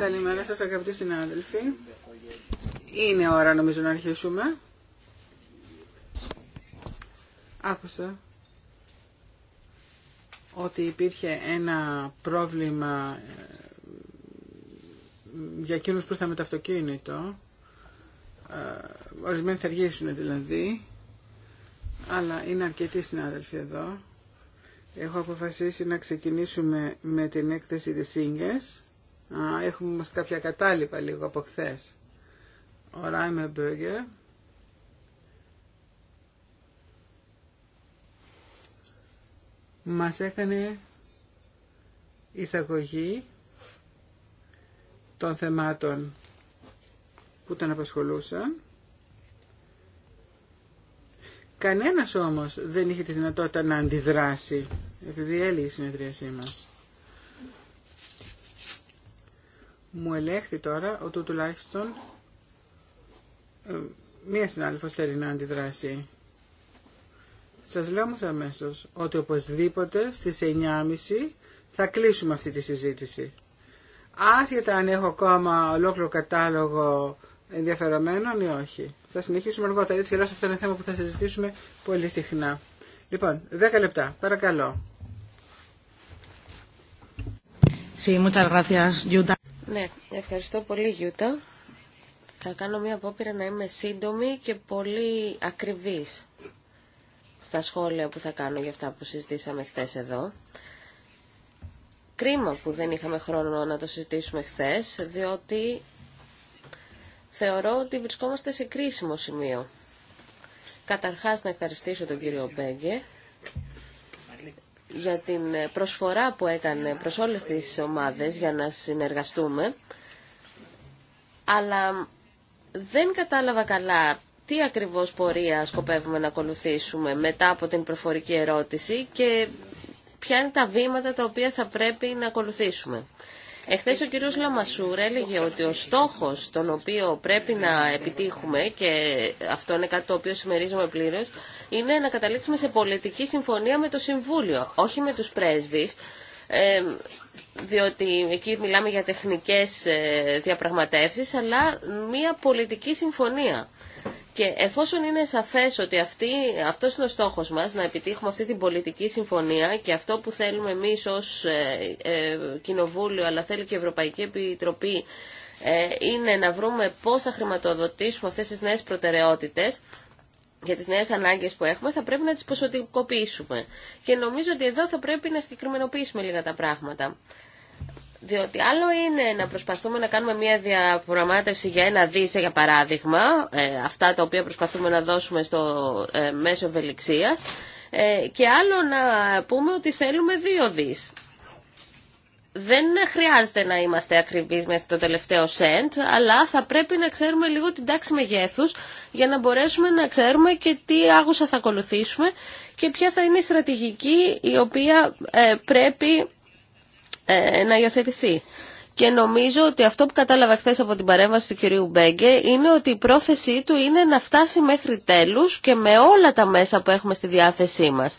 Καλημέρα σας αγαπητοί συνάδελφοι. Είναι ώρα νομίζω να αρχίσουμε. Άκουσα ότι υπήρχε ένα πρόβλημα ε, για εκείνους που ήρθαν με το αυτοκίνητο. Ε, ορισμένοι θα αργήσουν δηλαδή. Αλλά είναι αρκετοί συνάδελφοι εδώ. Έχω αποφασίσει να ξεκινήσουμε με την έκθεση της ΣΥΝΓΕΣ. Α, έχουμε όμως κάποια κατάλοιπα λίγο από χθε. Ο Ράιμερ Μπέργκερ. Μας έκανε εισαγωγή των θεμάτων που τον απασχολούσαν. Κανένας όμως δεν είχε τη δυνατότητα να αντιδράσει, επειδή έλυγε η συνεδρίασή μας. Μου ελέγχθη τώρα ότι τουλάχιστον ε, μία συνάλληφο θέλει να αντιδράσει. Σας λέω όμως αμέσως ότι οπωσδήποτε στις 9.30 θα κλείσουμε αυτή τη συζήτηση. Άσχετα αν έχω ακόμα ολόκληρο κατάλογο ενδιαφερομένων ή όχι. Θα συνεχίσουμε αργότερα. Έτσι και αυτό είναι θέμα που θα συζητήσουμε πολύ συχνά. Λοιπόν, 10 λεπτά. Παρακαλώ. Sí, muchas gracias, Yuta. Ναι, ευχαριστώ πολύ Γιούτα. Θα κάνω μια απόπειρα να είμαι σύντομη και πολύ ακριβής στα σχόλια που θα κάνω για αυτά που συζητήσαμε χθες εδώ. Κρίμα που δεν είχαμε χρόνο να το συζητήσουμε χθες, διότι θεωρώ ότι βρισκόμαστε σε κρίσιμο σημείο. Καταρχάς να ευχαριστήσω τον κύριο Μπέγκε για την προσφορά που έκανε προς όλες τις ομάδες για να συνεργαστούμε, αλλά δεν κατάλαβα καλά τι ακριβώς πορεία σκοπεύουμε να ακολουθήσουμε μετά από την προφορική ερώτηση και ποια είναι τα βήματα τα οποία θα πρέπει να ακολουθήσουμε. Εχθές ο κύριος Λαμασούρ έλεγε ότι ο στόχος τον οποίο πρέπει να επιτύχουμε και αυτό είναι κάτι το οποίο συμμερίζομαι πλήρως είναι να καταλήξουμε σε πολιτική συμφωνία με το Συμβούλιο, όχι με τους πρέσβεις, διότι εκεί μιλάμε για τεχνικές ε, διαπραγματεύσεις, αλλά μια πολιτική συμφωνία. Και εφόσον είναι σαφές ότι αυτή, αυτός είναι ο στόχος μας, να επιτύχουμε αυτή την πολιτική συμφωνία και αυτό που θέλουμε εμείς ως ε, ε Κοινοβούλιο, αλλά θέλει και η Ευρωπαϊκή Επιτροπή, ε, είναι να βρούμε πώς θα χρηματοδοτήσουμε αυτές τις νέες προτεραιότητες, για τις νέες ανάγκες που έχουμε θα πρέπει να τις ποσοτικοποιήσουμε. Και νομίζω ότι εδώ θα πρέπει να συγκεκριμενοποιήσουμε λίγα τα πράγματα. Διότι άλλο είναι να προσπαθούμε να κάνουμε μια διαπραγμάτευση για ένα δίσε για παράδειγμα, ε, αυτά τα οποία προσπαθούμε να δώσουμε στο ε, μέσο ευελιξίας, ε, και άλλο να πούμε ότι θέλουμε δύο δις δεν χρειάζεται να είμαστε ακριβείς με το τελευταίο σέντ, αλλά θα πρέπει να ξέρουμε λίγο την τάξη μεγέθους για να μπορέσουμε να ξέρουμε και τι άγουσα θα ακολουθήσουμε και ποια θα είναι η στρατηγική η οποία ε, πρέπει ε, να υιοθετηθεί. Και νομίζω ότι αυτό που κατάλαβα χθε από την παρέμβαση του κυρίου Μπέγκε είναι ότι η πρόθεσή του είναι να φτάσει μέχρι τέλους και με όλα τα μέσα που έχουμε στη διάθεσή μας.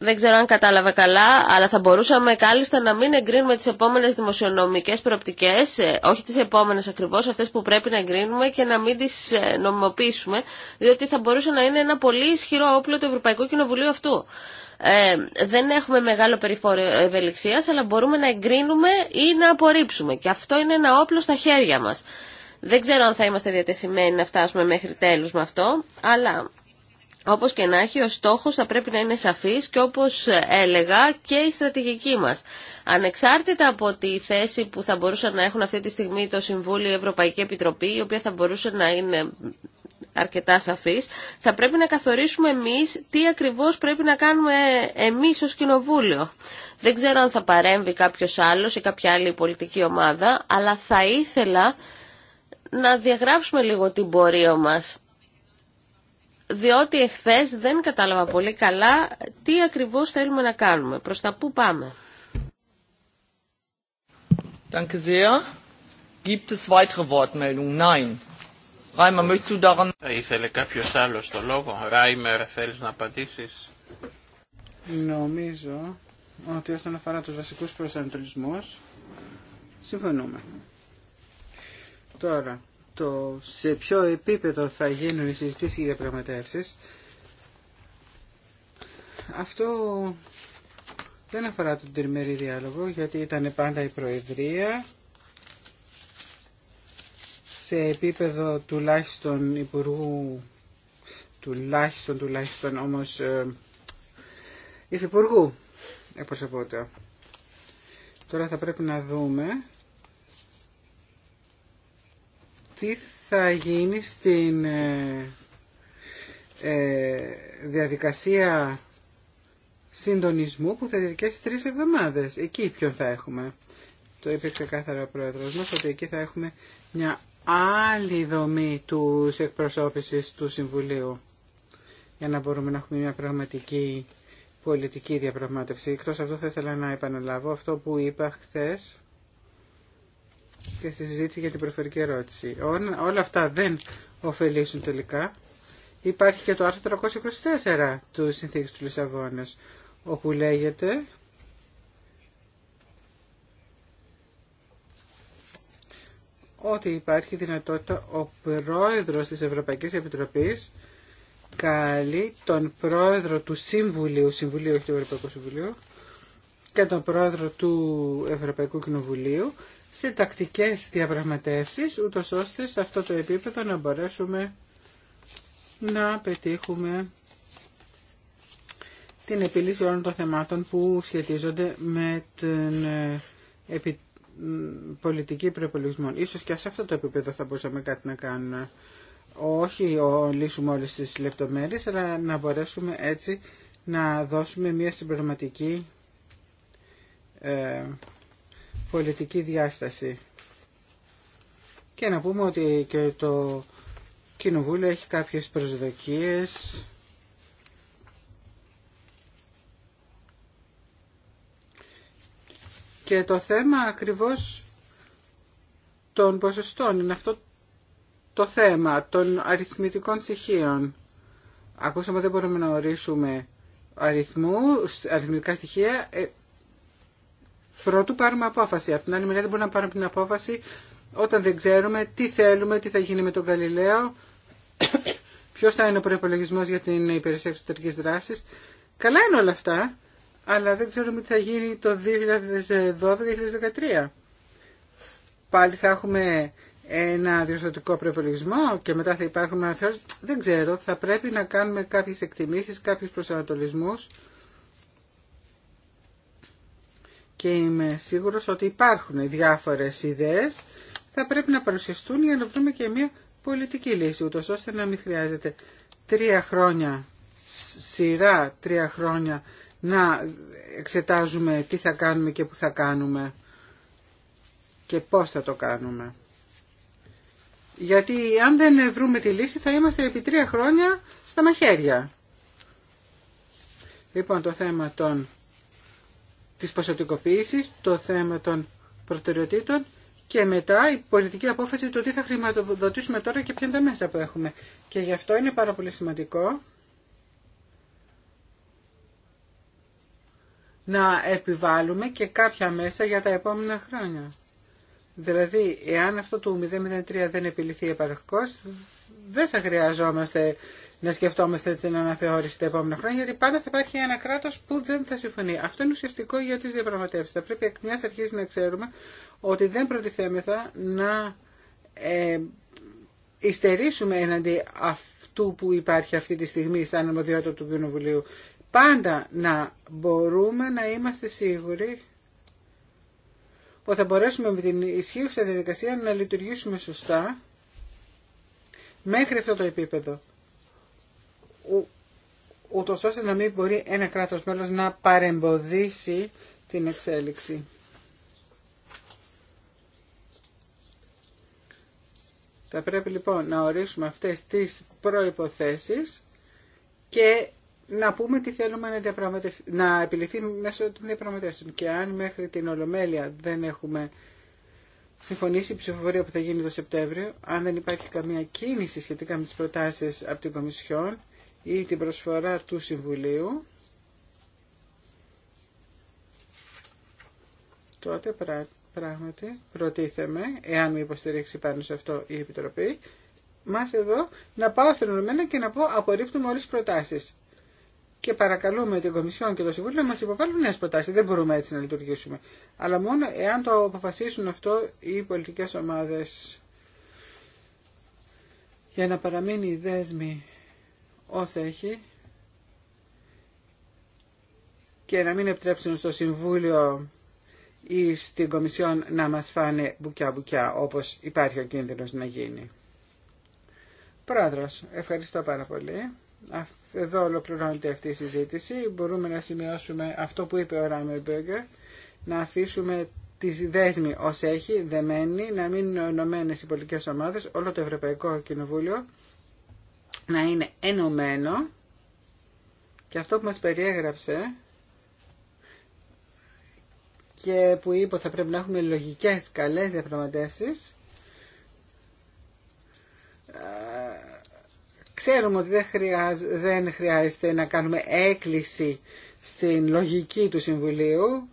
δεν ξέρω αν κατάλαβα καλά, αλλά θα μπορούσαμε κάλλιστα να μην εγκρίνουμε τις επόμενες δημοσιονομικές προοπτικές, ε, όχι τις επόμενες ακριβώς, αυτές που πρέπει να εγκρίνουμε και να μην τις ε, νομιμοποιήσουμε, διότι θα μπορούσε να είναι ένα πολύ ισχυρό όπλο του Ευρωπαϊκού Κοινοβουλίου αυτού. Ε, δεν έχουμε μεγάλο περιφόρο ευελιξίας, αλλά μπορούμε να εγκρίνουμε ή να απορρίψουμε. Και αυτό είναι ένα όπλο στα χέρια μας. Δεν ξέρω αν θα είμαστε διατεθειμένοι να φτάσουμε μέχρι τέλους με αυτό, αλλά όπως και να έχει, ο στόχος θα πρέπει να είναι σαφής και όπως έλεγα και η στρατηγική μας. Ανεξάρτητα από τη θέση που θα μπορούσαν να έχουν αυτή τη στιγμή το Συμβούλιο Ευρωπαϊκή Επιτροπή, η οποία θα μπορούσε να είναι αρκετά σαφής, θα πρέπει να καθορίσουμε εμείς τι ακριβώς πρέπει να κάνουμε εμείς ως Κοινοβούλιο. Δεν ξέρω αν θα παρέμβει κάποιος άλλος ή κάποια άλλη πολιτική ομάδα, αλλά θα ήθελα να διαγράψουμε λίγο την πορεία μας διότι εχθές δεν κατάλαβα πολύ καλά τι ακριβώς θέλουμε να κάνουμε, προς τα πού πάμε. Danke sehr. Gibt es weitere Wortmeldungen? Nein. Reimer, möchtest du daran... Ήθελε κάποιος άλλος το λόγο. Ράιμερ, θέλεις να απαντήσεις. Νομίζω ότι όσον αφορά τους βασικούς προσανατολισμούς, συμφωνούμε. Τώρα, το σε ποιο επίπεδο θα γίνουν οι συζητήσεις και οι αυτό δεν αφορά τον τριμερή διάλογο, γιατί ήταν πάντα η Προεδρία σε επίπεδο τουλάχιστον Υπουργού, τουλάχιστον, τουλάχιστον όμως ε, Υφυπουργού εκπροσωπότητα. Τώρα θα πρέπει να δούμε τι θα γίνει στην ε, ε, διαδικασία συντονισμού που θα διαρκέσει τρεις εβδομάδες. Εκεί ποιον θα έχουμε. Το είπε ξεκάθαρα ο πρόεδρος μας ότι εκεί θα έχουμε μια άλλη δομή του εκπροσώπησης του Συμβουλίου για να μπορούμε να έχουμε μια πραγματική πολιτική διαπραγμάτευση. Εκτός αυτού θα ήθελα να επαναλάβω αυτό που είπα χθες και στη συζήτηση για την προφορική ερώτηση. όλα αυτά δεν ωφελήσουν τελικά. Υπάρχει και το άρθρο 324 του Συνθήκης του Λισαβόνας, όπου λέγεται ότι υπάρχει δυνατότητα ο πρόεδρος της Ευρωπαϊκής Επιτροπής καλεί τον πρόεδρο του Συμβουλίου, Συμβουλίου όχι του Ευρωπαϊκού Συμβουλίου, και τον πρόεδρο του Ευρωπαϊκού Κοινοβουλίου σε τακτικές διαπραγματεύσεις, ούτως ώστε σε αυτό το επίπεδο να μπορέσουμε να πετύχουμε την επίλυση όλων των θεμάτων που σχετίζονται με την ε, πολιτική προπολογισμών. Ίσως και σε αυτό το επίπεδο θα μπορούσαμε κάτι να κάνουμε. Όχι λύσουμε όλες τις λεπτομέρειες, αλλά να μπορέσουμε έτσι να δώσουμε μια συμπληρωματική ε, πολιτική διάσταση. Και να πούμε ότι και το Κοινοβούλιο έχει κάποιες προσδοκίες και το θέμα ακριβώς των ποσοστών είναι αυτό το θέμα των αριθμητικών στοιχείων. Ακούσαμε δεν μπορούμε να ορίσουμε αριθμού, αριθμητικά στοιχεία, ε, Πρώτου, πάρουμε απόφαση. Από την άλλη μεριά δεν μπορούμε να πάρουμε την απόφαση όταν δεν ξέρουμε τι θέλουμε, τι θα γίνει με τον Γαλιλαίο, ποιο θα είναι ο προπολογισμό για την υπηρεσία εξωτερική δράση. Καλά είναι όλα αυτά, αλλά δεν ξέρουμε τι θα γίνει το 2012-2013. Πάλι θα έχουμε ένα διορθωτικό προπολογισμό και μετά θα υπάρχουν αναθεώρησεις. Δεν ξέρω, θα πρέπει να κάνουμε κάποιες εκτιμήσεις, κάποιους προσανατολισμούς και είμαι σίγουρος ότι υπάρχουν διάφορες ιδέες, θα πρέπει να παρουσιαστούν για να βρούμε και μια πολιτική λύση, ούτως ώστε να μην χρειάζεται τρία χρόνια, σειρά τρία χρόνια, να εξετάζουμε τι θα κάνουμε και που θα κάνουμε και πώς θα το κάνουμε. Γιατί αν δεν βρούμε τη λύση θα είμαστε επί τρία χρόνια στα μαχαίρια. Λοιπόν, το θέμα των της ποσοτικοποίησης, το θέμα των προτεραιοτήτων και μετά η πολιτική απόφαση του τι θα χρηματοδοτήσουμε τώρα και ποια είναι τα μέσα που έχουμε. Και γι' αυτό είναι πάρα πολύ σημαντικό να επιβάλλουμε και κάποια μέσα για τα επόμενα χρόνια. Δηλαδή, εάν αυτό το 003 δεν επιληθεί επαρκώς, δεν θα χρειαζόμαστε να σκεφτόμαστε την αναθεώρηση τα επόμενα χρόνια, γιατί πάντα θα υπάρχει ένα κράτο που δεν θα συμφωνεί. Αυτό είναι ουσιαστικό για τι διαπραγματεύσει. Θα πρέπει εκ μια αρχή να ξέρουμε ότι δεν προτιθέμεθα να ε, υστερήσουμε εναντί αυτού που υπάρχει αυτή τη στιγμή σαν αρμοδιότητα του Κοινοβουλίου. Πάντα να μπορούμε να είμαστε σίγουροι ότι θα μπορέσουμε με την ισχύουσα διαδικασία να λειτουργήσουμε σωστά μέχρι αυτό το επίπεδο ούτω ώστε να μην μπορεί ένα κράτος μέλος να παρεμποδίσει την εξέλιξη. Θα πρέπει λοιπόν να ορίσουμε αυτές τις προϋποθέσεις και να πούμε τι θέλουμε να, να επιληθεί μέσω των διαπραγματεύσεων. Και αν μέχρι την Ολομέλεια δεν έχουμε συμφωνήσει η ψηφοφορία που θα γίνει το Σεπτέμβριο, αν δεν υπάρχει καμία κίνηση σχετικά με τις προτάσεις από την Κομισιόν, ή την προσφορά του Συμβουλίου, τότε πράγματι προτίθεμαι, εάν με υποστηρίξει πάνω σε αυτό η Επιτροπή, μας εδώ να πάω στην Ενωμένα και να πω απορρίπτουμε όλες τις προτάσεις. Και παρακαλούμε την Κομισιόν και το Συμβούλιο να μας υποβάλουν νέες προτάσεις. Δεν μπορούμε έτσι να λειτουργήσουμε. Αλλά μόνο εάν το αποφασίσουν αυτό οι πολιτικές ομάδες. Για να παραμείνει η δέσμη όσα έχει και να μην επιτρέψουν στο Συμβούλιο ή στην Κομισιόν να μας φάνε μπουκιά-μπουκιά όπως υπάρχει ο κίνδυνος να γίνει. Πρόεδρος, ευχαριστώ πάρα πολύ. Εδώ ολοκληρώνεται αυτή η συζήτηση. Μπορούμε να σημειώσουμε αυτό που είπε ο Ράμερ Μπέγκερ, να αφήσουμε τη δέσμη ως έχει, δεμένη, να μην είναι οι πολιτικές ομάδες, όλο το Ευρωπαϊκό Κοινοβούλιο να είναι ενωμένο και αυτό που μας περιέγραψε και που είπε θα πρέπει να έχουμε λογικές καλές διαπραγματεύσεις ξέρουμε ότι δεν, χρειάζ, δεν χρειάζεται να κάνουμε έκκληση στην λογική του Συμβουλίου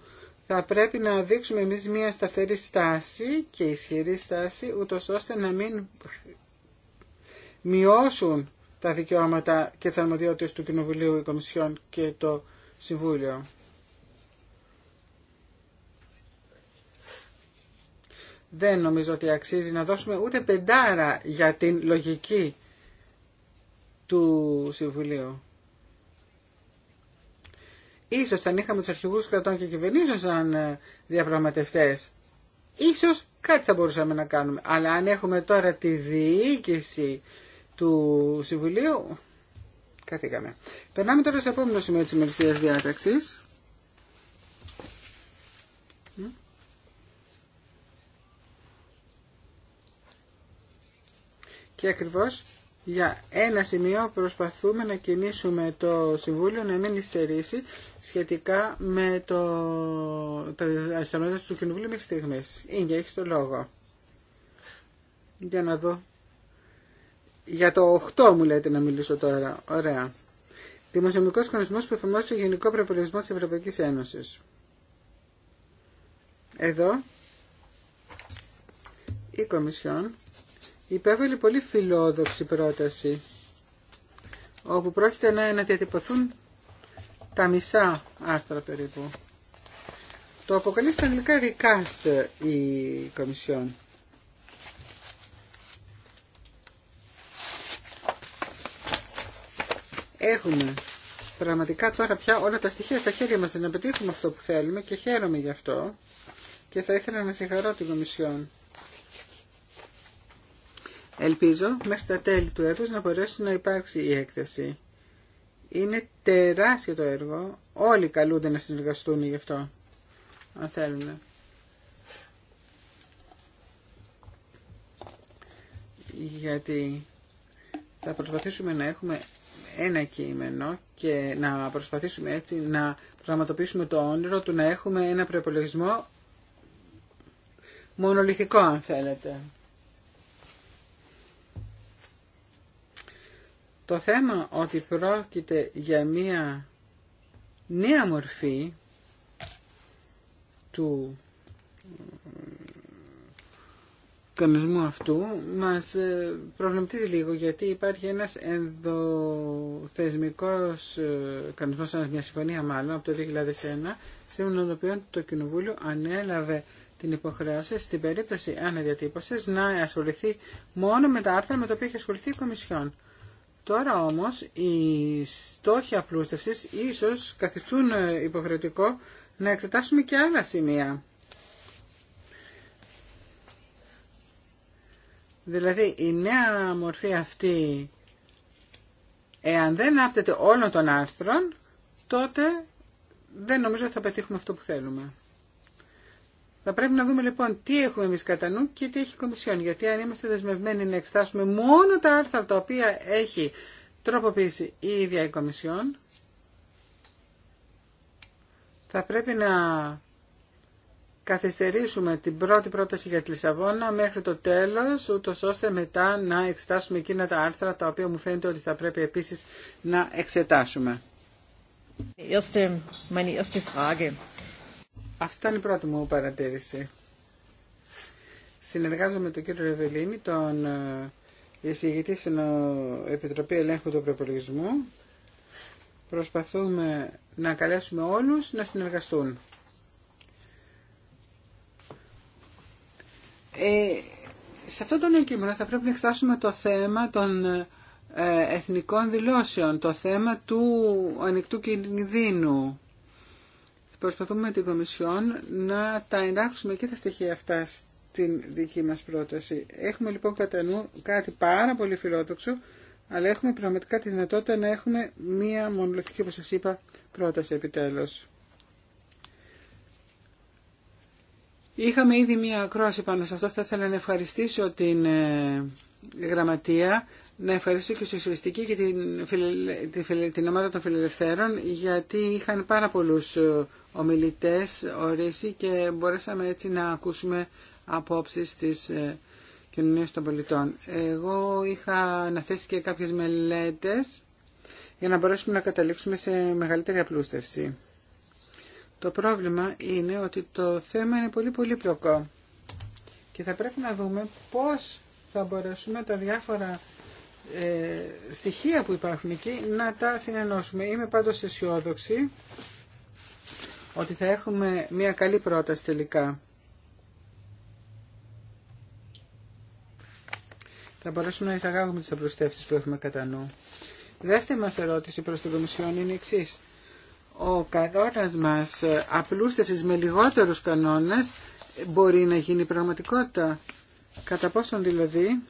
θα πρέπει να δείξουμε εμείς μια σταθερή στάση και ισχυρή στάση ούτως ώστε να μην μειώσουν τα δικαιώματα και τι αρμοδιότητες του Κοινοβουλίου, η Κομισιόν και το Συμβούλιο. Δεν νομίζω ότι αξίζει να δώσουμε ούτε πεντάρα για την λογική του Συμβουλίου. Ίσως αν είχαμε τους αρχηγούς κρατών και κυβερνήσεων σαν ε, διαπραγματευτές, ίσως κάτι θα μπορούσαμε να κάνουμε. Αλλά αν έχουμε τώρα τη διοίκηση του Συμβουλίου. Καθήκαμε. Περνάμε τώρα στο επόμενο σημείο της ημερησίας διάταξης. Και ακριβώς για ένα σημείο προσπαθούμε να κινήσουμε το Συμβούλιο να μην υστερήσει σχετικά με το, τα διδασμένα του Κοινοβουλίου μέχρι στιγμής. το λόγο. Για να δω για το 8 μου λέτε να μιλήσω τώρα. Ωραία. Δημοσιονομικό κανονισμό που εφαρμόζει το Γενικό Προπολογισμό τη Ευρωπαϊκή Ένωση. Εδώ η Κομισιόν υπέβαλε πολύ φιλόδοξη πρόταση όπου πρόκειται να διατυπωθούν τα μισά άρθρα περίπου. Το αποκαλεί στα αγγλικά recast η Κομισιόν. Έχουμε πραγματικά τώρα πια όλα τα στοιχεία στα χέρια μας για να πετύχουμε αυτό που θέλουμε και χαίρομαι γι' αυτό και θα ήθελα να συγχαρώ την Κομισιόν. Ελπίζω μέχρι τα τέλη του έτους να μπορέσει να υπάρξει η έκθεση. Είναι τεράστιο το έργο. Όλοι καλούνται να συνεργαστούν γι' αυτό, αν θέλουν. Γιατί θα προσπαθήσουμε να έχουμε ένα κείμενο και να προσπαθήσουμε έτσι να πραγματοποιήσουμε το όνειρο του να έχουμε ένα προπολογισμό μονολυθικό αν θέλετε. Το θέμα ότι πρόκειται για μία νέα μορφή του κανονισμού αυτού μας ε, προβληματίζει λίγο γιατί υπάρχει ένας ενδοθεσμικός ε, κανονισμός, μια συμφωνία μάλλον από το 2001, σύμφωνα με οποίο το Κοινοβούλιο ανέλαβε την υποχρέωση στην περίπτωση αναδιατύπωσης να ασχοληθεί μόνο με τα άρθρα με τα οποία έχει ασχοληθεί η Κομισιόν. Τώρα όμως οι στόχοι απλούστευσης ίσως καθιστούν ε, υποχρεωτικό να εξετάσουμε και άλλα σημεία Δηλαδή η νέα μορφή αυτή, εάν δεν άπτεται όλων των άρθρων, τότε δεν νομίζω ότι θα πετύχουμε αυτό που θέλουμε. Θα πρέπει να δούμε λοιπόν τι έχουμε εμεί κατά νου και τι έχει η Κομισιόν. Γιατί αν είμαστε δεσμευμένοι να εξτάσουμε μόνο τα άρθρα τα οποία έχει τροποποιήσει η ίδια η Κομισιόν, θα πρέπει να καθυστερήσουμε την πρώτη πρόταση για τη Λισαβόνα μέχρι το τέλος, ούτω ώστε μετά να εξετάσουμε εκείνα τα άρθρα τα οποία μου φαίνεται ότι θα πρέπει επίσης να εξετάσουμε. Αυτή ήταν η πρώτη μου παρατήρηση. Συνεργάζομαι με τον κύριο Ρεβελίνη, τον ε, εισηγητή στην Επιτροπή Ελέγχου του Προπολογισμού. Προσπαθούμε να καλέσουμε όλους να συνεργαστούν. Ε, σε αυτό το νέο θα πρέπει να εξετάσουμε το θέμα των ε, εθνικών δηλώσεων, το θέμα του ανοιχτού κινδύνου. Προσπαθούμε με την Κομισιόν να τα εντάξουμε και τα στοιχεία αυτά στην δική μας πρόταση. Έχουμε λοιπόν κατά νου κάτι πάρα πολύ φιλόδοξο, αλλά έχουμε πραγματικά τη δυνατότητα να έχουμε μία μονολογική, όπως σας είπα, πρόταση επιτέλους. Είχαμε ήδη μία ακρόαση πάνω σε αυτό. Θα ήθελα να ευχαριστήσω την ε, γραμματεία, να ευχαριστήσω και Σοσιαλιστική και την, την ομάδα των φιλελευθέρων, γιατί είχαν πάρα πολλούς ε, ομιλητές ορίσει και μπορέσαμε έτσι να ακούσουμε απόψεις της ε, κοινωνίας των πολιτών. Εγώ είχα αναθέσει και κάποιες μελέτες για να μπορέσουμε να καταλήξουμε σε μεγαλύτερη απλούστευση. Το πρόβλημα είναι ότι το θέμα είναι πολύ πολύ πλοκό και θα πρέπει να δούμε πώς θα μπορέσουμε τα διάφορα ε, στοιχεία που υπάρχουν εκεί να τα συνενώσουμε. Είμαι πάντως αισιόδοξη ότι θα έχουμε μια καλή πρόταση τελικά. Θα μπορέσουμε να εισαγάγουμε τις απλουστεύσεις που έχουμε κατά νου. Δεύτερη μας ερώτηση προς την Κομισιόν είναι η ο κανόνας μας απλούστευσης με λιγότερους κανόνες μπορεί να γίνει πραγματικότητα. Κατά πόσον δηλαδή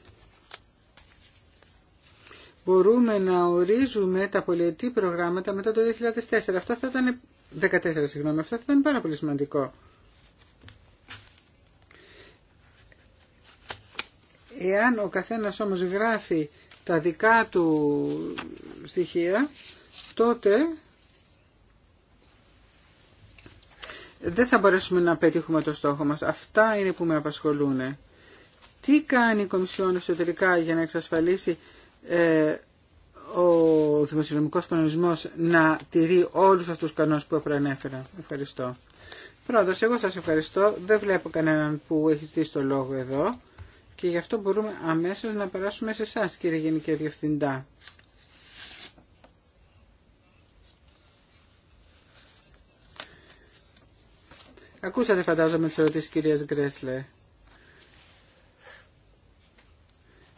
μπορούμε να ορίζουμε τα πολιετή προγράμματα μετά το 2004. Αυτό θα ήταν 14, συγγνώμη, αυτό θα ήταν πάρα πολύ σημαντικό. Εάν ο καθένας όμως γράφει τα δικά του στοιχεία, τότε δεν θα μπορέσουμε να πετύχουμε το στόχο μας. Αυτά είναι που με απασχολούν. Τι κάνει η Κομισιόν εσωτερικά για να εξασφαλίσει ε, ο δημοσιονομικός κανονισμός να τηρεί όλους αυτούς τους κανόνες που προανέφερα. Ευχαριστώ. Πρόεδρος, εγώ σας ευχαριστώ. Δεν βλέπω κανέναν που έχει στήσει το λόγο εδώ και γι' αυτό μπορούμε αμέσως να περάσουμε σε εσά, κύριε Γενική Διευθυντά. Ακούσατε φαντάζομαι τις ερωτήσεις της κυρίας Γκρέσλε.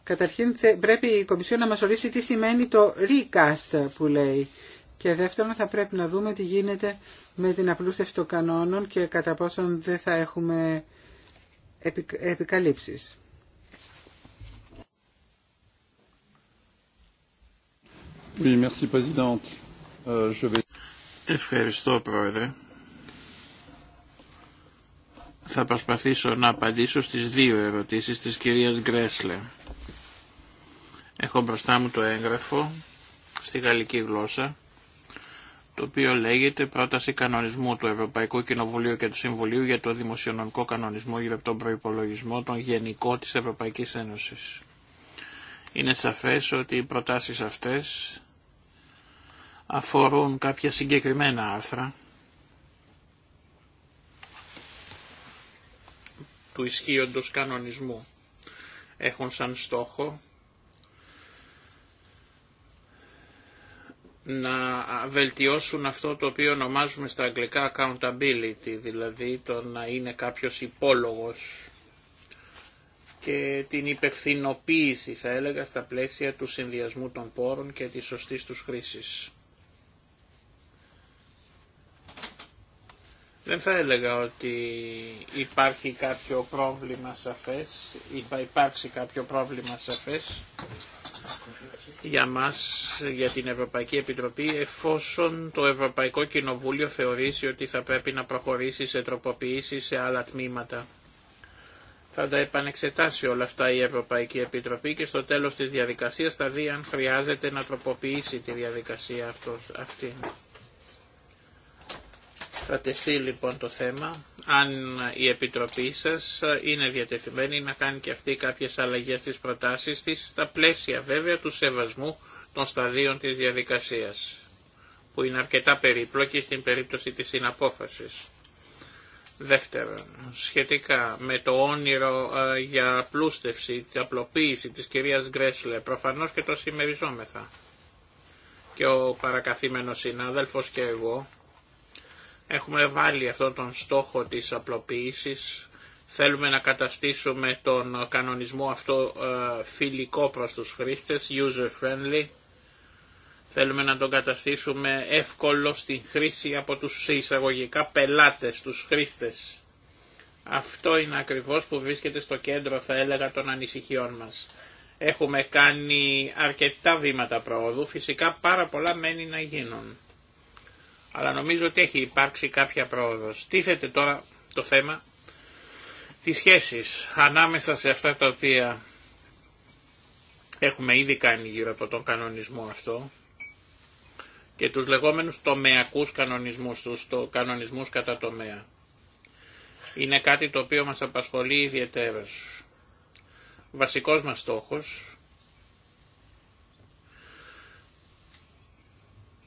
Καταρχήν πρέπει η Κομισιόν να μας ορίσει τι σημαίνει το recast που λέει. Και δεύτερον θα πρέπει να δούμε τι γίνεται με την απλούστευση των κανόνων και κατά πόσον δεν θα έχουμε επικαλύψεις. Euh, Ευχαριστώ Πρόεδρε. Θα προσπαθήσω να απαντήσω στις δύο ερωτήσεις της κυρίας Γκρέσλε. Έχω μπροστά μου το έγγραφο στη γαλλική γλώσσα, το οποίο λέγεται «Πρόταση κανονισμού του Ευρωπαϊκού Κοινοβουλίου και του Συμβουλίου για το δημοσιονομικό κανονισμό για τον προϋπολογισμό των γενικών της Ευρωπαϊκής Ένωσης». Είναι σαφές ότι οι προτάσεις αυτές αφορούν κάποια συγκεκριμένα άρθρα του ισχύοντος κανονισμού έχουν σαν στόχο να βελτιώσουν αυτό το οποίο ονομάζουμε στα αγγλικά accountability, δηλαδή το να είναι κάποιος υπόλογος και την υπευθυνοποίηση θα έλεγα στα πλαίσια του συνδυασμού των πόρων και της σωστής τους χρήσης. Δεν θα έλεγα ότι υπάρχει κάποιο πρόβλημα σαφές ή θα υπάρξει κάποιο πρόβλημα σαφές για μας, για την Ευρωπαϊκή Επιτροπή, εφόσον το Ευρωπαϊκό Κοινοβούλιο θεωρήσει ότι θα πρέπει να προχωρήσει σε τροποποιήσεις σε άλλα τμήματα. Θα τα επανεξετάσει όλα αυτά η Ευρωπαϊκή Επιτροπή και στο τέλος της διαδικασίας θα δει αν χρειάζεται να τροποποιήσει τη διαδικασία αυτή. Θα τεστεί λοιπόν το θέμα αν η Επιτροπή σας είναι διατεθειμένη να κάνει και αυτή κάποιες αλλαγές στις προτάσεις της στα πλαίσια βέβαια του σεβασμού των σταδίων της διαδικασίας που είναι αρκετά περίπλοκη στην περίπτωση της συναπόφασης. Δεύτερον, σχετικά με το όνειρο ε, για απλούστευση, την απλοποίηση της κυρίας Γκρέσλε, προφανώς και το σημεριζόμεθα Και ο παρακαθήμενος συνάδελφος και εγώ Έχουμε βάλει αυτόν τον στόχο της απλοποίησης. Θέλουμε να καταστήσουμε τον κανονισμό αυτό ε, φιλικό προς τους χρήστες, user-friendly. Θέλουμε να τον καταστήσουμε εύκολο στην χρήση από τους εισαγωγικά πελάτες, τους χρήστες. Αυτό είναι ακριβώς που βρίσκεται στο κέντρο, θα έλεγα, των ανησυχιών μας. Έχουμε κάνει αρκετά βήματα προόδου, φυσικά πάρα πολλά μένει να γίνουν αλλά νομίζω ότι έχει υπάρξει κάποια πρόοδος. Τίθεται τώρα το θέμα της σχέσης ανάμεσα σε αυτά τα οποία έχουμε ήδη κάνει γύρω από τον κανονισμό αυτό και τους λεγόμενους τομεακούς κανονισμούς, τους το κανονισμούς κατά τομέα. Είναι κάτι το οποίο μας απασχολεί ιδιαίτερα. Βασικός μας στόχος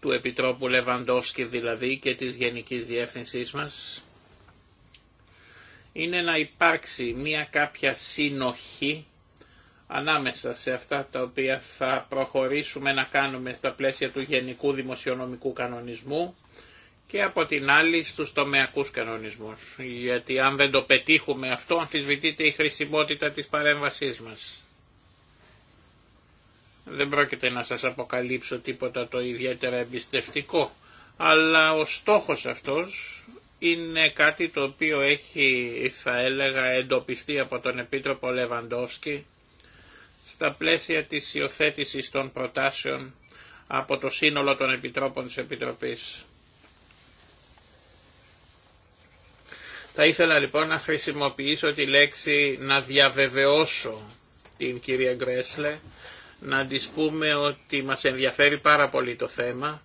του Επιτρόπου Λεβαντόφσκι δηλαδή και της Γενικής Διεύθυνσής μας είναι να υπάρξει μία κάποια συνοχή ανάμεσα σε αυτά τα οποία θα προχωρήσουμε να κάνουμε στα πλαίσια του Γενικού Δημοσιονομικού Κανονισμού και από την άλλη στους τομεακούς κανονισμούς. Γιατί αν δεν το πετύχουμε αυτό αμφισβητείται η χρησιμότητα της παρέμβασής μας. Δεν πρόκειται να σας αποκαλύψω τίποτα το ιδιαίτερα εμπιστευτικό, αλλά ο στόχος αυτός είναι κάτι το οποίο έχει, θα έλεγα, εντοπιστεί από τον Επίτροπο Λεβαντόφσκι στα πλαίσια της υιοθέτηση των προτάσεων από το σύνολο των Επιτρόπων της Επιτροπής. Θα ήθελα λοιπόν να χρησιμοποιήσω τη λέξη να διαβεβαιώσω την κυρία Γκρέσλε να αντισπούμε πούμε ότι μας ενδιαφέρει πάρα πολύ το θέμα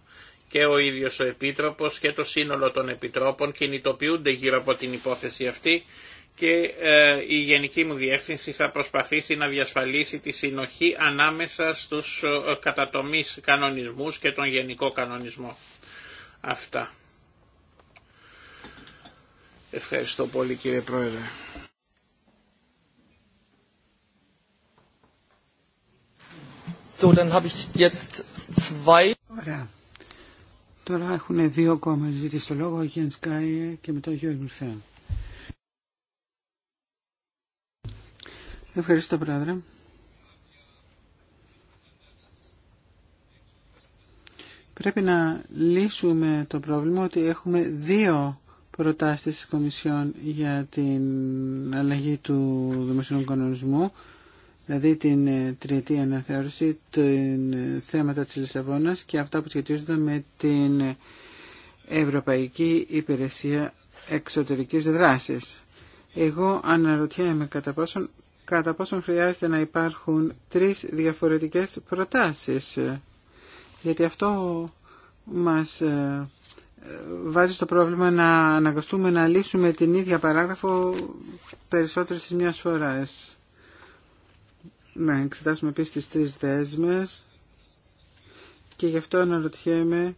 και ο ίδιος ο Επίτροπος και το σύνολο των Επιτρόπων κινητοποιούνται γύρω από την υπόθεση αυτή και ε, η Γενική μου Διεύθυνση θα προσπαθήσει να διασφαλίσει τη συνοχή ανάμεσα στους ε, κατατομείς κανονισμούς και τον γενικό κανονισμό. Αυτά. Ευχαριστώ πολύ κύριε Πρόεδρε. Ωραία. Τώρα έχουν δύο ακόμα ζητήσει στο λόγο, ο Γιάννη Κάιε και μετά ο Γιώργο Μιλφέν. Ευχαριστώ, Πρόεδρε. Πρέπει να λύσουμε το πρόβλημα ότι έχουμε δύο προτάσεις της Κομισιόν για την αλλαγή του δημοσίου κανονισμού δηλαδή την ε, τριετή αναθεώρηση των ε, θέματα της Λισαβόνας και αυτά που σχετίζονται με την Ευρωπαϊκή Υπηρεσία Εξωτερικής Δράσης. Εγώ αναρωτιέμαι κατά πόσον, κατά χρειάζεται να υπάρχουν τρεις διαφορετικές προτάσεις, ε, γιατί αυτό μας βάζει στο πρόβλημα να αναγκαστούμε να λύσουμε την ίδια παράγραφο περισσότερες της μιας φοράς να εξετάσουμε επίσης τις τρεις δέσμες και γι' αυτό αναρωτιέμαι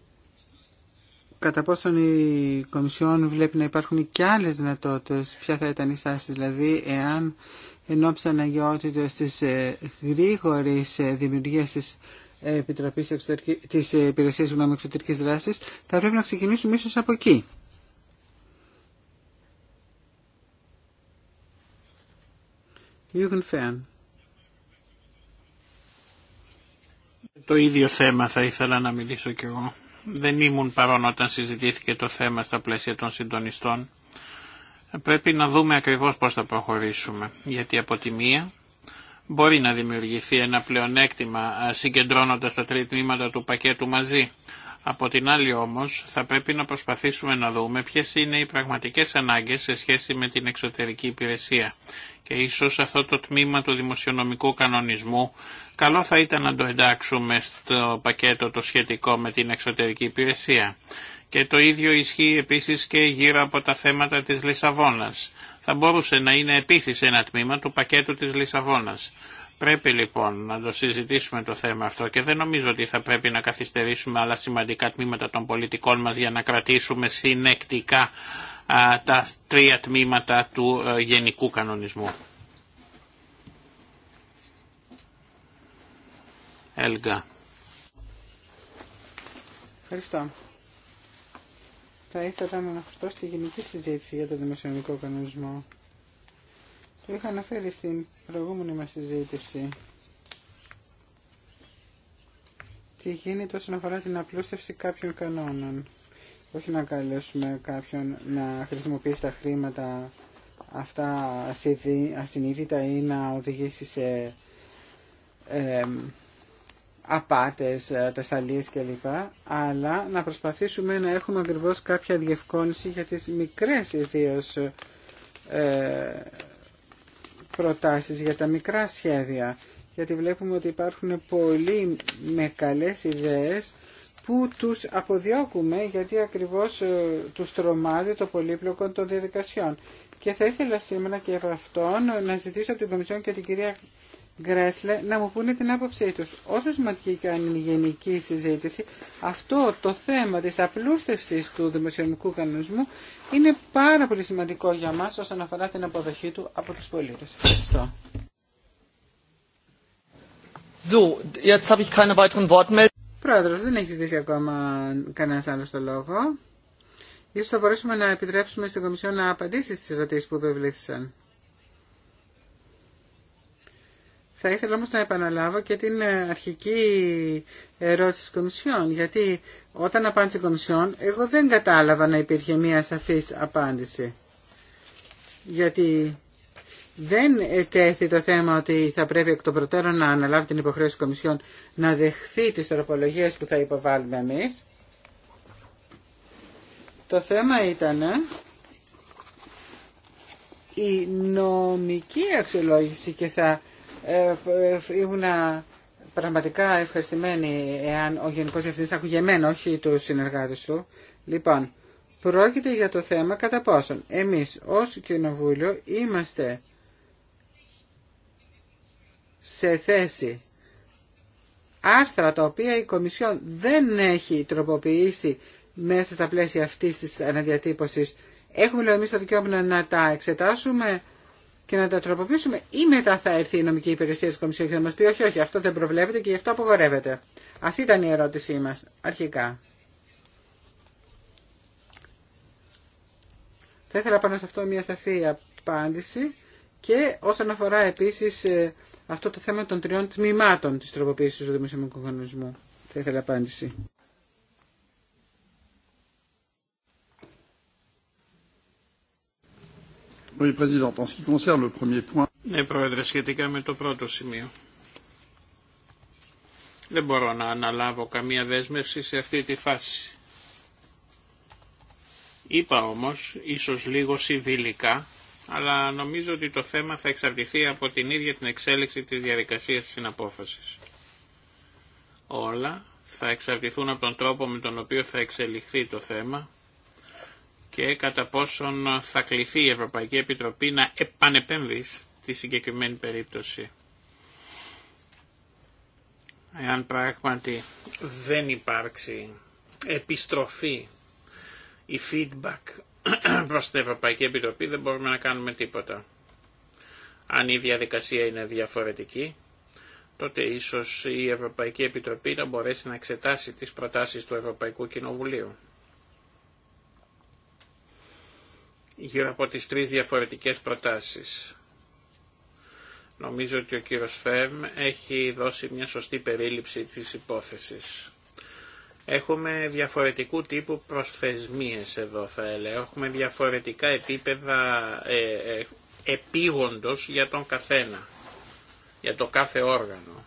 κατά πόσον η Κομισιόν βλέπει να υπάρχουν και άλλες δυνατότητες, ποια θα ήταν η στάση δηλαδή, εάν εν ώψη αναγκαιότητας της ε, γρήγορης ε, δημιουργίας της Επιτροπής Εξωτερικής, της Υπηρεσίας Γνώμη Εξωτερικής Δράσης, θα πρέπει να ξεκινήσουμε ίσως από εκεί. Jürgen Το ίδιο θέμα θα ήθελα να μιλήσω κι εγώ. Δεν ήμουν παρόν όταν συζητήθηκε το θέμα στα πλαίσια των συντονιστών. Πρέπει να δούμε ακριβώς πώς θα προχωρήσουμε. Γιατί από τη μία μπορεί να δημιουργηθεί ένα πλεονέκτημα συγκεντρώνοντας τα τρία τμήματα του πακέτου μαζί. Από την άλλη όμως θα πρέπει να προσπαθήσουμε να δούμε ποιες είναι οι πραγματικές ανάγκες σε σχέση με την εξωτερική υπηρεσία και ίσως αυτό το τμήμα του δημοσιονομικού κανονισμού καλό θα ήταν να το εντάξουμε στο πακέτο το σχετικό με την εξωτερική υπηρεσία. Και το ίδιο ισχύει επίσης και γύρω από τα θέματα της Λισαβόνας. Θα μπορούσε να είναι επίσης ένα τμήμα του πακέτου της Λισαβόνας. Πρέπει λοιπόν να το συζητήσουμε το θέμα αυτό και δεν νομίζω ότι θα πρέπει να καθυστερήσουμε άλλα σημαντικά τμήματα των πολιτικών μας για να κρατήσουμε συνεκτικά τα τρία τμήματα του ε, γενικού κανονισμού. Έλγα. Ευχαριστώ. Θα ήθελα να αναφερθώ στη γενική συζήτηση για το δημοσιονομικό κανονισμό είχα αναφέρει στην προηγούμενη μας συζήτηση. Τι γίνεται όσον αφορά την απλούστευση κάποιων κανόνων. Όχι να καλέσουμε κάποιον να χρησιμοποιήσει τα χρήματα αυτά ασυνείδητα ή να οδηγήσει σε ε, απάτες, τεσταλίες κλπ. Αλλά να προσπαθήσουμε να έχουμε ακριβώ κάποια διευκόνηση για τις μικρές ιδίως... Ε, προτάσεις για τα μικρά σχέδια, γιατί βλέπουμε ότι υπάρχουν πολλοί με καλές ιδέες που τους αποδιώκουμε γιατί ακριβώς ε, τους τρομάζει το πολύπλοκο των διαδικασιών. Και θα ήθελα σήμερα και από αυτόν να ζητήσω την Κομισιόν και την κυρία Γκρέσλε να μου πούνε την άποψή τους. Όσο σημαντική και αν είναι η γενική συζήτηση, αυτό το θέμα της απλούστευσης του δημοσιονομικού κανονισμού είναι πάρα πολύ σημαντικό για μας όσον αφορά την αποδοχή του από τους πολίτες. Ευχαριστώ. So, jetzt habe ich keine weiteren Wortmeldungen. Πρόεδρος, δεν έχει ζητήσει ακόμα κανένα άλλο το λόγο. Ίσως θα μπορέσουμε να επιτρέψουμε στην Κομισιόν να απαντήσει στις ερωτήσεις που επιβλήθησαν. Θα ήθελα όμως να επαναλάβω και την ε, αρχική ερώτηση της Κομισιόν, γιατί όταν απάντησε η Κομισιόν, εγώ δεν κατάλαβα να υπήρχε μια σαφής απάντηση. Γιατί δεν ετέθη το θέμα ότι θα πρέπει εκ των προτέρων να αναλάβει την υποχρέωση της Κομισιόν να δεχθεί τις τροπολογίες που θα υποβάλουμε εμείς. Το θέμα ήταν ε, η νομική αξιολόγηση και θα ε, ε, ήμουν πραγματικά ευχαριστημένη εάν ο Γενικός Διευθυντής άκουγε εμένα, όχι του συνεργάτες του. Λοιπόν, πρόκειται για το θέμα κατά πόσον εμείς ως Κοινοβούλιο είμαστε σε θέση άρθρα τα οποία η Κομισιόν δεν έχει τροποποιήσει μέσα στα πλαίσια αυτής της αναδιατύπωσης. Έχουμε λέω εμείς το δικαίωμα να τα εξετάσουμε και να τα τροποποιήσουμε ή μετά θα έρθει η νομική υπηρεσία της Κομισιόν και θα μας πει όχι, όχι, αυτό δεν προβλέπεται και γι' αυτό απογορεύεται. Αυτή ήταν η ερώτησή μας αρχικά. Θα ήθελα πάνω σε αυτό μια σαφή απάντηση και όσον αφορά επίσης ε, αυτό το θέμα των τριών τμήματων της τροποποίησης του δημοσιονομικού κανονισμού. Θα ήθελα απάντηση. Ναι, Πρόεδρε, σχετικά με το πρώτο σημείο. Δεν μπορώ να αναλάβω καμία δέσμευση σε αυτή τη φάση. Είπα όμως, ίσως λίγο συμβιλικά, αλλά νομίζω ότι το θέμα θα εξαρτηθεί από την ίδια την εξέλιξη της διαδικασίας της συναπόφασης. Όλα θα εξαρτηθούν από τον τρόπο με τον οποίο θα εξελιχθεί το θέμα και κατά πόσον θα κληθεί η Ευρωπαϊκή Επιτροπή να επανεπέμβει στη συγκεκριμένη περίπτωση. Εάν πράγματι δεν υπάρξει επιστροφή ή feedback προς την Ευρωπαϊκή Επιτροπή δεν μπορούμε να κάνουμε τίποτα. Αν η διαδικασία είναι διαφορετική, τότε ίσως η Ευρωπαϊκή Επιτροπή να μπορέσει να εξετάσει τις προτάσεις του Ευρωπαϊκού Κοινοβουλίου. γύρω από τις τρεις διαφορετικές προτάσεις. Νομίζω ότι ο κύριος Φέμ έχει δώσει μια σωστή περίληψη της υπόθεσης. Έχουμε διαφορετικού τύπου προσθεσμίες εδώ θα έλεγα. Έχουμε διαφορετικά επίπεδα ε, ε επίγοντος για τον καθένα, για το κάθε όργανο.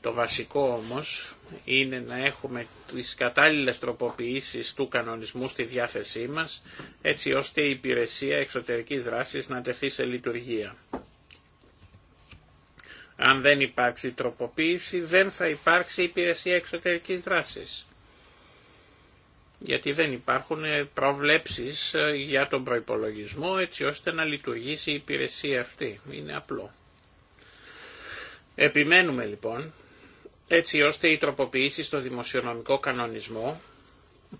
Το βασικό όμως είναι να έχουμε τις κατάλληλες τροποποιήσεις του κανονισμού στη διάθεσή μας, έτσι ώστε η υπηρεσία εξωτερικής δράσης να τεθεί σε λειτουργία. Αν δεν υπάρξει τροποποίηση, δεν θα υπάρξει υπηρεσία εξωτερικής δράσης. Γιατί δεν υπάρχουν ε, προβλέψεις ε, για τον προϋπολογισμό, έτσι ώστε να λειτουργήσει η υπηρεσία αυτή. Είναι απλό. Επιμένουμε λοιπόν έτσι ώστε οι τροποποίησει στο δημοσιονομικό κανονισμό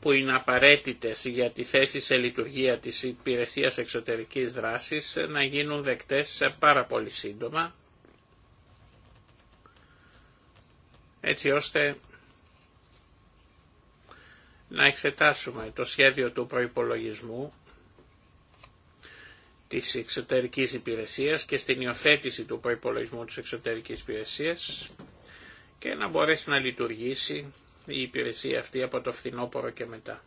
που είναι απαραίτητες για τη θέση σε λειτουργία της υπηρεσίας εξωτερικής δράσης να γίνουν δεκτές πάρα πολύ σύντομα έτσι ώστε να εξετάσουμε το σχέδιο του προϋπολογισμού της εξωτερικής υπηρεσίας και στην υιοθέτηση του προϋπολογισμού της εξωτερικής υπηρεσίας και να μπορέσει να λειτουργήσει η υπηρεσία αυτή από το φθινόπωρο και μετά.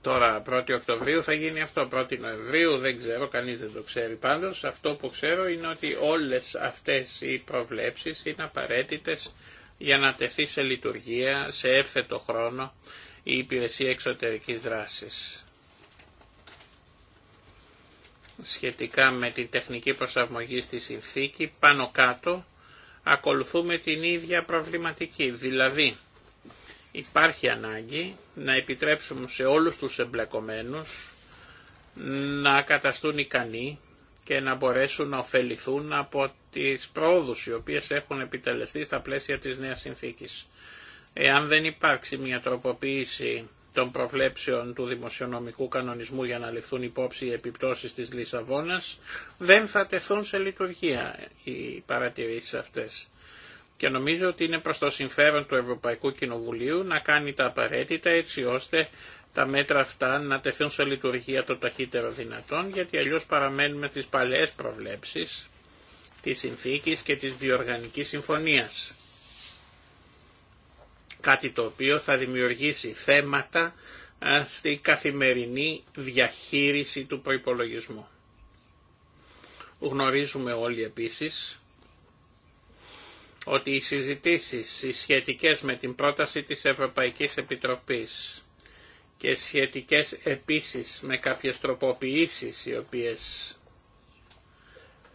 Τώρα 1η Οκτωβρίου θα γίνει αυτό, 1η Νοεμβρίου δεν ξέρω, κανείς δεν το ξέρει πάντως. Αυτό που ξέρω είναι ότι όλες αυτές οι προβλέψεις είναι απαραίτητες για να τεθεί σε λειτουργία σε εύθετο χρόνο η υπηρεσία εξωτερικής δράσης σχετικά με την τεχνική προσαρμογή στη συνθήκη, πάνω κάτω ακολουθούμε την ίδια προβληματική. Δηλαδή υπάρχει ανάγκη να επιτρέψουμε σε όλους τους εμπλεκομένους να καταστούν ικανοί και να μπορέσουν να ωφεληθούν από τις πρόοδους οι οποίες έχουν επιτελεστεί στα πλαίσια της νέας συνθήκης. Εάν δεν υπάρξει μια τροποποίηση των προβλέψεων του δημοσιονομικού κανονισμού για να ληφθούν υπόψη οι επιπτώσεις της Λισαβόνας, δεν θα τεθούν σε λειτουργία οι παρατηρήσεις αυτές. Και νομίζω ότι είναι προς το συμφέρον του Ευρωπαϊκού Κοινοβουλίου να κάνει τα απαραίτητα έτσι ώστε τα μέτρα αυτά να τεθούν σε λειτουργία το ταχύτερο δυνατόν, γιατί αλλιώς παραμένουμε στις παλαιές προβλέψεις της συνθήκης και της διοργανικής συμφωνίας κάτι το οποίο θα δημιουργήσει θέματα στη καθημερινή διαχείριση του προϋπολογισμού. Γνωρίζουμε όλοι επίσης ότι οι συζητήσεις οι σχετικές με την πρόταση της Ευρωπαϊκής Επιτροπής και σχετικές επίσης με κάποιες τροποποιήσεις οι οποίες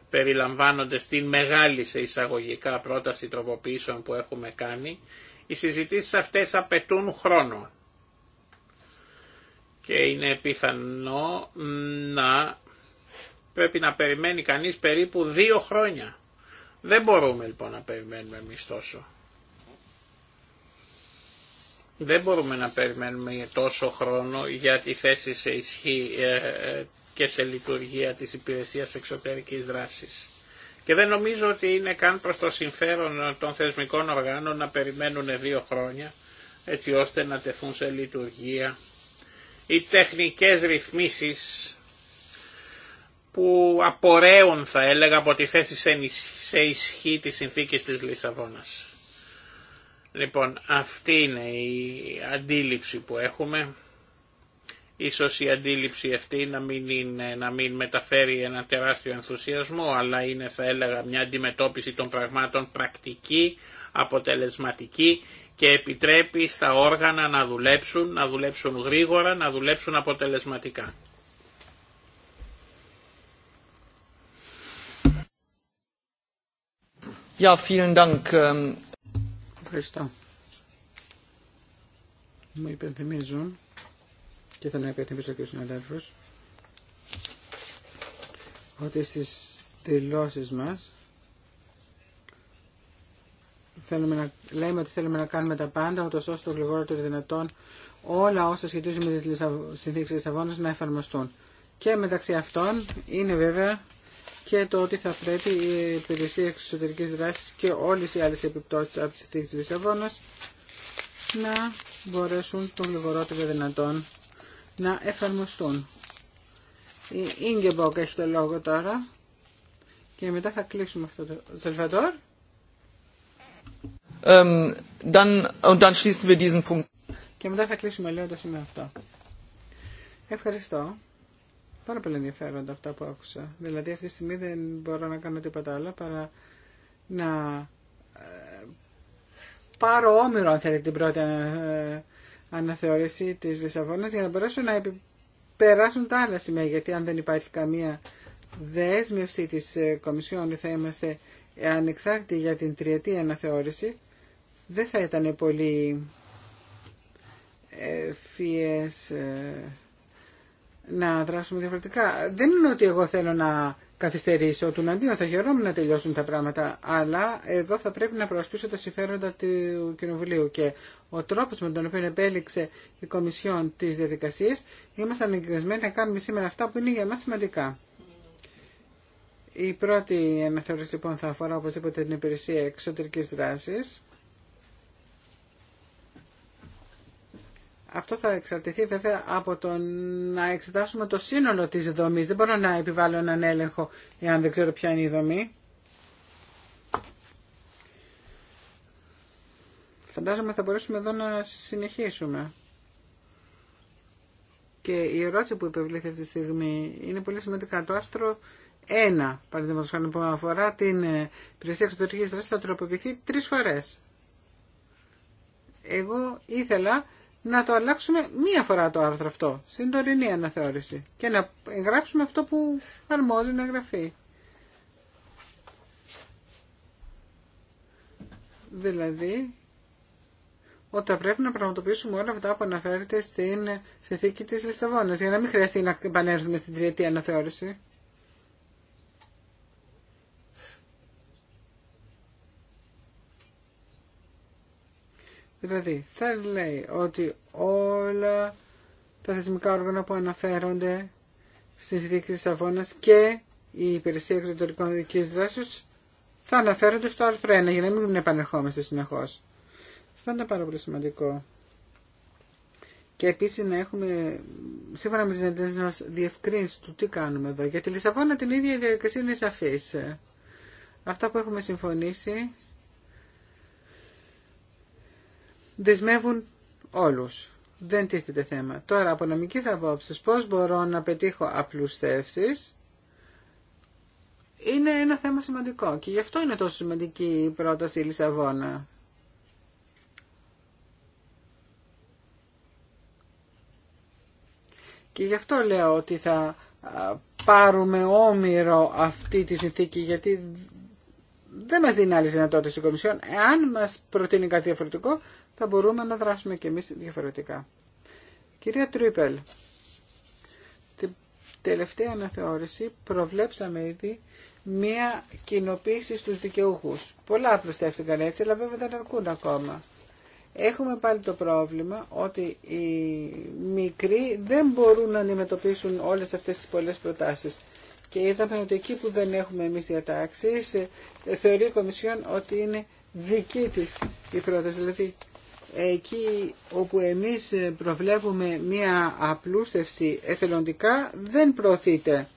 περιλαμβάνονται στην μεγάλη σε εισαγωγικά πρόταση τροποποιήσεων που έχουμε κάνει, οι συζητήσεις αυτές απαιτούν χρόνο και είναι πιθανό να πρέπει να περιμένει κανείς περίπου δύο χρόνια. Δεν μπορούμε λοιπόν να περιμένουμε εμείς τόσο. Δεν μπορούμε να περιμένουμε τόσο χρόνο για τη θέση σε ισχύ ε, ε, και σε λειτουργία της υπηρεσίας εξωτερικής δράσης. Και δεν νομίζω ότι είναι καν προς το συμφέρον των θεσμικών οργάνων να περιμένουν δύο χρόνια έτσι ώστε να τεθούν σε λειτουργία οι τεχνικές ρυθμίσεις που απορρέουν θα έλεγα από τη θέση σε ισχύ της συνθήκης της Λισαβόνας. Λοιπόν, αυτή είναι η αντίληψη που έχουμε. Ίσως η αντίληψη αυτή να μην, είναι, να μην μεταφέρει ένα τεράστιο ενθουσιασμό, αλλά είναι θα έλεγα μια αντιμετώπιση των πραγμάτων πρακτική, αποτελεσματική και επιτρέπει στα όργανα να δουλέψουν, να δουλέψουν γρήγορα, να δουλέψουν αποτελεσματικά. Ja, vielen Dank. Ähm. Ευχαριστώ. Μου υπενθυμίζουν και θέλω να υπενθυμίσω και ο συνάδελφους ότι στις δηλώσει μας θέλουμε να, λέμε ότι θέλουμε να κάνουμε τα πάντα ούτως ώστε το των δυνατόν όλα όσα σχετίζουν με τη συνθήκη της Λισαβόνας να εφαρμοστούν. Και μεταξύ αυτών είναι βέβαια και το ότι θα πρέπει η υπηρεσία εξωτερική δράση και όλε οι άλλε επιπτώσει από τη συνθήκη τη Λισαβόνα να μπορέσουν το γλυγορότερο δυνατόν να εφαρμοστούν. Η Ίγκεμποκ έχει το λόγο τώρα και μετά θα κλείσουμε αυτό το Σελβατόρ. Um, Και μετά θα κλείσουμε λέω το σημείο αυτό. Ευχαριστώ. Πάρα πολύ ενδιαφέροντα αυτά που άκουσα. Δηλαδή αυτή τη στιγμή δεν μπορώ να κάνω τίποτα άλλο παρά να ε, πάρω όμοιρο αν θέλετε την πρώτη ε, αναθεώρηση της Λισαβόνας για να μπορέσουν να περάσουν τα άλλα σημεία γιατί αν δεν υπάρχει καμία δέσμευση της ε, Κομισιόν θα είμαστε ανεξάρτητοι για την τριετή αναθεώρηση δεν θα ήταν πολύ ευφυές ε, να δράσουμε διαφορετικά. Δεν είναι ότι εγώ θέλω να καθυστερήσω. Του Ναντίνα. θα χαιρόμουν να τελειώσουν τα πράγματα, αλλά εδώ θα πρέπει να προσπίσω τα συμφέροντα του Κοινοβουλίου και ο τρόπος με τον οποίο επέλεξε η Κομισιόν της διαδικασίε, είμαστε αναγκασμένοι να κάνουμε σήμερα αυτά που είναι για μας σημαντικά. Η πρώτη αναθεώρηση λοιπόν θα αφορά οπωσδήποτε την υπηρεσία εξωτερικής δράσης. Αυτό θα εξαρτηθεί βέβαια από το να εξετάσουμε το σύνολο της δομής. Δεν μπορώ να επιβάλλω έναν έλεγχο εάν δεν ξέρω ποια είναι η δομή. Φαντάζομαι θα μπορέσουμε εδώ να συνεχίσουμε. Και η ερώτηση που υπευλήθη αυτή τη στιγμή είναι πολύ σημαντικά. Το άρθρο 1, παραδείγματο χάρη που αφορά την υπηρεσία εξωτερικής δράσης θα τροποποιηθεί τρει φορέ. Εγώ ήθελα να το αλλάξουμε μία φορά το άρθρο αυτό, στην τωρινή αναθεώρηση, και να εγγράψουμε αυτό που αρμόζει να εγγραφεί. Δηλαδή, ότι πρέπει να πραγματοποιήσουμε όλα αυτά που αναφέρεται στην συνθήκη της Λισαβόνας, για να μην χρειαστεί να επανέλθουμε στην τριετή αναθεώρηση. Δηλαδή, θα λέει ότι όλα τα θεσμικά όργανα που αναφέρονται στην συνθήκη της Αβώνας και η υπηρεσία εξωτερικών δική δράσης θα αναφέρονται στο άρθρο 1 για να μην επανερχόμαστε συνεχώς. Αυτό είναι πάρα πολύ σημαντικό. Και επίσης να έχουμε, σύμφωνα με τις δυνατές μας, διευκρίνηση του τι κάνουμε εδώ. Για τη Λισαβόνα την ίδια διαδικασία είναι σαφής. Αυτά που έχουμε συμφωνήσει δεσμεύουν όλους. Δεν τίθεται θέμα. Τώρα από νομικής απόψης πώς μπορώ να πετύχω απλουστεύσεις είναι ένα θέμα σημαντικό και γι' αυτό είναι τόσο σημαντική η πρόταση Λισαβόνα. Και γι' αυτό λέω ότι θα πάρουμε όμοιρο αυτή τη συνθήκη γιατί δεν μας δίνει άλλες δυνατότητες η Κομισιόν. Εάν μας προτείνει κάτι διαφορετικό θα μπορούμε να δράσουμε και εμείς διαφορετικά. Κυρία Τρίπελ, την τελευταία αναθεώρηση προβλέψαμε ήδη μία κοινοποίηση στους δικαιούχους. Πολλά απλουστεύτηκαν έτσι, αλλά βέβαια δεν αρκούν ακόμα. Έχουμε πάλι το πρόβλημα ότι οι μικροί δεν μπορούν να αντιμετωπίσουν όλες αυτές τις πολλές προτάσεις. Και είδαμε ότι εκεί που δεν έχουμε εμείς διατάξεις, θεωρεί η Κομισιόν ότι είναι δική της η πρόταση. Δηλαδή εκεί όπου εμείς προβλέπουμε μία απλούστευση εθελοντικά δεν προωθείται.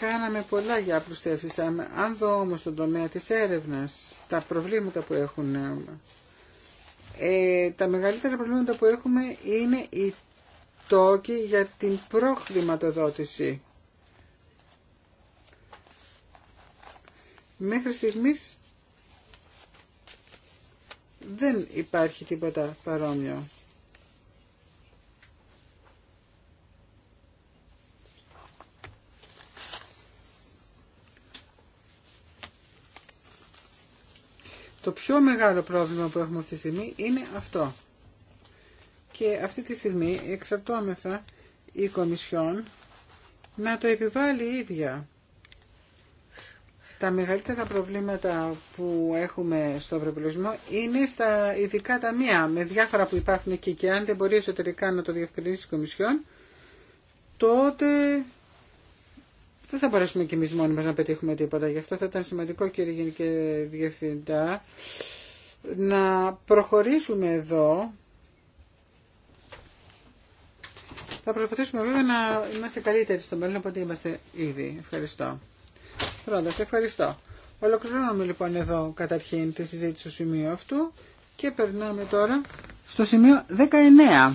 Κάναμε πολλά για απλούστευση. Αν δω όμως τον τομέα της έρευνας, τα προβλήματα που έχουν, ε, τα μεγαλύτερα προβλήματα που έχουμε είναι οι τόκοι για την προχρηματοδότηση. Μέχρι στιγμής δεν υπάρχει τίποτα παρόμοιο. Το πιο μεγάλο πρόβλημα που έχουμε αυτή τη στιγμή είναι αυτό. Και αυτή τη στιγμή εξαρτώμεθα η Κομισιόν να το επιβάλλει ίδια. Τα μεγαλύτερα προβλήματα που έχουμε στο προπολογισμό είναι στα ειδικά ταμεία, με διάφορα που υπάρχουν εκεί και αν δεν μπορεί εσωτερικά να το διευκρινίσει η Κομισιόν, τότε δεν θα μπορέσουμε κι εμείς μόνοι μας να πετύχουμε τίποτα. Γι' αυτό θα ήταν σημαντικό κύριε Γενική Διευθυντά να προχωρήσουμε εδώ. Θα προσπαθήσουμε βέβαια να είμαστε καλύτεροι στο μέλλον από ό,τι είμαστε ήδη. Ευχαριστώ ευχαριστώ. Ολοκληρώνουμε λοιπόν εδώ καταρχήν τη συζήτηση του σημείου αυτού και περνάμε τώρα στο σημείο 19.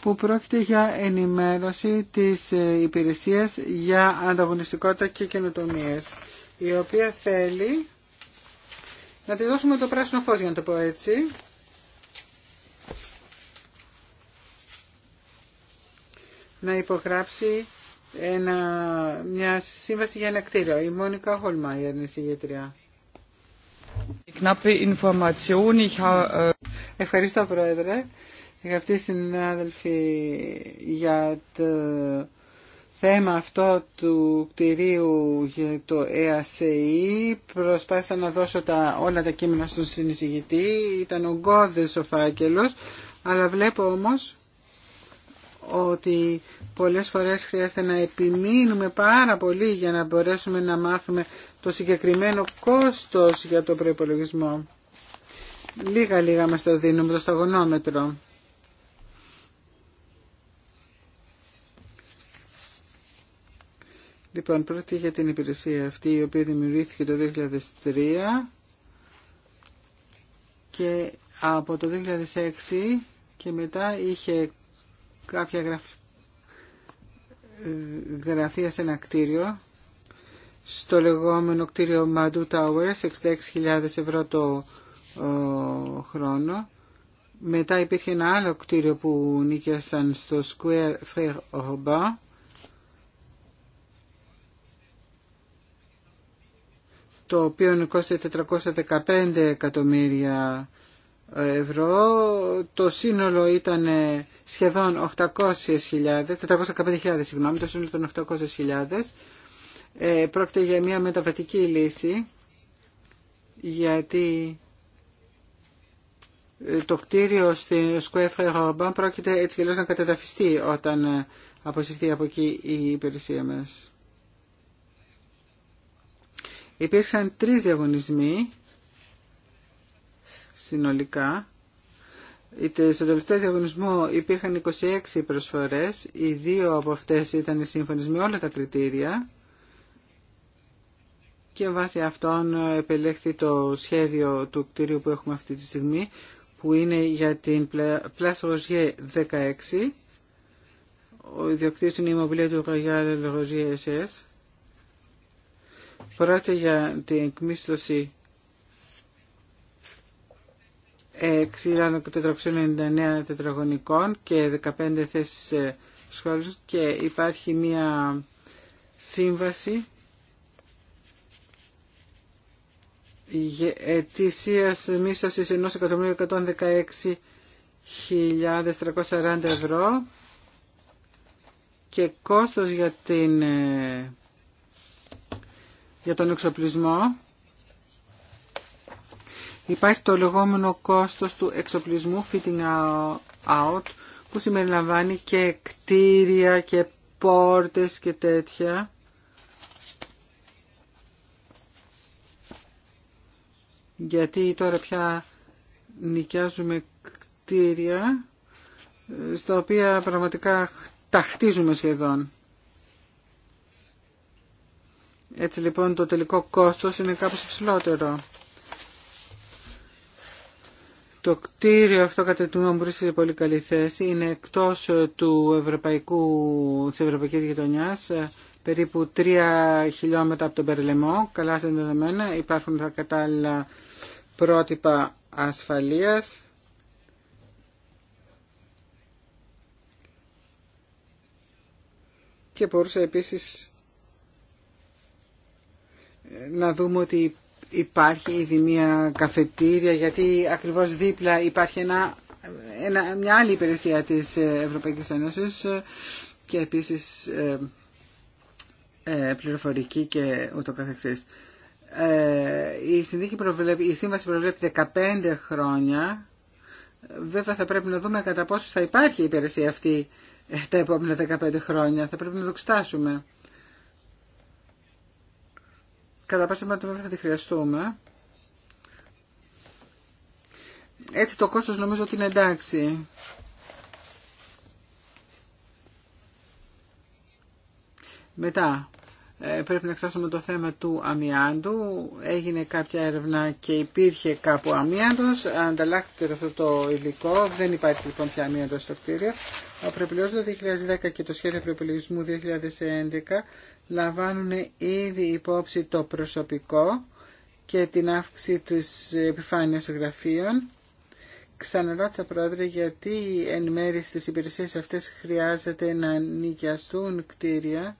που πρόκειται για ενημέρωση της ε, υπηρεσίας για ανταγωνιστικότητα και καινοτομίες, η οποία θέλει να τη δώσουμε το πράσινο φως για να το πω έτσι, να υπογράψει ένα, μια σύμβαση για ένα κτίριο. Η Μόνικα Χολμάιερ είναι συγγετριά. Ε, Ευχαριστώ Πρόεδρε. Αγαπητοί συνάδελφοι, για το θέμα αυτό του κτηρίου για το ΕΑΣΕΗ προσπάθησα να δώσω τα, όλα τα κείμενα στον συνεισηγητή. Ήταν ογκώδες ο φάκελος, αλλά βλέπω όμως ότι πολλές φορές χρειάζεται να επιμείνουμε πάρα πολύ για να μπορέσουμε να μάθουμε το συγκεκριμένο κόστος για το προϋπολογισμό. Λίγα λίγα μας το δίνουμε το σταγονόμετρο. Λοιπόν, πρώτη για την υπηρεσία αυτή η οποία δημιουργήθηκε το 2003 και από το 2006 και μετά είχε κάποια γραφ... γραφεία σε ένα κτίριο στο λεγόμενο κτίριο Madu Towers, 66.000 ευρώ το χρόνο. Μετά υπήρχε ένα άλλο κτίριο που νίκιασαν στο Square Fair Orba. το οποίο κόστησε 415 εκατομμύρια ευρώ. Το σύνολο ήταν ε, σχεδόν 800.000, 415.000 συγγνώμη, το σύνολο των 800.000. Ε, πρόκειται για μια μεταβατική λύση γιατί ε, το κτίριο στην Σκουέφρα Ρόμπαν πρόκειται έτσι και να κατεδαφιστεί όταν ε, αποσυρθεί από εκεί η υπηρεσία μας. Υπήρξαν τρεις διαγωνισμοί συνολικά. στο τελευταίο διαγωνισμό υπήρχαν 26 προσφορές, οι δύο από αυτές ήταν σύμφωνες με όλα τα κριτήρια και βάσει αυτών επελέχθη το σχέδιο του κτίριου που έχουμε αυτή τη στιγμή που είναι για την Place Rogier 16 ο ιδιοκτήτης είναι η μομπλία του Royal Rogier SS πρόκειται για την εκμίσθωση 6.499 τετραγωνικών και 15 θέσεις ε, σχόλους και υπάρχει μία σύμβαση ετήσιας μίσθωσης 1.116.340 ευρώ και κόστος για, την, ε, για τον εξοπλισμό Υπάρχει το λεγόμενο κόστος του εξοπλισμού fitting out που συμπεριλαμβάνει και κτίρια και πόρτες και τέτοια. Γιατί τώρα πια νοικιάζουμε κτίρια στα οποία πραγματικά τα χτίζουμε σχεδόν. Έτσι λοιπόν το τελικό κόστος είναι κάπως υψηλότερο. Το κτίριο αυτό κατά τη μου βρίσκεται σε πολύ καλή θέση. Είναι εκτός ε, του ευρωπαϊκού, της ευρωπαϊκής γειτονιάς, ε, περίπου 3 χιλιόμετρα από τον Περλεμό, καλά συνδεδεμένα. Υπάρχουν τα κατάλληλα πρότυπα ασφαλείας. Και μπορούσα επίσης να δούμε ότι υπάρχει ήδη μια καφετήρια γιατί ακριβώς δίπλα υπάρχει ένα, ένα, μια άλλη υπηρεσία της Ευρωπαϊκής Ένωσης και επίσης ε, ε πληροφορική και ούτω καθεξής. Ε, η, συνδίκη προβλέπει, η σύμβαση προβλέπει 15 χρόνια. Βέβαια θα πρέπει να δούμε κατά πόσο θα υπάρχει η υπηρεσία αυτή ε, τα επόμενα 15 χρόνια. Θα πρέπει να το κατά πάσα πιθανότητα θα τη χρειαστούμε. Έτσι το κόστος νομίζω ότι είναι εντάξει. Μετά, ε, πρέπει να εξάσουμε το θέμα του αμοιάντου. Έγινε κάποια έρευνα και υπήρχε κάπου αμοιάντος. Ανταλλάχθηκε αυτό το υλικό. Δεν υπάρχει λοιπόν πια αμοιάντος στο κτίριο. Ο προπολογισμό το 2010 και το σχέδιο προεπιλογισμού 2011 λαμβάνουν ήδη υπόψη το προσωπικό και την αύξηση της επιφάνειας γραφείων. Ξαναρώτησα, Πρόεδρε, γιατί η μέρη στις υπηρεσίες αυτές χρειάζεται να νοικιαστούν κτίρια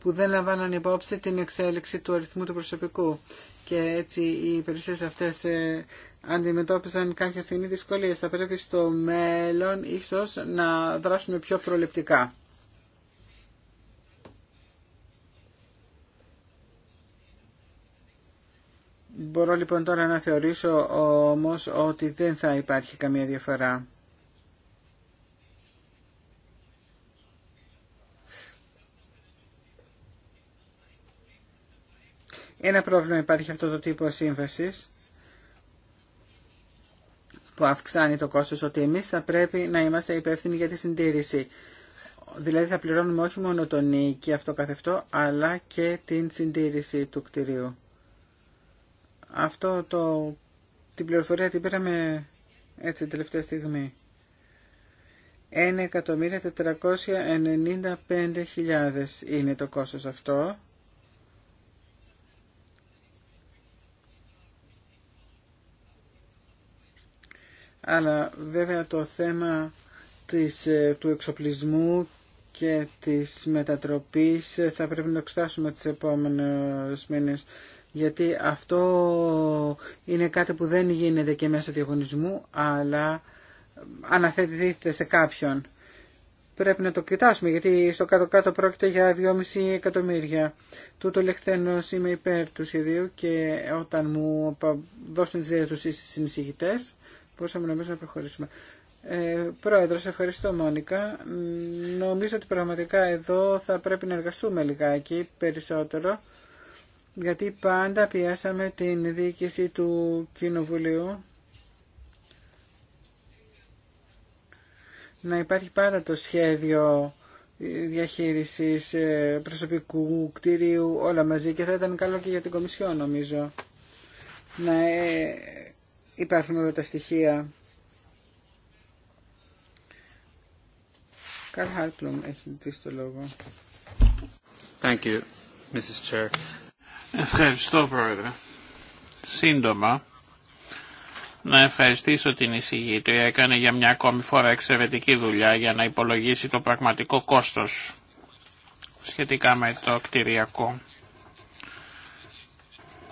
που δεν λαμβάνουν υπόψη την εξέλιξη του αριθμού του προσωπικού. Και έτσι οι υπηρεσίες αυτές ε, αντιμετώπισαν κάποια στιγμή δυσκολίες. Θα πρέπει στο μέλλον ίσως να δράσουμε πιο προληπτικά. Μπορώ λοιπόν τώρα να θεωρήσω όμως ότι δεν θα υπάρχει καμία διαφορά. Ένα πρόβλημα υπάρχει αυτό το τύπο σύμβασης που αυξάνει το κόστος ότι εμείς θα πρέπει να είμαστε υπεύθυνοι για τη συντήρηση. Δηλαδή θα πληρώνουμε όχι μόνο τον νίκη αυτό καθευτό αλλά και την συντήρηση του κτηρίου. Αυτό το, την πληροφορία την πήραμε έτσι την τελευταία στιγμή. 1.495.000 είναι το κόστος αυτό. Αλλά βέβαια το θέμα της, ε, του εξοπλισμού και της μετατροπής ε, θα πρέπει να το εξετάσουμε τις επόμενες μήνες γιατί αυτό είναι κάτι που δεν γίνεται και μέσω διαγωνισμού, αλλά αναθέτηται σε κάποιον. Πρέπει να το κοιτάσουμε, γιατί στο κάτω-κάτω πρόκειται για 2,5 εκατομμύρια. Τούτο λεχθένος είμαι υπέρ του σχεδίου και όταν μου δώσουν τις ιδέες τους οι συνεισηγητές, μπορούσαμε νομίζω να προχωρήσουμε. Ε, πρόεδρος, ευχαριστώ Μόνικα. Νομίζω ότι πραγματικά εδώ θα πρέπει να εργαστούμε λιγάκι περισσότερο γιατί πάντα πιάσαμε την διοίκηση του Κοινοβουλίου να υπάρχει πάντα το σχέδιο διαχείρισης ε, προσωπικού κτίριου όλα μαζί και θα ήταν καλό και για την Κομισιό νομίζω να ε, υπάρχουν όλα τα στοιχεία. Καρ Χάλπλουμ έχει δει το λόγο. Thank you, Mrs. Chair. Ευχαριστώ πρόεδρε. Σύντομα, να ευχαριστήσω την εισηγήτρια. Έκανε για μια ακόμη φορά εξαιρετική δουλειά για να υπολογίσει το πραγματικό κόστος σχετικά με το κτηριακό.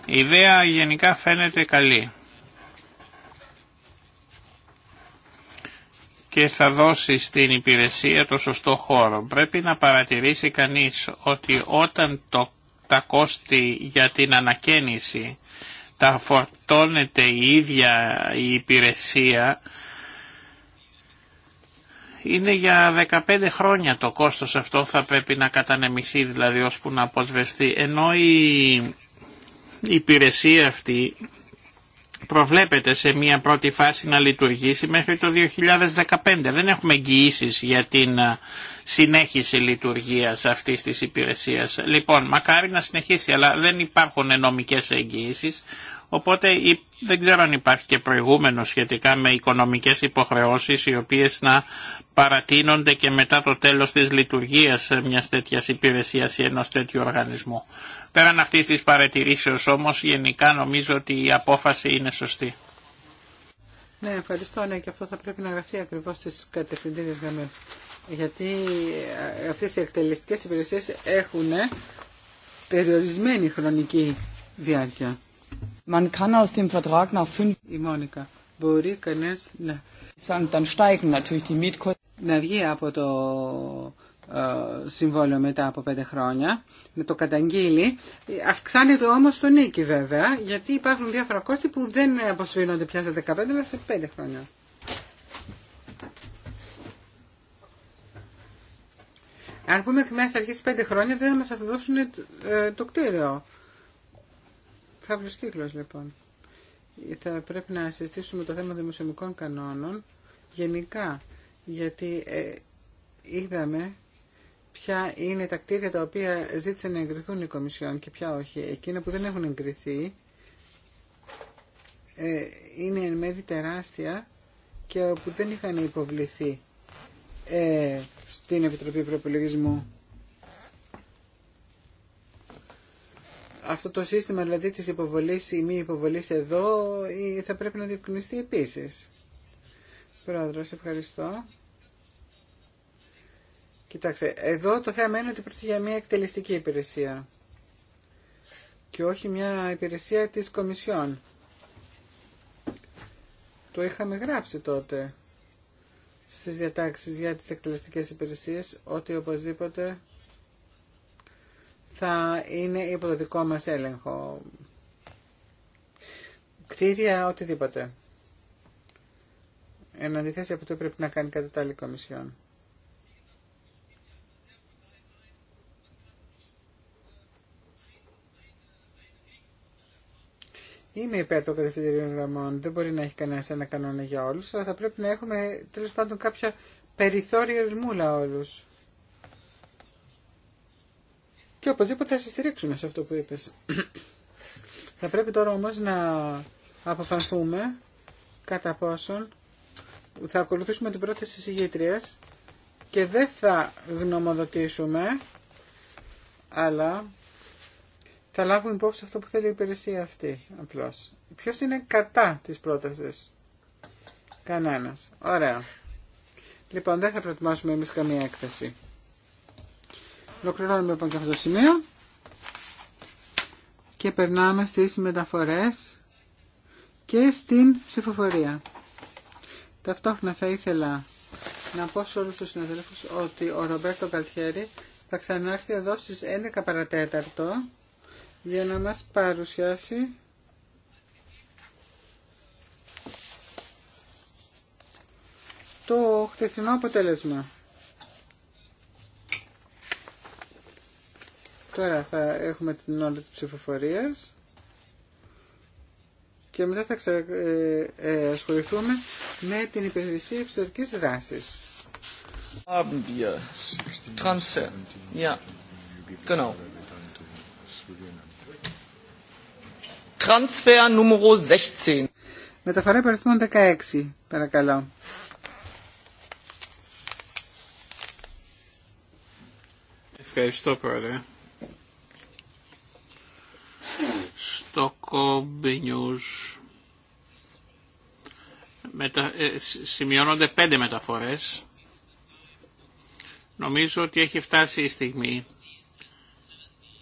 Η ιδέα γενικά φαίνεται καλή. και θα δώσει στην υπηρεσία το σωστό χώρο. Πρέπει να παρατηρήσει κανείς ότι όταν το τα κόστη για την ανακαίνιση τα φορτώνεται η ίδια η υπηρεσία είναι για 15 χρόνια το κόστος αυτό θα πρέπει να κατανεμηθεί δηλαδή ώσπου να αποσβεστεί ενώ η υπηρεσία αυτή προβλέπεται σε μια πρώτη φάση να λειτουργήσει μέχρι το 2015. Δεν έχουμε εγγυήσει για την ε, συνέχιση λειτουργίας αυτής της υπηρεσίας. Λοιπόν, μακάρι να συνεχίσει, αλλά δεν υπάρχουν νομικές εγγυήσει. Οπότε δεν ξέρω αν υπάρχει και προηγούμενο σχετικά με οικονομικές υποχρεώσεις οι οποίες να παρατείνονται και μετά το τέλος της λειτουργίας μιας τέτοιας υπηρεσίας ή ενός τέτοιου οργανισμού. Πέραν αυτής της παρατηρήσεως όμως γενικά νομίζω ότι η απόφαση είναι σωστή. Ναι, ευχαριστώ. Ναι, και αυτό θα πρέπει να γραφτεί ακριβώς στις κατευθυντήριες γραμμές. Γιατί ε, αυτές οι εκτελεστικές υπηρεσίες έχουν περιορισμένη χρονική διάρκεια. μπορεί κανείς να να βγει από το ε, συμβόλαιο μετά από πέντε χρόνια, με το καταγγείλει. Αυξάνεται όμω το νίκη βέβαια, γιατί υπάρχουν διάφορα κόστη που δεν αποσφύνονται πια σε 15, αλλά σε πέντε χρόνια. Αν πούμε εκ μέσα αρχής πέντε χρόνια δεν θα μα αφαιρώσουν ε, το κτίριο. Φαύλο κύκλο λοιπόν θα πρέπει να συζητήσουμε το θέμα δημοσιομικών κανόνων γενικά, γιατί ε, είδαμε ποια είναι τα κτίρια τα οποία ζήτησαν να εγκριθούν οι Κομισιόν και ποια όχι. Εκείνα που δεν έχουν εγκριθεί ε, είναι εν μέρει τεράστια και που δεν είχαν υποβληθεί ε, στην Επιτροπή Προπολογισμού. αυτό το σύστημα δηλαδή της υποβολής ή μη υποβολής εδώ θα πρέπει να διευκρινιστεί επίσης. Πρόεδρος, ευχαριστώ. Κοιτάξτε, εδώ το θέμα είναι ότι πρόκειται για μια εκτελεστική υπηρεσία και όχι μια υπηρεσία της Κομισιόν. Το είχαμε γράψει τότε στις διατάξεις για τις εκτελεστικές υπηρεσίες ότι οπωσδήποτε θα είναι υπό το δικό μας έλεγχο. Κτίρια, οτιδήποτε. Εν αντιθέσει από το πρέπει να κάνει κατά τα άλλη κομισιόν. Είμαι υπέρ των κατευθυντηρίων γραμμών. Δεν μπορεί να έχει κανένα ένα κανόνα για όλου, αλλά θα πρέπει να έχουμε τέλο πάντων κάποια περιθώρια ρημούλα όλους και οπωσδήποτε θα συστήριξουμε σε αυτό που είπες. θα πρέπει τώρα όμως να αποφανθούμε κατά πόσον θα ακολουθήσουμε την πρόταση της ηγήτριας και δεν θα γνωμοδοτήσουμε αλλά θα λάβουμε υπόψη αυτό που θέλει η υπηρεσία αυτή απλώς. Ποιος είναι κατά της πρότασης. Κανένας. Ωραία. Λοιπόν, δεν θα προετοιμάσουμε εμείς καμία έκθεση. Ολοκληρώνουμε λοιπόν και αυτό το σημείο και περνάμε στις μεταφορές και στην ψηφοφορία. Ταυτόχρονα θα ήθελα να πω σε όλους τους συναδέλφους ότι ο Ρομπέρτο Καλτιέρη θα ξανάρθει εδώ στις 11 παρατέταρτο για να μας παρουσιάσει το χτεσινό αποτέλεσμα. Τώρα θα έχουμε την όλη της ψηφοφορίας και μετά θα ξα... ε, ε, ασχοληθούμε με την υπηρεσία εξωτερικής δράσης. Haben wir Transfer. Ja, genau. Transfer νούμερο 16. Μεταφορά υπαριθμών 16, παρακαλώ. Ευχαριστώ, Πρόεδρε. στο Kobe News ε, σημειώνονται πέντε μεταφορές. Νομίζω ότι έχει φτάσει η στιγμή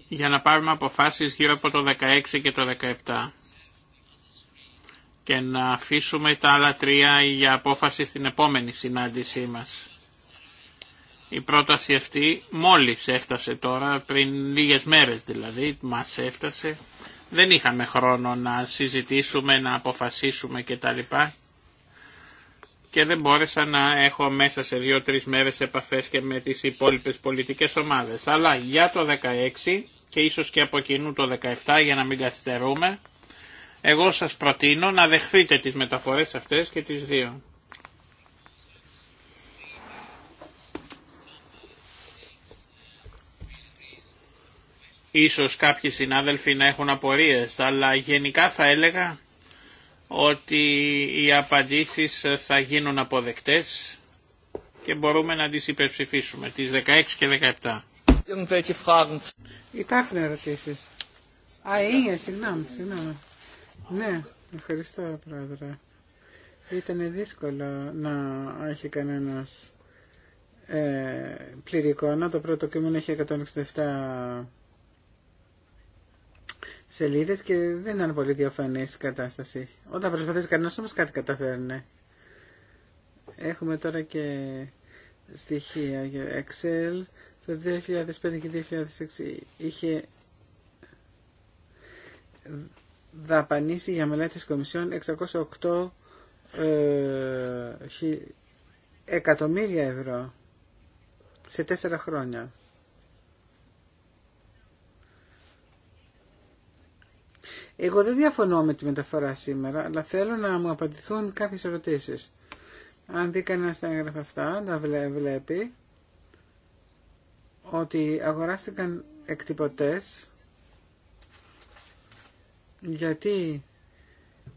για να πάρουμε αποφάσεις γύρω από το 16 και το 17 και να αφήσουμε τα άλλα τρία για απόφαση στην επόμενη συνάντησή μας. Η πρόταση αυτή μόλις έφτασε τώρα, πριν λίγες μέρες δηλαδή, μας έφτασε δεν είχαμε χρόνο να συζητήσουμε, να αποφασίσουμε κτλ. Και δεν μπόρεσα να έχω μέσα σε δύο-τρεις μέρες επαφές και με τις υπόλοιπες πολιτικές ομάδες. Αλλά για το 16 και ίσως και από κοινού το 17 για να μην καθυστερούμε, εγώ σας προτείνω να δεχθείτε τις μεταφορές αυτές και τις δύο. Ίσως κάποιοι συνάδελφοι να έχουν απορίες, αλλά γενικά θα έλεγα ότι οι απαντήσεις θα γίνουν αποδεκτές και μπορούμε να τις υπερψηφίσουμε, τις 16 και 17. Υπάρχουν ερωτήσεις. Α, είναι, συγγνώμη, συγγνώμη. Ναι, ευχαριστώ, πρόεδρε. Ήταν δύσκολο να έχει κανένας ε, πληρικό. Να το πρώτο κείμενο έχει 167 Σελίδε και δεν ήταν πολύ διαφανή η κατάσταση. Όταν προσπαθεί κανένα όμω κάτι καταφέρνει. Έχουμε τώρα και στοιχεία για Excel. Το 2005 και 2006 είχε δαπανίσει για τη κομισιών 608 εκατομμύρια ευρώ σε τέσσερα χρόνια. Εγώ δεν διαφωνώ με τη μεταφορά σήμερα, αλλά θέλω να μου απαντηθούν κάποιες ερωτήσεις. Αν δει κανένα τα έγγραφα αυτά, τα βλέπει ότι αγοράστηκαν εκτυπωτές γιατί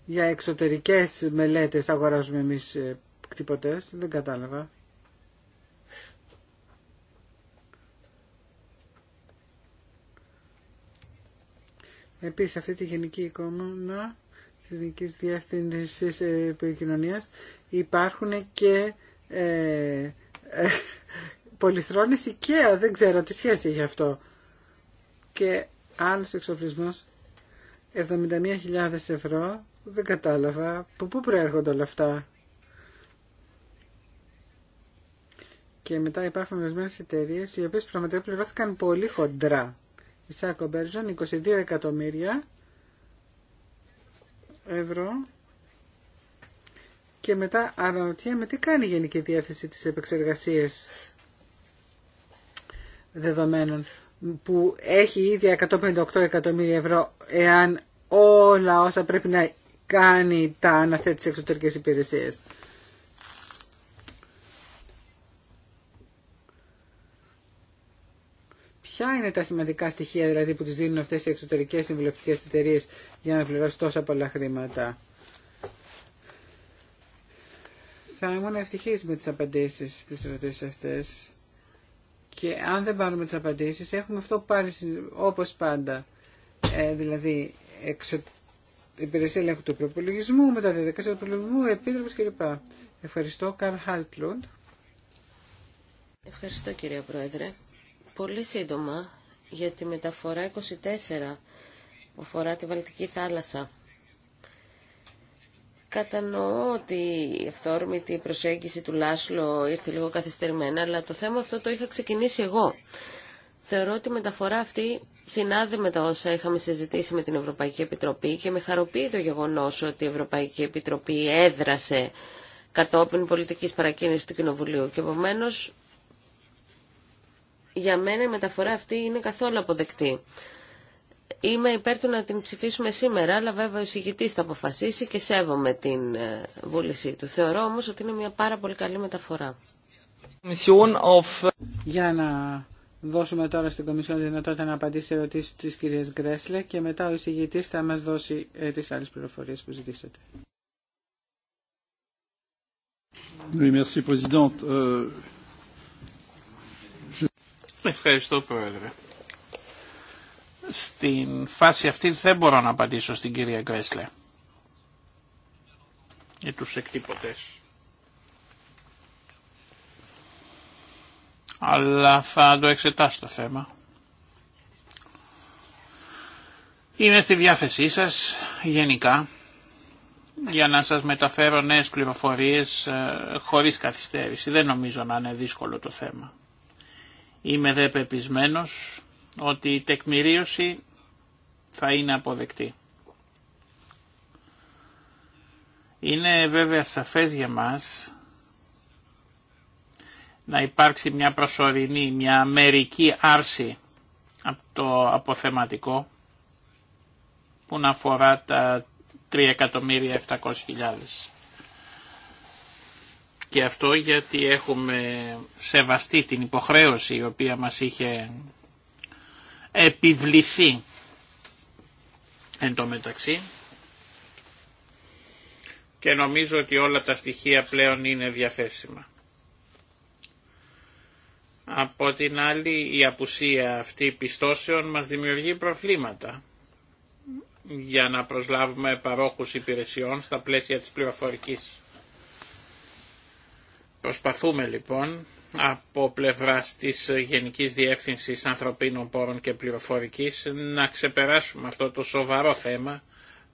για εξωτερικές μελέτες αγοράζουμε εμείς ε, εκτυπωτές, δεν κατάλαβα. Επίσης αυτή τη γενική εικόνα της Γενικής Διεύθυνσης ε, Επικοινωνίας υπάρχουν και ε, ε, πολυθρόνες οικαία, ε, δεν ξέρω τι σχέση έχει αυτό. Και άλλος εξοπλισμός, 71.000 ευρώ, δεν κατάλαβα, από πού προέρχονται όλα αυτά. Και μετά υπάρχουν ορισμένε εταιρείε οι οποίε πραγματικά πληρώθηκαν πολύ χοντρά. Ισάκο Μπέρζον, 22 εκατομμύρια ευρώ και μετά αναρωτιέμαι τι κάνει η Γενική Διεύθυνση της Επεξεργασίας Δεδομένων που έχει ήδη 158 εκατομμύρια ευρώ εάν όλα όσα πρέπει να κάνει τα αναθέτει σε εξωτερικές υπηρεσίες. Ποια είναι τα σημαντικά στοιχεία δηλαδή που τις δίνουν αυτές οι εξωτερικές συμβουλευτικές εταιρείε για να πληρώσει τόσα πολλά χρήματα. Θα ήμουν ευτυχής με τις απαντήσεις στις ερωτήσεις αυτές. Και αν δεν πάρουμε τις απαντήσεις έχουμε αυτό πάλι όπως πάντα. Ε, δηλαδή εξω... υπηρεσία ελέγχου του προπολογισμού, διαδικασία του προπολογισμού, επίτροπος κλπ. Ευχαριστώ, Καρλ Χάλτλοντ Ευχαριστώ κύριε Πρόεδρε. Πολύ σύντομα για τη μεταφορά 24 που αφορά τη Βαλτική θάλασσα. Κατανοώ ότι η ευθόρμητη προσέγγιση του Λάσλο ήρθε λίγο καθυστερημένα, αλλά το θέμα αυτό το είχα ξεκινήσει εγώ. Θεωρώ ότι η μεταφορά αυτή συνάδει με τα όσα είχαμε συζητήσει με την Ευρωπαϊκή Επιτροπή και με χαροποιεί το γεγονός ότι η Ευρωπαϊκή Επιτροπή έδρασε κατόπιν πολιτικής παρακίνησης του Κοινοβουλίου και για μένα η μεταφορά αυτή είναι καθόλου αποδεκτή. Είμαι υπέρ του να την ψηφίσουμε σήμερα, αλλά βέβαια ο εισηγητή θα αποφασίσει και σέβομαι την ε, βούλησή του. Θεωρώ όμω ότι είναι μια πάρα πολύ καλή μεταφορά. Για να δώσουμε τώρα στην Κομισιόν τη δυνατότητα να απαντήσει σε ερωτήσει τη κυρία Γκρέσλε και μετά ο εισηγητή θα μα δώσει ε, τι άλλε πληροφορίε που ζητήσατε. Oui, merci, euh, Ευχαριστώ Πρόεδρε. Στην φάση αυτή δεν μπορώ να απαντήσω στην κυρία Γκρέσλε για τους εκτύπωτες. Αλλά θα το εξετάσω το θέμα. Είμαι στη διάθεσή σας γενικά για να σας μεταφέρω νέες πληροφορίες ε, χωρίς καθυστέρηση. Δεν νομίζω να είναι δύσκολο το θέμα. Είμαι δε πεπισμένος ότι η τεκμηρίωση θα είναι αποδεκτή. Είναι βέβαια σαφές για μας να υπάρξει μια προσωρινή, μια μερική άρση από το αποθεματικό που να αφορά τα 3.700.000. Και αυτό γιατί έχουμε σεβαστεί την υποχρέωση η οποία μας είχε επιβληθεί εν τω μεταξύ. Και νομίζω ότι όλα τα στοιχεία πλέον είναι διαθέσιμα. Από την άλλη η απουσία αυτή πιστώσεων μας δημιουργεί προβλήματα για να προσλάβουμε παρόχους υπηρεσιών στα πλαίσια της πληροφορικής. Προσπαθούμε λοιπόν από πλευράς της Γενικής Διεύθυνσης Ανθρωπίνων Πόρων και Πληροφορικής να ξεπεράσουμε αυτό το σοβαρό θέμα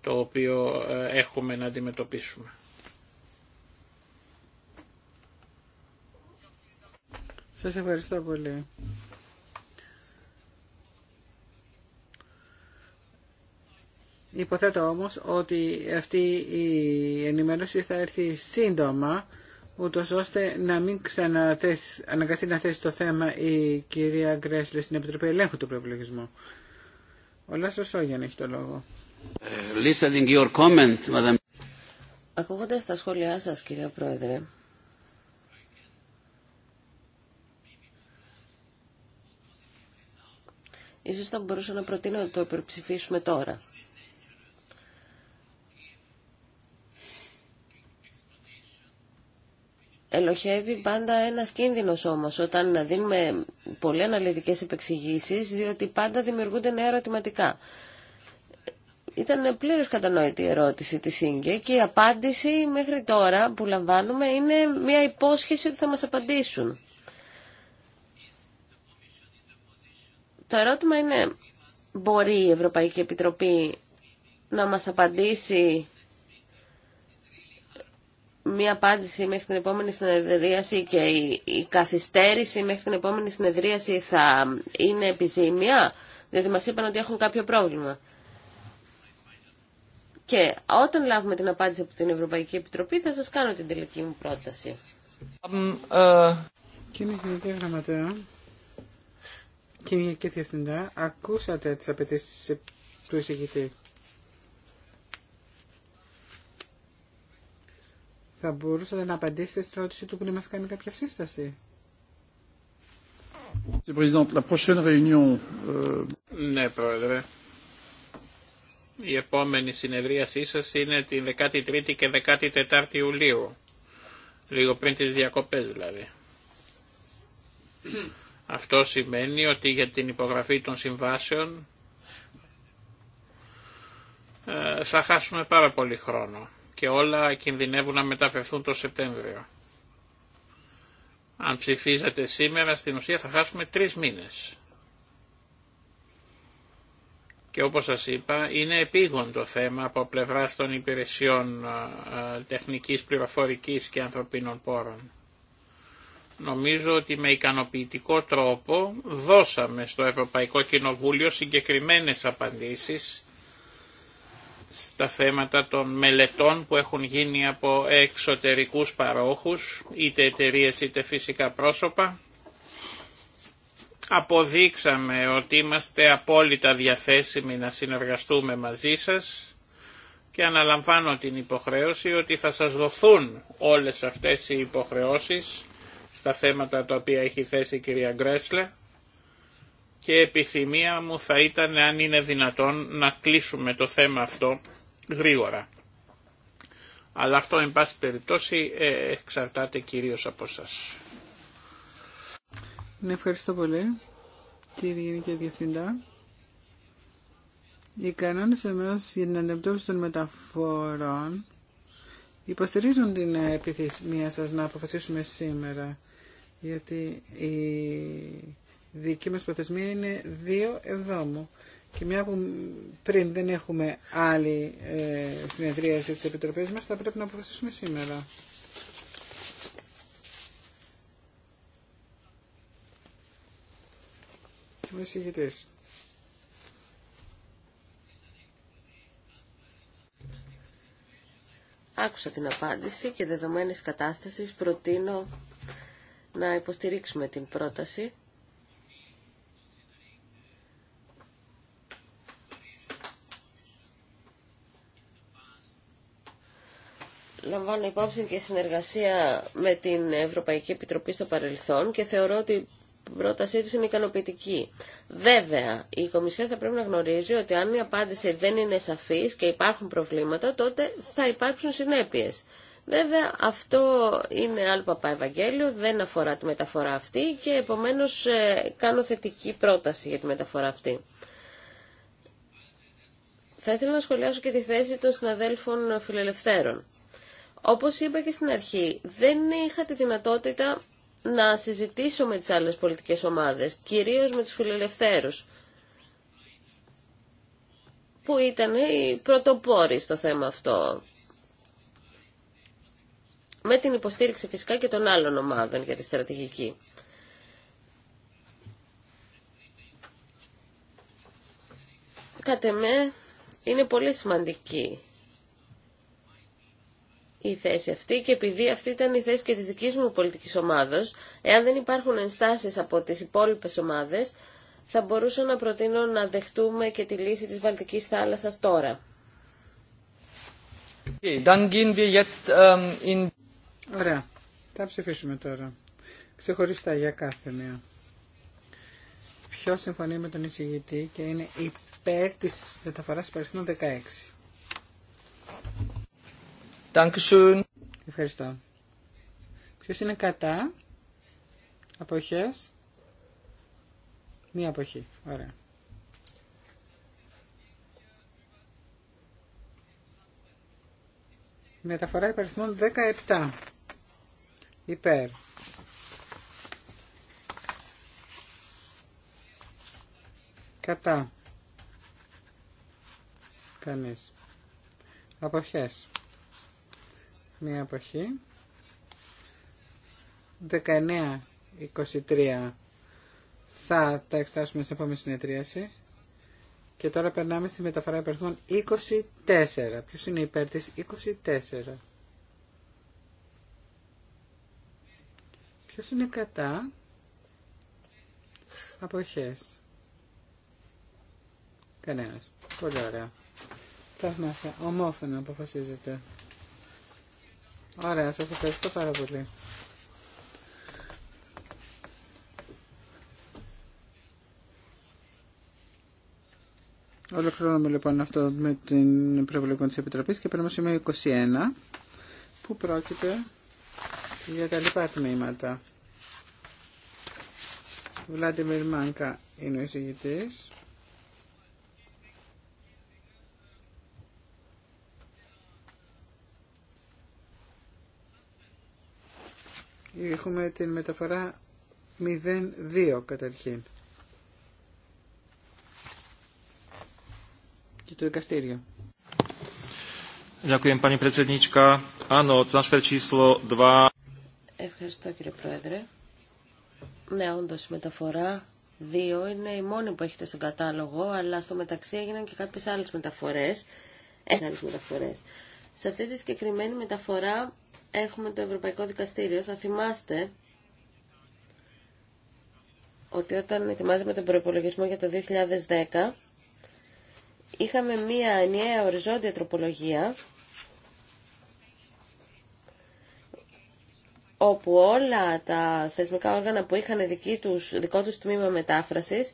το οποίο ε, έχουμε να αντιμετωπίσουμε. Σας ευχαριστώ πολύ. Υποθέτω όμως ότι αυτή η ενημέρωση θα έρθει σύντομα ούτως ώστε να μην ξαναθέσει, αναγκαστεί να θέσει το θέμα η κυρία Γκρέσλε στην Επιτροπή Ελέγχου του Προεπιλογισμού. Ο Λάσος Σόγιαν έχει το λόγο. Ε, Ακούγοντας τα σχόλιά σας, κυρία Πρόεδρε, ίσως θα μπορούσα να προτείνω ότι το υπερψηφίσουμε τώρα. Ελοχεύει πάντα ένας κίνδυνος όμως όταν δίνουμε πολύ αναλυτικές επεξηγήσεις διότι πάντα δημιουργούνται νέα ερωτηματικά. Ήταν πλήρως κατανόητη η ερώτηση της ΣΥΝΚΕ και η απάντηση μέχρι τώρα που λαμβάνουμε είναι μια υπόσχεση ότι θα μας απαντήσουν. Το ερώτημα είναι μπορεί η Ευρωπαϊκή Επιτροπή να μας απαντήσει μία απάντηση μέχρι την επόμενη συνεδρίαση και η καθυστέρηση μέχρι την επόμενη συνεδρίαση θα είναι επιζήμια, διότι μας είπαν ότι έχουν κάποιο πρόβλημα. Και όταν λάβουμε την απάντηση από την Ευρωπαϊκή Επιτροπή θα σας κάνω την τελική μου πρόταση. Ε, κύριε Γενική Γραμματέα, κύριε Γενική Διευθυντά, ακούσατε τις απαιτήσεις του εισηγητή. Θα μπορούσατε να απαντήσετε στην ερώτηση του που να μας κάνει κάποια σύσταση. Euh, ναι, Πρόεδρε. Η επόμενη συνεδρίασή σα είναι την 13η και 14η Ιουλίου. Λίγο πριν τις διακοπές δηλαδή. Αυτό σημαίνει ότι για την υπογραφή των συμβάσεων ε, θα χάσουμε πάρα πολύ χρόνο και όλα κινδυνεύουν να μεταφερθούν το Σεπτέμβριο. Αν ψηφίζετε σήμερα, στην ουσία θα χάσουμε τρεις μήνες. Και όπως σας είπα, είναι επίγον το θέμα από πλευρά των υπηρεσιών τεχνικής, πληροφορικής και ανθρωπίνων πόρων. Νομίζω ότι με ικανοποιητικό τρόπο δώσαμε στο Ευρωπαϊκό Κοινοβούλιο συγκεκριμένες απαντήσεις στα θέματα των μελετών που έχουν γίνει από εξωτερικούς παρόχους, είτε εταιρείε είτε φυσικά πρόσωπα. Αποδείξαμε ότι είμαστε απόλυτα διαθέσιμοι να συνεργαστούμε μαζί σας και αναλαμβάνω την υποχρέωση ότι θα σας δοθούν όλες αυτές οι υποχρεώσεις στα θέματα τα οποία έχει θέσει η κυρία Γκρέσλε και επιθυμία μου θα ήταν αν είναι δυνατόν να κλείσουμε το θέμα αυτό γρήγορα. Αλλά αυτό, εν πάση περιπτώσει, ε, εξαρτάται κυρίως από σας. Ναι, ευχαριστώ πολύ, κύριε Γενική Διευθυντά. Οι κανόνε εμάς για την αντιμετώπιση των μεταφορών υποστηρίζουν την επιθυμία σας να αποφασίσουμε σήμερα, γιατί η δική μας προθεσμία είναι 2 εβδόμου. Και μια που πριν δεν έχουμε άλλη ε, συνεδρίαση της Επιτροπής μας, θα πρέπει να αποφασίσουμε σήμερα. Είμαι εισηγητής. Άκουσα την απάντηση και δεδομένης κατάστασης προτείνω να υποστηρίξουμε την πρόταση λαμβάνω υπόψη και συνεργασία με την Ευρωπαϊκή Επιτροπή στο παρελθόν και θεωρώ ότι η πρότασή του είναι ικανοποιητική. Βέβαια, η Κομισιόν θα πρέπει να γνωρίζει ότι αν η απάντηση δεν είναι σαφής και υπάρχουν προβλήματα, τότε θα υπάρξουν συνέπειε. Βέβαια, αυτό είναι άλλο παπά Ευαγγέλιο, δεν αφορά τη μεταφορά αυτή και επομένως ε, κάνω θετική πρόταση για τη μεταφορά αυτή. Θα ήθελα να σχολιάσω και τη θέση των συναδέλφων φιλελευθέρων. Όπως είπα και στην αρχή, δεν είχα τη δυνατότητα να συζητήσω με τις άλλες πολιτικές ομάδες, κυρίως με τους φιλελευθέρους, που ήταν οι πρωτοπόροι στο θέμα αυτό. Με την υποστήριξη φυσικά και των άλλων ομάδων για τη στρατηγική. Κατ' εμέ είναι πολύ σημαντική η θέση αυτή και επειδή αυτή ήταν η θέση και της δικής μου πολιτικής ομάδος, εάν δεν υπάρχουν ενστάσεις από τις υπόλοιπες ομάδες, θα μπορούσα να προτείνω να δεχτούμε και τη λύση της Βαλτικής θάλασσας τώρα. wir jetzt, ähm, Ωραία. Θα ψηφίσουμε τώρα. Ξεχωριστά για κάθε μία. Ποιο συμφωνεί με τον εισηγητή και είναι υπέρ της μεταφοράς 16. Dankeschön. Ευχαριστώ. Ποιο είναι κατά. Αποχές. Μία αποχή. Ωραία. Μεταφορά υπαριθμών 17. Υπέρ. Κατά. Κανείς. Αποχές μια εποχη αποχή. 19-23 θα τα εξετάσουμε στην επόμενη συνεδρίαση. Και τώρα περνάμε στη μεταφορά υπερθμών 24. Ποιος είναι υπέρ της 24. Ποιος είναι κατά αποχές. Κανένας. Πολύ ωραία. Θαυμάσια. Ομόφωνα αποφασίζεται. Ωραία, σας ευχαριστώ πάρα πολύ. Ολοκληρώνουμε λοιπόν αυτό με την προβλήμα της Επιτροπής και παίρνουμε σημείο 21 που πρόκειται για τα λοιπά τμήματα. Βλάντιμιρ Μάνκα είναι ο εισηγητής. Έχουμε την μεταφορά 02 καταρχήν. Και το δικαστήριο. Ευχαριστώ κύριε Πρόεδρε. Ναι, όντω η μεταφορά 2 είναι η μόνη που έχετε στον κατάλογο, αλλά στο μεταξύ έγιναν και κάποιε άλλε μεταφορέ. Έχει, άλλε μεταφορέ. Σε αυτή τη συγκεκριμένη μεταφορά έχουμε το Ευρωπαϊκό Δικαστήριο. Θα θυμάστε ότι όταν ετοιμάζαμε τον προπολογισμό για το 2010 είχαμε μία ενιαία οριζόντια τροπολογία όπου όλα τα θεσμικά όργανα που είχαν δική τους, δικό τους τμήμα μετάφρασης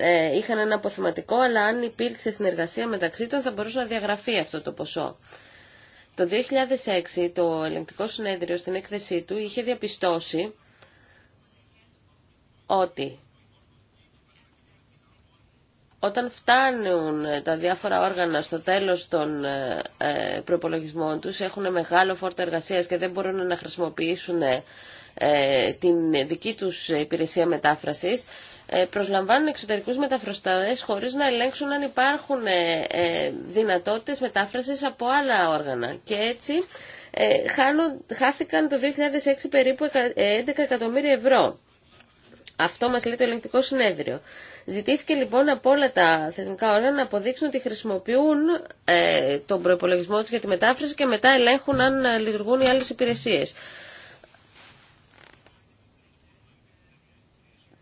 Ε, είχαν ένα αποθεματικό, αλλά αν υπήρξε συνεργασία μεταξύ των θα μπορούσε να διαγραφεί αυτό το ποσό. Το 2006 το ελεγκτικό συνέδριο στην έκθεσή του είχε διαπιστώσει ότι όταν φτάνουν τα διάφορα όργανα στο τέλος των ε, ε, προπολογισμών τους, έχουν μεγάλο φόρτο εργασίας και δεν μπορούν να χρησιμοποιήσουν ε, την δική τους υπηρεσία μετάφρασης, ε, προσλαμβάνουν εξωτερικούς μεταφραστές χωρίς να ελέγξουν αν υπάρχουν ε, δυνατότητες μετάφρασης από άλλα όργανα. Και έτσι χάθηκαν το 2006 περίπου 11 εκατομμύρια ευρώ. Αυτό μας λέει το ελεγκτικό συνέδριο. Ζητήθηκε λοιπόν από όλα τα θεσμικά όργανα να αποδείξουν ότι χρησιμοποιούν τον προπολογισμό τους για τη μετάφραση και μετά ελέγχουν αν λειτουργούν οι άλλες υπηρεσίες.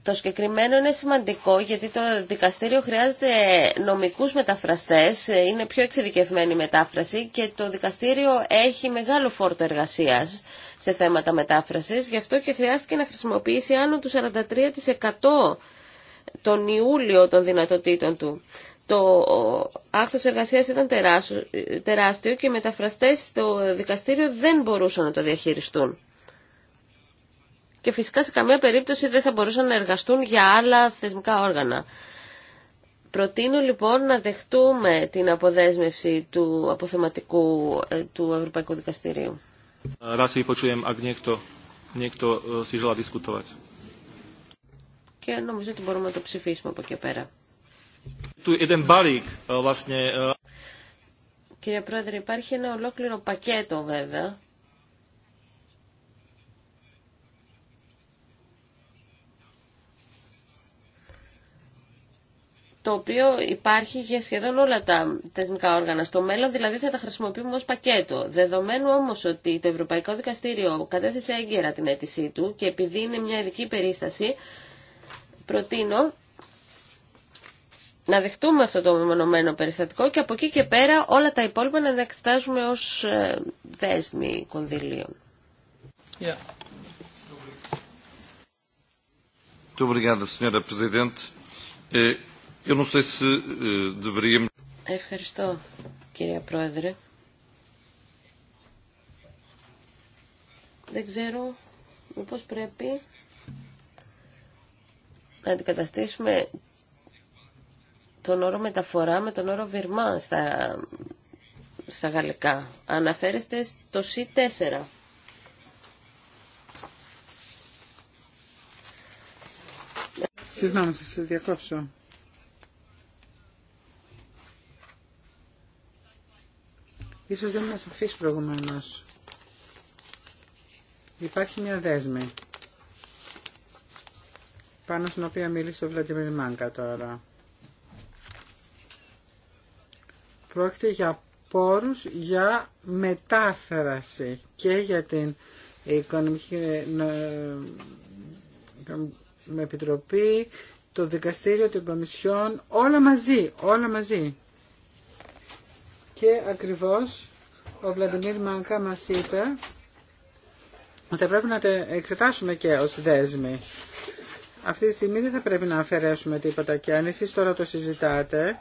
Το συγκεκριμένο είναι σημαντικό γιατί το δικαστήριο χρειάζεται νομικούς μεταφραστές, είναι πιο εξειδικευμένη η μετάφραση και το δικαστήριο έχει μεγάλο φόρτο εργασίας σε θέματα μετάφρασης, γι' αυτό και χρειάστηκε να χρησιμοποιήσει άνω του 43% τον Ιούλιο των δυνατοτήτων του. Το άρθρος εργασίας ήταν τεράστιο και οι μεταφραστές στο δικαστήριο δεν μπορούσαν να το διαχειριστούν και φυσικά σε καμία περίπτωση δεν θα μπορούσαν να εργαστούν για άλλα θεσμικά όργανα. Προτείνω λοιπόν να δεχτούμε την αποδέσμευση του αποθεματικού ε, του Ευρωπαϊκού Δικαστηρίου. E, και νομίζω ότι μπορούμε να το ψηφίσουμε από εκεί πέρα. E, e, Κύριε Πρόεδρε, υπάρχει ένα ολόκληρο πακέτο βέβαια το οποίο υπάρχει για σχεδόν όλα τα θεσμικά όργανα. Στο μέλλον δηλαδή θα τα χρησιμοποιούμε ως πακέτο. Δεδομένου όμως ότι το Ευρωπαϊκό Δικαστήριο κατέθεσε έγκαιρα την αίτησή του και επειδή είναι μια ειδική περίσταση, προτείνω να δεχτούμε αυτό το μεμονωμένο περιστατικό και από εκεί και πέρα όλα τα υπόλοιπα να τα εξετάζουμε ως ε, δέσμοι κονδυλίων. Yeah. Muito obrigado, Sra. Presidente. Eh, Eh, Ευχαριστώ, κύριε Πρόεδρε. Δεν ξέρω μήπως πρέπει να αντικαταστήσουμε τον όρο μεταφορά με τον όρο βυρμά στα, γαλλικά. Αναφέρεστε στο C4. Συγγνώμη, σας διακόψω. Ίσως δεν είναι σαφής προηγουμένως. Υπάρχει μια δέσμη πάνω στην οποία μίλησε ο Βλαντιμίρ Μάνκα τώρα. Πρόκειται για πόρους για μετάφραση και για την Οικονομική ε, ε, Επιτροπή, το Δικαστήριο, την Κομισιόν, όλα μαζί, όλα μαζί. Και ακριβώς ο Βλαντιμίρ Μάνκα μας είπε ότι θα πρέπει να τα εξετάσουμε και ως δέσμοι. Αυτή τη στιγμή δεν θα πρέπει να αφαιρέσουμε τίποτα και αν εσείς τώρα το συζητάτε,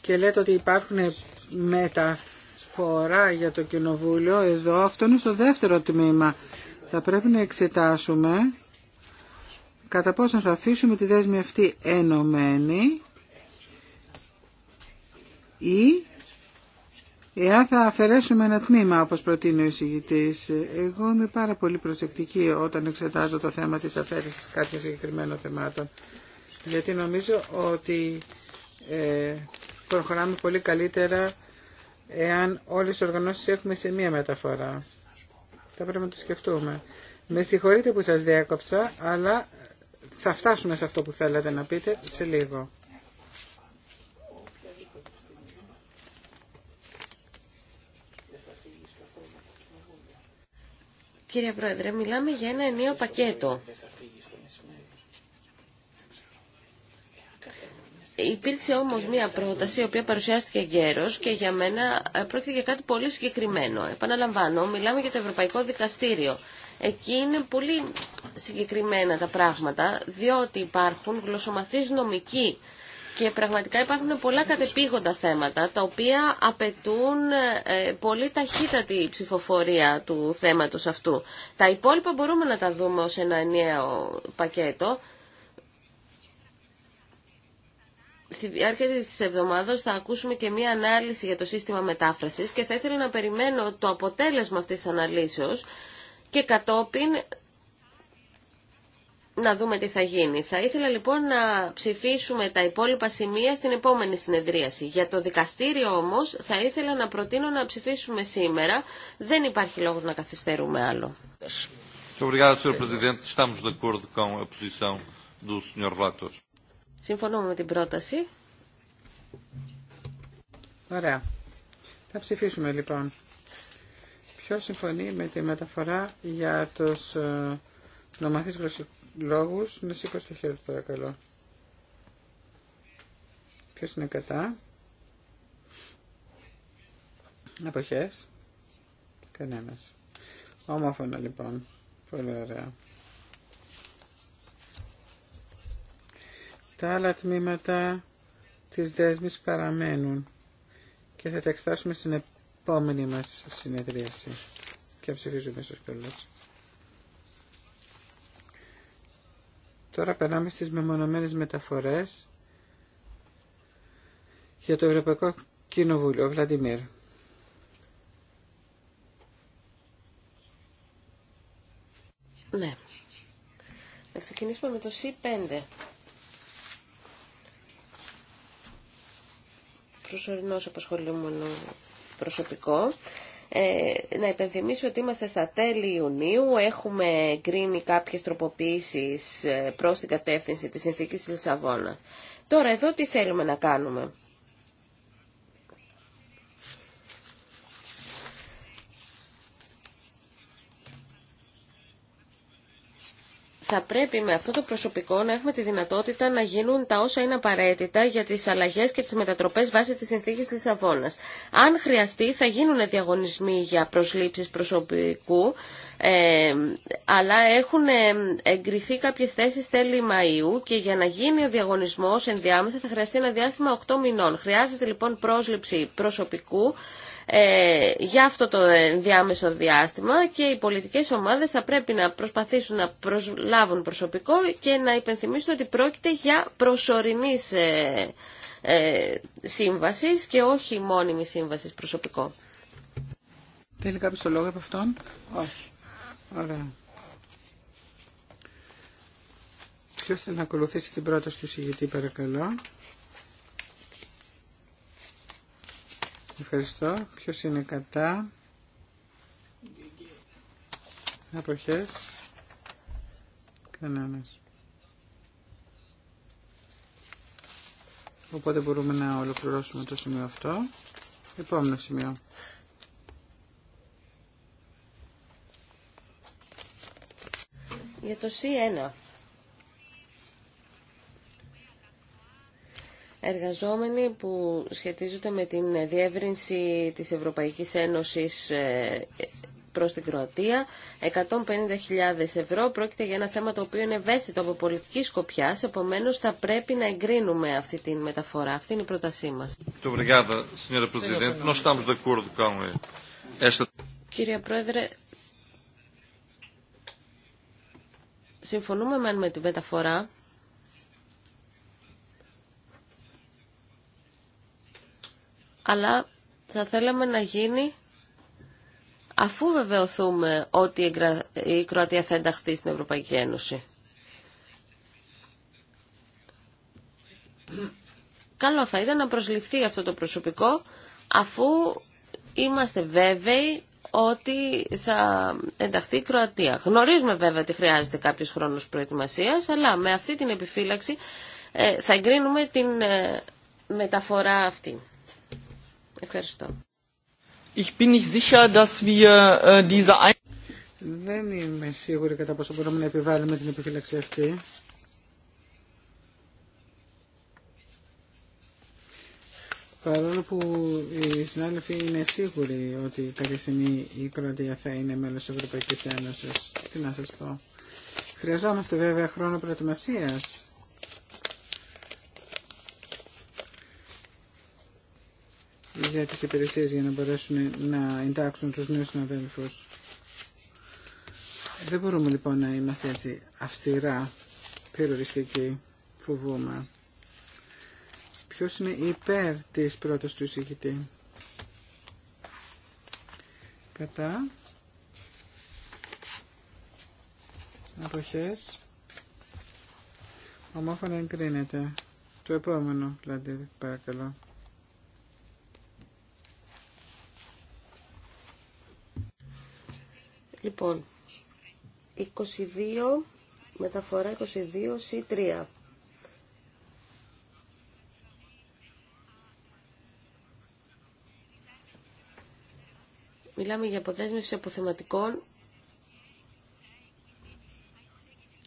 και λέτε ότι υπάρχουν μεταφορά για το κοινοβούλιο εδώ, αυτό είναι στο δεύτερο τμήμα. Θα πρέπει να εξετάσουμε κατά πόσο θα αφήσουμε τη δέσμη αυτή ενωμένη ή εάν θα αφαιρέσουμε ένα τμήμα όπως προτείνει ο εισηγητής. Εγώ είμαι πάρα πολύ προσεκτική όταν εξετάζω το θέμα της αφαίρεσης κάποιων συγκεκριμένων θεμάτων γιατί νομίζω ότι ε, προχωράμε πολύ καλύτερα εάν όλες τις οργανώσεις έχουμε σε μία μεταφορά. Θα πρέπει να το σκεφτούμε. Με συγχωρείτε που σας διάκοψα, αλλά θα φτάσουμε σε αυτό που θέλετε να πείτε σε λίγο. Κύριε Πρόεδρε, μιλάμε για ένα ενίο πακέτο. Υπήρξε όμως μία πρόταση, η οποία παρουσιάστηκε γέρος και για μένα πρόκειται για κάτι πολύ συγκεκριμένο. Επαναλαμβάνω, μιλάμε για το Ευρωπαϊκό Δικαστήριο. Εκεί είναι πολύ συγκεκριμένα τα πράγματα, διότι υπάρχουν γλωσσομαθείς νομικοί και πραγματικά υπάρχουν πολλά κατεπήγοντα θέματα, τα οποία απαιτούν ε, πολύ ταχύτατη ψηφοφορία του θέματος αυτού. Τα υπόλοιπα μπορούμε να τα δούμε ως ένα ενιαίο πακέτο, στη διάρκεια τη εβδομάδα θα ακούσουμε και μία ανάλυση για το σύστημα μετάφρασης και θα ήθελα να περιμένω το αποτέλεσμα αυτής της αναλύσεως και κατόπιν να δούμε τι θα γίνει. Θα ήθελα λοιπόν να ψηφίσουμε τα υπόλοιπα σημεία στην επόμενη συνεδρίαση. Για το δικαστήριο όμως θα ήθελα να προτείνω να ψηφίσουμε σήμερα. Δεν υπάρχει λόγος να καθυστερούμε άλλο. Συμφωνούμε με την πρόταση. Ωραία. Θα ψηφίσουμε λοιπόν. Ποιος συμφωνεί με τη μεταφορά για τους ε, νομαθείς γλωσσολόγους να σήκω το χέρι του παρακαλώ. Ποιος είναι κατά. Αποχές. Κανένας. Ομόφωνα λοιπόν. Πολύ ωραία. Τα άλλα τμήματα της δέσμης παραμένουν και θα τα εξετάσουμε στην επόμενη μας συνεδρίαση. Και ψηφίζουμε στους κολλούς. Τώρα περνάμε στις μεμονωμένες μεταφορές για το Ευρωπαϊκό Κοινοβούλιο. Βλαντιμίρ. Ναι. Να ξεκινήσουμε με το C5. Προσωρινός απασχολούμενο προσωπικό. Ε, να υπενθυμίσω ότι είμαστε στα τέλη Ιουνίου, έχουμε γκρίνει κάποιες τροποποίησεις ε, προς την κατεύθυνση της συνθήκης Λισαβόνα. Τώρα εδώ τι θέλουμε να κάνουμε. θα πρέπει με αυτό το προσωπικό να έχουμε τη δυνατότητα να γίνουν τα όσα είναι απαραίτητα για τις αλλαγές και τις μετατροπές βάσει της συνθήκης Λισαβόνας. Αν χρειαστεί θα γίνουν διαγωνισμοί για προσλήψεις προσωπικού, ε, αλλά έχουν ε, εγκριθεί κάποιες θέσεις τέλη Μαΐου και για να γίνει ο διαγωνισμός ενδιάμεσα θα χρειαστεί ένα διάστημα 8 μηνών. Χρειάζεται λοιπόν πρόσληψη προσωπικού ε, για αυτό το διάμεσο διάστημα και οι πολιτικές ομάδες θα πρέπει να προσπαθήσουν να προσλάβουν προσωπικό και να υπενθυμίσουν ότι πρόκειται για προσωρινή ε, ε σύμβαση και όχι μόνιμη σύμβαση προσωπικό. Θέλει κάποιο το λόγο από αυτόν. Όχι. Ωραία. Ποιος θέλει να ακολουθήσει την πρόταση του συγκεκριμένου παρακαλώ. Ευχαριστώ. Ποιο είναι κατά. Αποχές. Κανένα. Οπότε μπορούμε να ολοκληρώσουμε το σημείο αυτό. Επόμενο σημείο. Για το C1. εργαζόμενοι που σχετίζονται με την διεύρυνση της Ευρωπαϊκής Ένωσης ε, προς την Κροατία. 150.000 ευρώ πρόκειται για ένα θέμα το οποίο είναι ευαίσθητο από πολιτική σκοπιά, επομένως θα πρέπει να εγκρίνουμε αυτή τη μεταφορά. Αυτή είναι η πρότασή μας. Κύριε Πρόεδρε, συμφωνούμε με τη μεταφορά αλλά θα θέλαμε να γίνει αφού βεβαιωθούμε ότι η Κροατία θα ενταχθεί στην Ευρωπαϊκή Ένωση. Καλό θα ήταν να προσληφθεί αυτό το προσωπικό αφού είμαστε βέβαιοι ότι θα ενταχθεί η Κροατία. Γνωρίζουμε βέβαια ότι χρειάζεται κάποιος χρόνος προετοιμασίας, αλλά με αυτή την επιφύλαξη ε, θα εγκρίνουμε την ε, μεταφορά αυτή. Ευχαριστώ. Ich bin nicht sicher, dass wir äh, diese... Δεν είμαι σίγουρη κατά πόσο μπορούμε να επιβάλλουμε την επιφύλαξη αυτή. Παρόλο που οι συνάδελφοι είναι σίγουροι ότι κάποια στιγμή η Κροατία θα είναι μέλος της Ευρωπαϊκής Ένωσης, τι να σας πω. Χρειαζόμαστε βέβαια χρόνο προετοιμασίας για τις υπηρεσίες για να μπορέσουν να εντάξουν τους νέους συναδέλφους. Δεν μπορούμε λοιπόν να είμαστε έτσι αυστηρά περιοριστικοί, φοβούμε. Ποιος είναι υπέρ της πρώτης του εισηγητή. Κατά. Αποχές. Ομόφωνα εγκρίνεται. Το επόμενο, δηλαδή, παρακαλώ. Λοιπόν, 22, μεταφορά 22, C3. Μιλάμε για αποδέσμευση αποθεματικών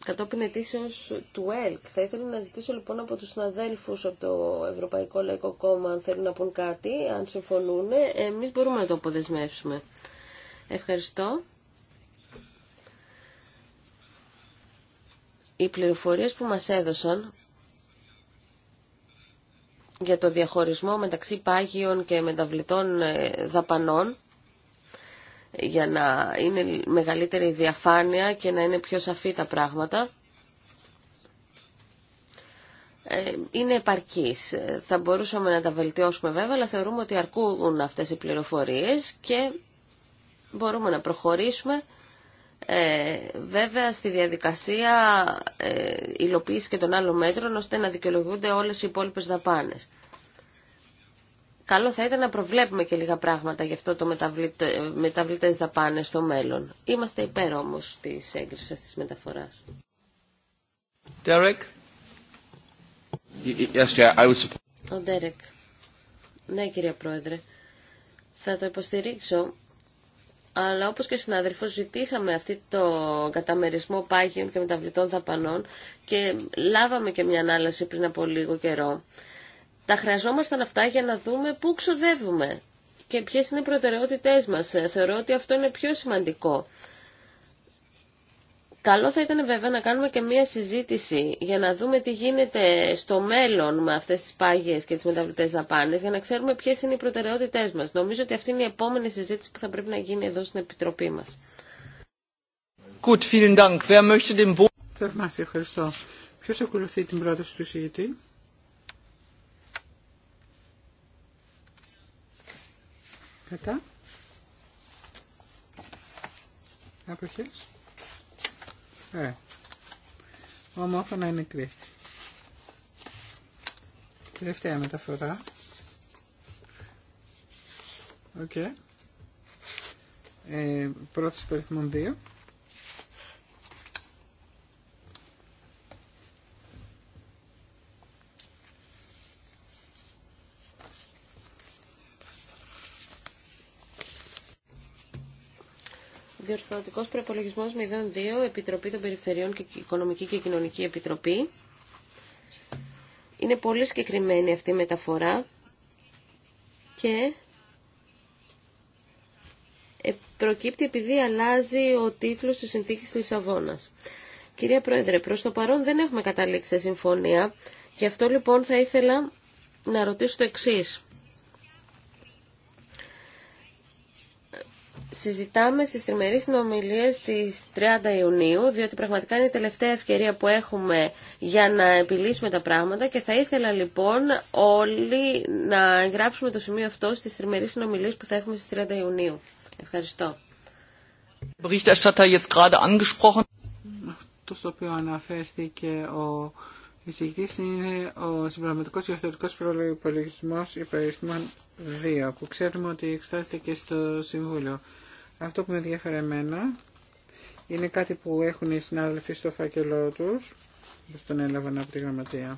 κατόπιν ετήσεως του ΕΛΚ. Θα ήθελα να ζητήσω λοιπόν από τους συναδέλφους από το Ευρωπαϊκό Λαϊκό Κόμμα αν θέλουν να πούν κάτι, αν συμφωνούν, εμείς μπορούμε να το αποδεσμεύσουμε. Ευχαριστώ. οι πληροφορίες που μας έδωσαν για το διαχωρισμό μεταξύ πάγιων και μεταβλητών ε, δαπανών για να είναι μεγαλύτερη η διαφάνεια και να είναι πιο σαφή τα πράγματα ε, είναι επαρκής. Θα μπορούσαμε να τα βελτιώσουμε βέβαια, αλλά θεωρούμε ότι αρκούν αυτές οι πληροφορίες και μπορούμε να προχωρήσουμε ε, βέβαια στη διαδικασία ε, υλοποίηση και των άλλων μέτρων ώστε να δικαιολογούνται όλες οι υπόλοιπες δαπάνες. Καλό θα ήταν να προβλέπουμε και λίγα πράγματα γι' αυτό το μεταβλητε, μεταβλητές δαπάνες στο μέλλον. Είμαστε υπέρ όμως της έγκρισης αυτής της μεταφοράς. Derek. Yes, yeah, I would... Ο Ναι κύριε Πρόεδρε. Θα το υποστηρίξω αλλά όπως και ο συνάδελφος ζητήσαμε αυτή το καταμερισμό πάγιων και μεταβλητών δαπανών και λάβαμε και μια ανάλυση πριν από λίγο καιρό. Τα χρειαζόμασταν αυτά για να δούμε πού ξοδεύουμε και ποιες είναι οι προτεραιότητές μας. Ε, θεωρώ ότι αυτό είναι πιο σημαντικό. Καλό θα ήταν βέβαια να κάνουμε και μία συζήτηση για να δούμε τι γίνεται στο μέλλον με αυτές τις πάγιες και τις μεταβλητές δαπάνες για να ξέρουμε ποιες είναι οι προτεραιότητές μας. Νομίζω ότι αυτή είναι η επόμενη συζήτηση που θα πρέπει να γίνει εδώ στην Επιτροπή μας. Gut, Dank. ευχαριστώ. Ποιος ακολουθεί την πρόταση του συζητή. Κατά. Ωραία. Ε, ομόφωνα είναι κρίθη. Τελευταία μεταφορά. Οκ. Okay. Ε, πρώτος υπεριθμών 2. Διορθωτικός προπολογισμό 02, Επιτροπή των Περιφερειών και Οικονομική και Κοινωνική Επιτροπή. Είναι πολύ συγκεκριμένη αυτή η μεταφορά και προκύπτει επειδή αλλάζει ο τίτλος της συνθήκης της Λισαβόνας. Κυρία Πρόεδρε, προς το παρόν δεν έχουμε καταλήξει σε συμφωνία, γι' αυτό λοιπόν θα ήθελα να ρωτήσω το εξής. συζητάμε στις τριμερείς συνομιλίες της 30 Ιουνίου, διότι πραγματικά είναι η τελευταία ευκαιρία που έχουμε για να επιλύσουμε τα πράγματα και θα ήθελα λοιπόν όλοι να εγγράψουμε το σημείο αυτό στις τριμερείς συνομιλίες που θα έχουμε στις 30 Ιουνίου. Ευχαριστώ. Αυτό στο οποίο αναφέρθηκε ο εισηγητής είναι ο συμπραγματικός διορθωτικός προϋπολογισμός υπ. 2 που ξέρουμε ότι εξετάζεται και στο Συμβούλιο. Αυτό που με ενδιαφέρει εμένα είναι κάτι που έχουν οι συνάδελφοι στο φάκελό τους, που τον έλαβαν από τη γραμματεία.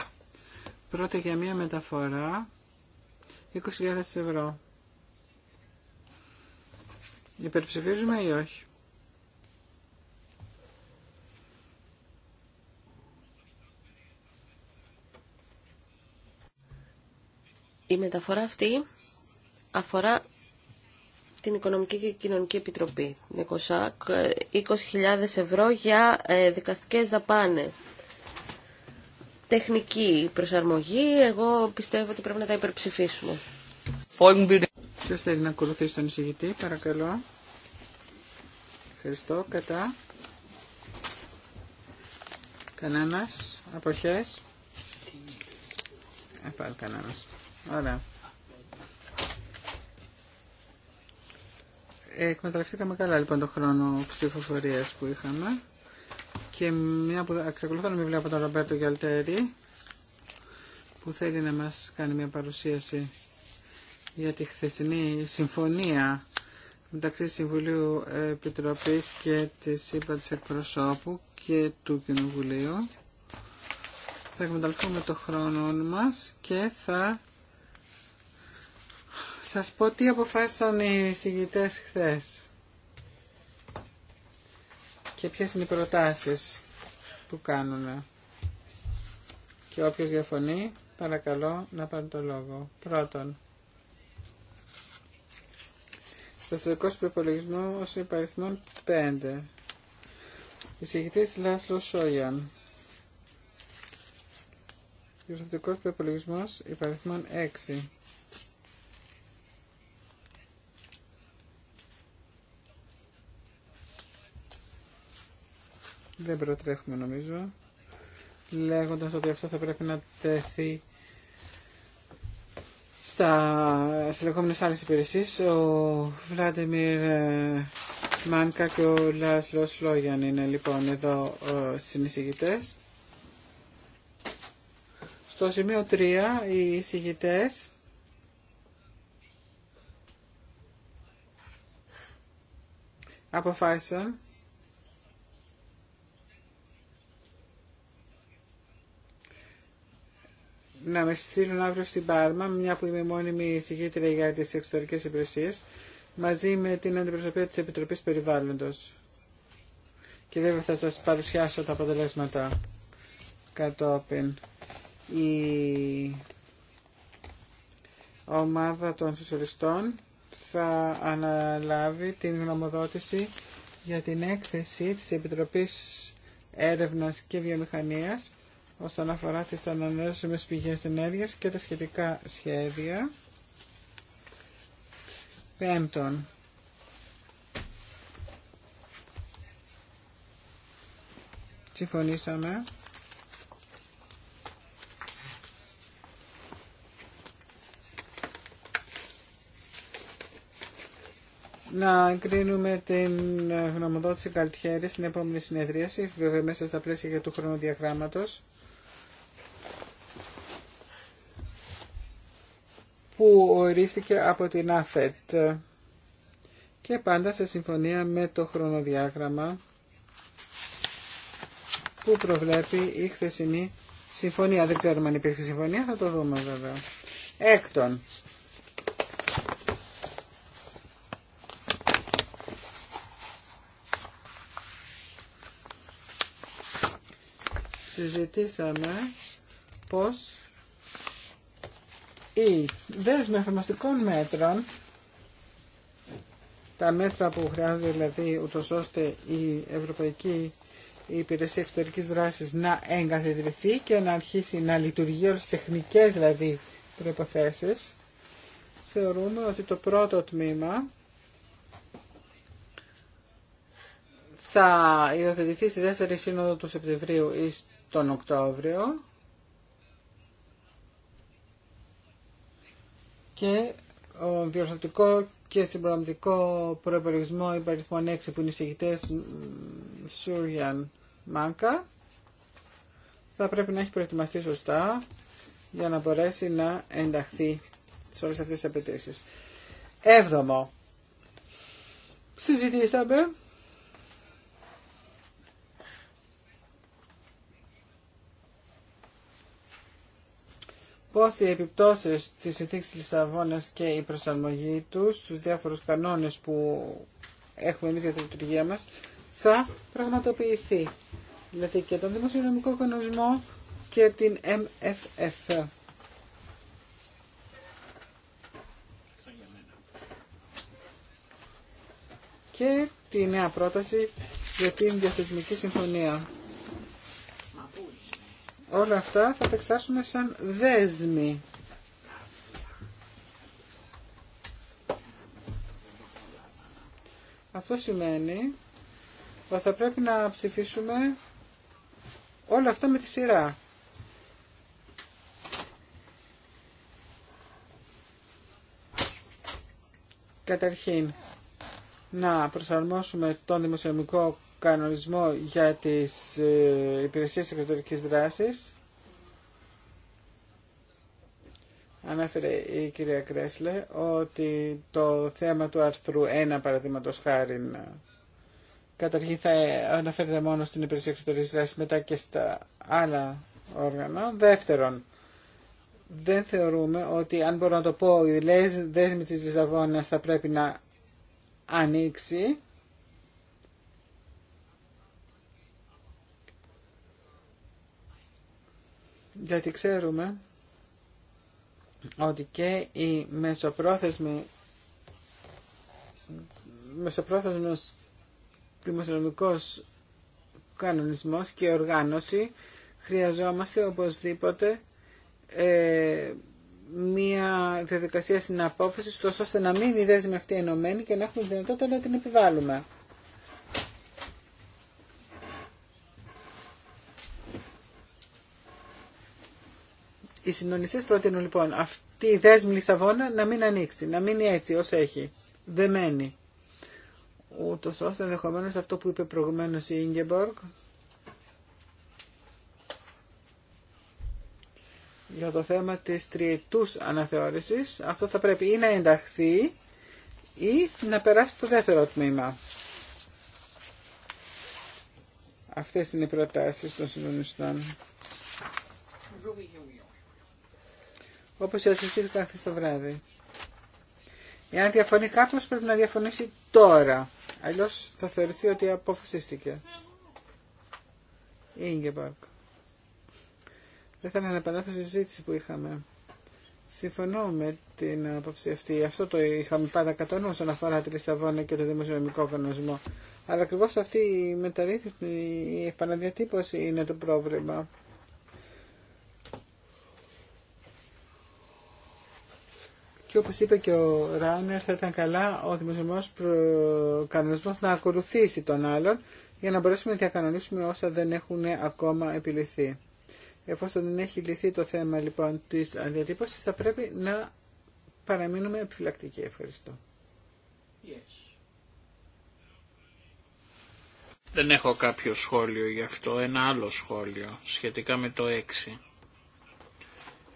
Πρώτα για μία μεταφορά 20.000 ευρώ. Υπερψηφίζουμε ή όχι. Η μεταφορά αυτή αφορά την Οικονομική και Κοινωνική Επιτροπή, 20.000 ευρώ για ε, δικαστικές δαπάνες. Τεχνική προσαρμογή, εγώ πιστεύω ότι πρέπει να τα υπερψηφίσουμε. Ποιος θέλει να ακολουθήσει τον εισηγητή, παρακαλώ. Ευχαριστώ. Κατά. Κανένας. Αποχές. Επάλλη κανένας. Ωραία. εκμεταλλευτήκαμε καλά λοιπόν τον χρόνο ψηφοφορία που είχαμε. Και μια που εξακολουθώ να μην βλέπω τον Ρομπέρτο Γιαλτέρη που θέλει να μας κάνει μια παρουσίαση για τη χθεσινή συμφωνία μεταξύ Συμβουλίου Επιτροπής και της Σύμπαντης Εκπροσώπου και του Κοινοβουλίου. Θα εκμεταλλευτούμε το χρόνο μας και θα σας πω τι αποφάσισαν οι συγγητές χθες και ποιες είναι οι προτάσεις που κάνουν. Και όποιος διαφωνεί, παρακαλώ να πάρει το λόγο. Πρώτον, σταθερικός προπολογισμό ως υπαριθμών 5. Εισηγητής Λάσλο Σόγιαν. Σταθερικός προπολογισμό υπαριθμών 6. δεν προτρέχουμε νομίζω, λέγοντας ότι αυτό θα πρέπει να τεθεί στα λεγόμενες άλλες υπηρεσίες. Ο Βλάντιμιρ ε, Μάνκα και ο Λάσλο λόγιαν είναι λοιπόν εδώ ε, συνεισηγητές. Στο σημείο 3 οι εισηγητές αποφάσισαν να με στείλουν αύριο στην Πάρμα, μια που είμαι μόνιμη εισηγήτρια για τις εξωτερικές υπηρεσίες, μαζί με την αντιπροσωπεία της Επιτροπής Περιβάλλοντος. Και βέβαια θα σας παρουσιάσω τα αποτελέσματα κατόπιν. Η ομάδα των σοσιαλιστών θα αναλάβει την γνωμοδότηση για την έκθεση της Επιτροπής Έρευνας και Βιομηχανίας όσον αφορά τις ανανεώσιμες πηγές ενέργειας και τα σχετικά σχέδια. Πέμπτον, συμφωνήσαμε να κρίνουμε την γνωμοδότηση Καλτιέρη στην επόμενη συνεδρίαση, βέβαια μέσα στα πλαίσια για του χρονοδιαγράμματος. που ορίστηκε από την ΑΦΕΤ και πάντα σε συμφωνία με το χρονοδιάγραμμα που προβλέπει η χθεσινή συμφωνία. Δεν ξέρουμε αν υπήρξε συμφωνία, θα το δούμε βέβαια. Έκτον. Συζητήσαμε πώς οι με εφαρμοστικών μέτρων, τα μέτρα που χρειάζονται δηλαδή ουτω ώστε η Ευρωπαϊκή Υπηρεσία εξωτερικη Δράση να εγκαθιδρυθεί και να αρχίσει να λειτουργεί ω τεχνικέ δηλαδή προποθέσει, θεωρούμε ότι το πρώτο τμήμα θα υιοθετηθεί στη δεύτερη σύνοδο του Σεπτεμβρίου ή τον Οκτώβριο και ο διορθωτικό και στην πραγματικό προπολογισμό υπαριθμών 6 που είναι εισηγητέ Σούριαν Μάνκα θα πρέπει να έχει προετοιμαστεί σωστά για να μπορέσει να ενταχθεί σε όλες αυτές τις απαιτήσει. Έβδομο. Συζητήσαμε πώς οι επιπτώσεις της συνθήκης Λισαβόνας και η προσαρμογή τους στους διάφορους κανόνες που έχουμε εμείς για τη λειτουργία μας θα πραγματοποιηθεί. Δηλαδή και τον δημοσιονομικό κανονισμό και την MFF. Και τη νέα πρόταση για την διαθεσμική συμφωνία όλα αυτά θα τα εξετάσουμε σαν δέσμη. Αυτό σημαίνει ότι θα πρέπει να ψηφίσουμε όλα αυτά με τη σειρά. Καταρχήν, να προσαρμόσουμε τον δημοσιονομικό κανονισμό για τις ε, υπηρεσίες εξωτερικής δράσης Ανάφερε η κυρία Κρέσλε ότι το θέμα του άρθρου 1 παραδείγματο χάρη καταρχήν θα αναφέρεται μόνο στην υπηρεσία εξωτερικής δράσης μετά και στα άλλα όργανα. Δεύτερον, δεν θεωρούμε ότι αν μπορώ να το πω η δέσμη της Λιζαβόνας θα πρέπει να ανοίξει γιατί ξέρουμε ότι και η μεσοπρόθεσμη μεσοπρόθεσμος δημοσιονομικός κανονισμός και οργάνωση χρειαζόμαστε οπωσδήποτε ε, μια διαδικασία συναπόφασης τόσο ώστε να μην η δέσμη αυτή ενωμένη και να έχουμε δυνατότητα να την επιβάλλουμε. Οι συντονιστέ προτείνουν λοιπόν αυτή η δέσμη Λισαβόνα να μην ανοίξει, να μείνει έτσι όσο έχει, δεμένη. Ούτω ώστε ενδεχομένω αυτό που είπε προηγουμένως η Ίγκεμποργκ, για το θέμα της τριετούς αναθεώρησης. Αυτό θα πρέπει ή να ενταχθεί ή να περάσει το δεύτερο τμήμα. Αυτές είναι οι προτάσεις των συντονιστών όπως του χθε το βράδυ. Εάν διαφωνεί κάποιος πρέπει να διαφωνήσει τώρα, αλλιώς θα θεωρηθεί ότι αποφασίστηκε. Ίγκεμπαρκ. Δεν θέλω να επανέλθω στη συζήτηση που είχαμε. Συμφωνώ με την άποψη αυτή. Αυτό το είχαμε πάντα κατά νου όσον αφορά τη Λισαβόνα και το δημοσιονομικό κανονισμό. Αλλά ακριβώ αυτή η μεταρρύθμιση, η επαναδιατύπωση είναι το πρόβλημα. Και όπως είπε και ο Ράνερ, θα ήταν καλά ο δημοσιονομικός κανονισμός να ακολουθήσει τον άλλον για να μπορέσουμε να διακανονίσουμε όσα δεν έχουν ακόμα επιληθεί. Εφόσον δεν έχει λυθεί το θέμα λοιπόν της διατύπωσης, θα πρέπει να παραμείνουμε επιφυλακτικοί. Ευχαριστώ. Δεν έχω κάποιο σχόλιο γι' αυτό, ένα άλλο σχόλιο σχετικά με το 6.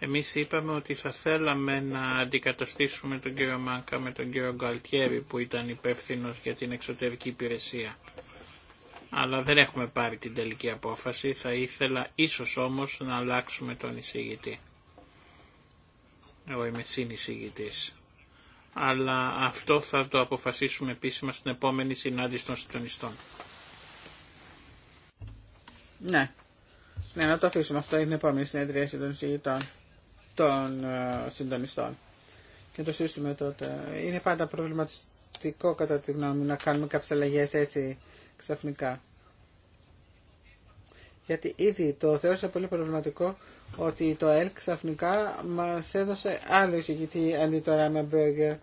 Εμείς είπαμε ότι θα θέλαμε να αντικαταστήσουμε τον κύριο Μάνκα με τον κύριο Γκαλτιέρη που ήταν υπεύθυνο για την εξωτερική υπηρεσία. Αλλά δεν έχουμε πάρει την τελική απόφαση, θα ήθελα ίσως όμως να αλλάξουμε τον εισηγητή. Εγώ είμαι συνεισηγητής. Αλλά αυτό θα το αποφασίσουμε επίσημα στην επόμενη συνάντηση των συντονιστών. Ναι. Ναι, να το αφήσουμε αυτό. Είναι η επόμενη συνεδρίαση των συντονιστών των ε, συντονιστών. Και το σύστημα τότε. Είναι πάντα προβληματιστικό κατά τη γνώμη να κάνουμε κάποιες αλλαγέ έτσι ξαφνικά. Γιατί ήδη το θεώρησα πολύ προβληματικό ότι το ΕΛ ξαφνικά μας έδωσε άλλο εισηγητή αντί το Ράμε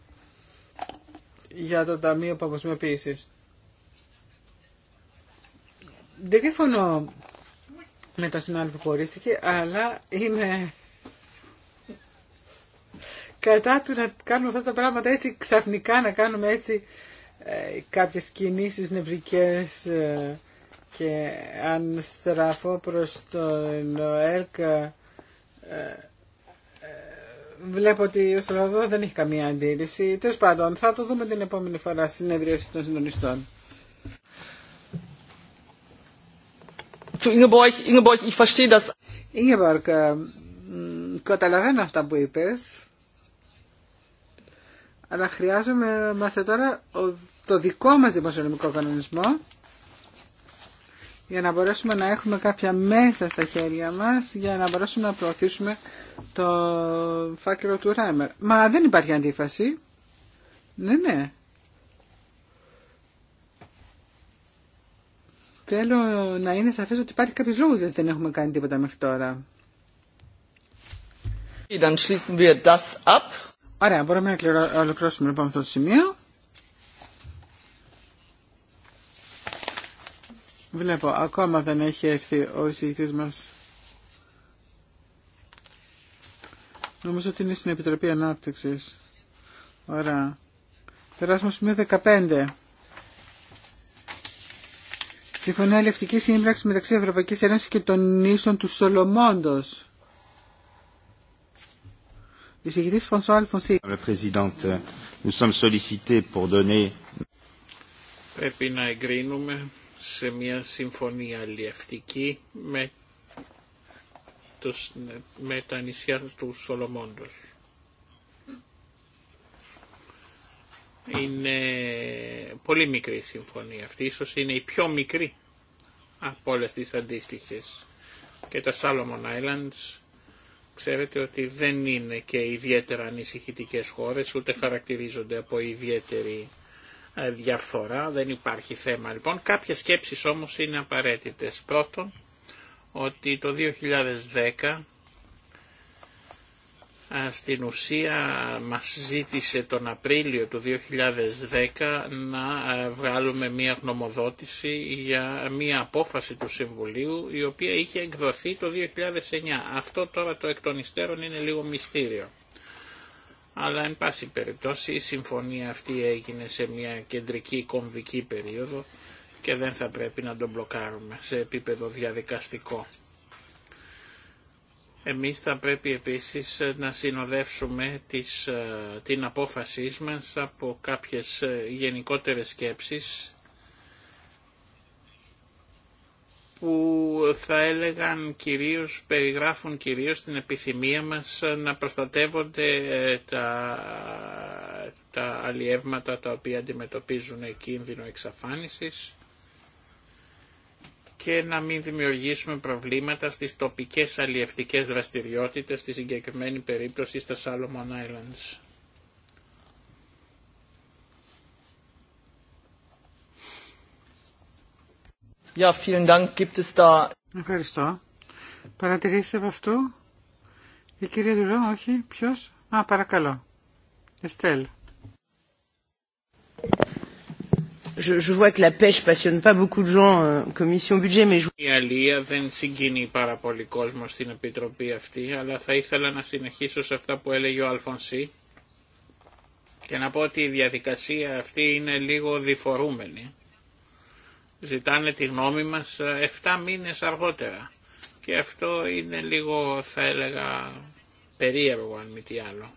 για το Ταμείο Παγκοσμιοποίησης. Δεν διαφωνώ με το συνάδελφο που ορίστηκε, αλλά είμαι κατά του να κάνουμε αυτά τα πράγματα έτσι ξαφνικά, να κάνουμε έτσι ε, κάποιες κινήσεις νευρικές ε, και αν στραφώ προς τον ΕΛΚΑ ε, ε, βλέπω ότι ο Σαλβαδό δεν έχει καμία αντίληση. Τέλο πάντων, θα το δούμε την επόμενη φορά στη συνεδρίαση των συντονιστών. Zu Ingeborg, Ingeborg, ich verstehe das. Ingeborg, ε, καταλαβαίνω αυτά που είπες. Αλλά χρειάζομαι χρειάζομαστε τώρα το δικό μας δημοσιονομικό κανονισμό για να μπορέσουμε να έχουμε κάποια μέσα στα χέρια μας για να μπορέσουμε να προωθήσουμε το φάκελο του Ράιμερ. Μα δεν υπάρχει αντίφαση. Ναι, ναι. Θέλω να είναι σαφές ότι υπάρχει κάποιος λόγος γιατί δεν έχουμε κάνει τίποτα μέχρι τώρα. Dann schließen wir das ab. Ωραία, μπορούμε να ολοκληρώσουμε λοιπόν αυτό το σημείο. Βλέπω, ακόμα δεν έχει έρθει ο εισηγητής μας. Νομίζω ότι είναι στην Επιτροπή Ανάπτυξης. Ωραία. Περάσουμε στο σημείο 15. Συμφωνία Ελευτική Σύμπραξη μεταξύ Ευρωπαϊκής Ένωσης και των νήσων του Σολομόντος. Πρέπει να εγκρίνουμε σε μια συμφωνία αλλιευτική με, τα νησιά του Σολομόντος. Είναι πολύ μικρή η συμφωνία αυτή, ίσως είναι η πιο μικρή από όλες τις αντίστοιχες. Και τα Solomon Islands Ξέρετε ότι δεν είναι και ιδιαίτερα ανησυχητικέ χώρες, ούτε χαρακτηρίζονται από ιδιαίτερη ε, διαφθορά, δεν υπάρχει θέμα λοιπόν. Κάποιε σκέψεις όμως είναι απαραίτητες. Πρώτον, ότι το 2010 στην ουσία μας ζήτησε τον Απρίλιο του 2010 να βγάλουμε μία γνωμοδότηση για μία απόφαση του Συμβουλίου η οποία είχε εκδοθεί το 2009. Αυτό τώρα το εκ των υστέρων είναι λίγο μυστήριο. Αλλά εν πάση περιπτώσει η συμφωνία αυτή έγινε σε μια κεντρική κομβική περίοδο και δεν θα πρέπει να τον μπλοκάρουμε σε επίπεδο διαδικαστικό. Εμείς θα πρέπει επίσης να συνοδεύσουμε τις, ε, την απόφασή μας από κάποιες ε, γενικότερες σκέψεις που θα έλεγαν κυρίως, περιγράφουν κυρίως την επιθυμία μας να προστατεύονται ε, τα, τα αλλιεύματα τα οποία αντιμετωπίζουν κίνδυνο εξαφάνισης και να μην δημιουργήσουμε προβλήματα στις τοπικές αλλιευτικές δραστηριότητες, στη συγκεκριμένη περίπτωση στα Salomon Islands. Ja, vielen Dank. Ευχαριστώ. Παρατηρήσεις από αυτού. Η κυρία Δουλό, όχι. Ποιος. Α, παρακαλώ. Εστέλ. je, vois que la Η αλία δεν συγκίνει πάρα πολύ κόσμο στην επιτροπή αυτή, αλλά θα ήθελα να συνεχίσω σε αυτά που έλεγε ο Αλφονσί και να πω ότι η διαδικασία αυτή είναι λίγο διφορούμενη. Ζητάνε τη γνώμη μας 7 ε, μήνες αργότερα και αυτό είναι λίγο θα έλεγα περίεργο αν μη τι άλλο.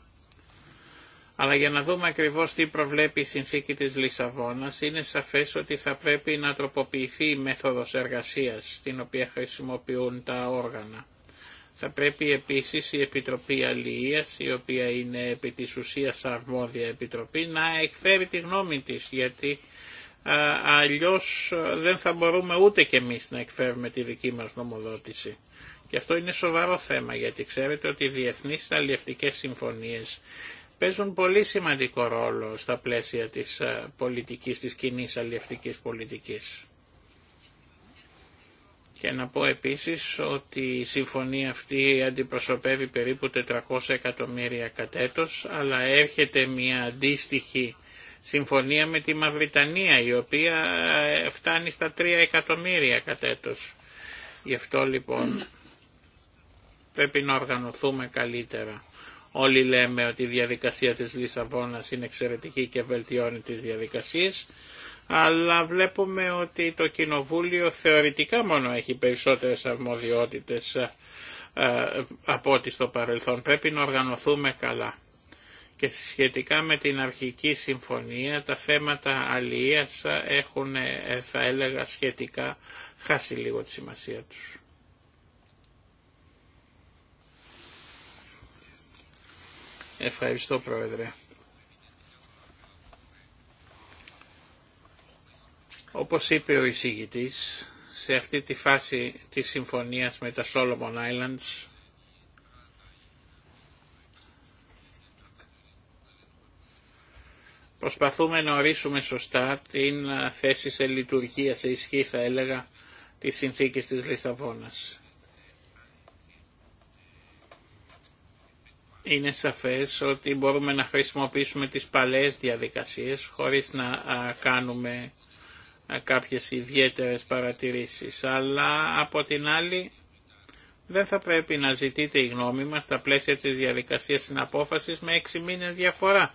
Αλλά για να δούμε ακριβώς τι προβλέπει η συνθήκη της Λισαβόνας, είναι σαφές ότι θα πρέπει να τροποποιηθεί η μέθοδος εργασίας στην οποία χρησιμοποιούν τα όργανα. Θα πρέπει επίσης η Επιτροπή Αλληλείας, η οποία είναι επί της ουσίας αρμόδια επιτροπή, να εκφέρει τη γνώμη της, γιατί α, αλλιώς δεν θα μπορούμε ούτε κι εμείς να εκφέρουμε τη δική μας νομοδότηση. Και αυτό είναι σοβαρό θέμα, γιατί ξέρετε ότι οι διεθνείς αλληλευτικές συμφωνίες παίζουν πολύ σημαντικό ρόλο στα πλαίσια της ε, πολιτικής, της κοινή αλληλευτικής πολιτικής. Και να πω επίσης ότι η συμφωνία αυτή αντιπροσωπεύει περίπου 400 εκατομμύρια κατέτος, αλλά έρχεται μια αντίστοιχη συμφωνία με τη Μαυριτανία, η οποία ε, φτάνει στα 3 εκατομμύρια κατέτος. Γι' αυτό λοιπόν πρέπει να οργανωθούμε καλύτερα. Όλοι λέμε ότι η διαδικασία της Λισαβόνας είναι εξαιρετική και βελτιώνει τις διαδικασίες, αλλά βλέπουμε ότι το Κοινοβούλιο θεωρητικά μόνο έχει περισσότερες αρμοδιότητες ε, από ό,τι στο παρελθόν. Πρέπει να οργανωθούμε καλά. Και σχετικά με την αρχική συμφωνία, τα θέματα αλληλείας έχουν, ε, θα έλεγα, σχετικά χάσει λίγο τη σημασία τους. Ευχαριστώ Πρόεδρε. Όπως είπε ο εισηγητής, σε αυτή τη φάση της συμφωνίας με τα Solomon Islands προσπαθούμε να ορίσουμε σωστά την θέση σε λειτουργία, σε ισχύ θα έλεγα, της συνθήκης της Λισαβόνας. είναι σαφές ότι μπορούμε να χρησιμοποιήσουμε τις παλές διαδικασίες χωρίς να κάνουμε κάποιες ιδιαίτερες παρατηρήσεις. Αλλά από την άλλη δεν θα πρέπει να ζητείτε η γνώμη μας στα πλαίσια της διαδικασίας συναπόφασης με έξι μήνες διαφορά.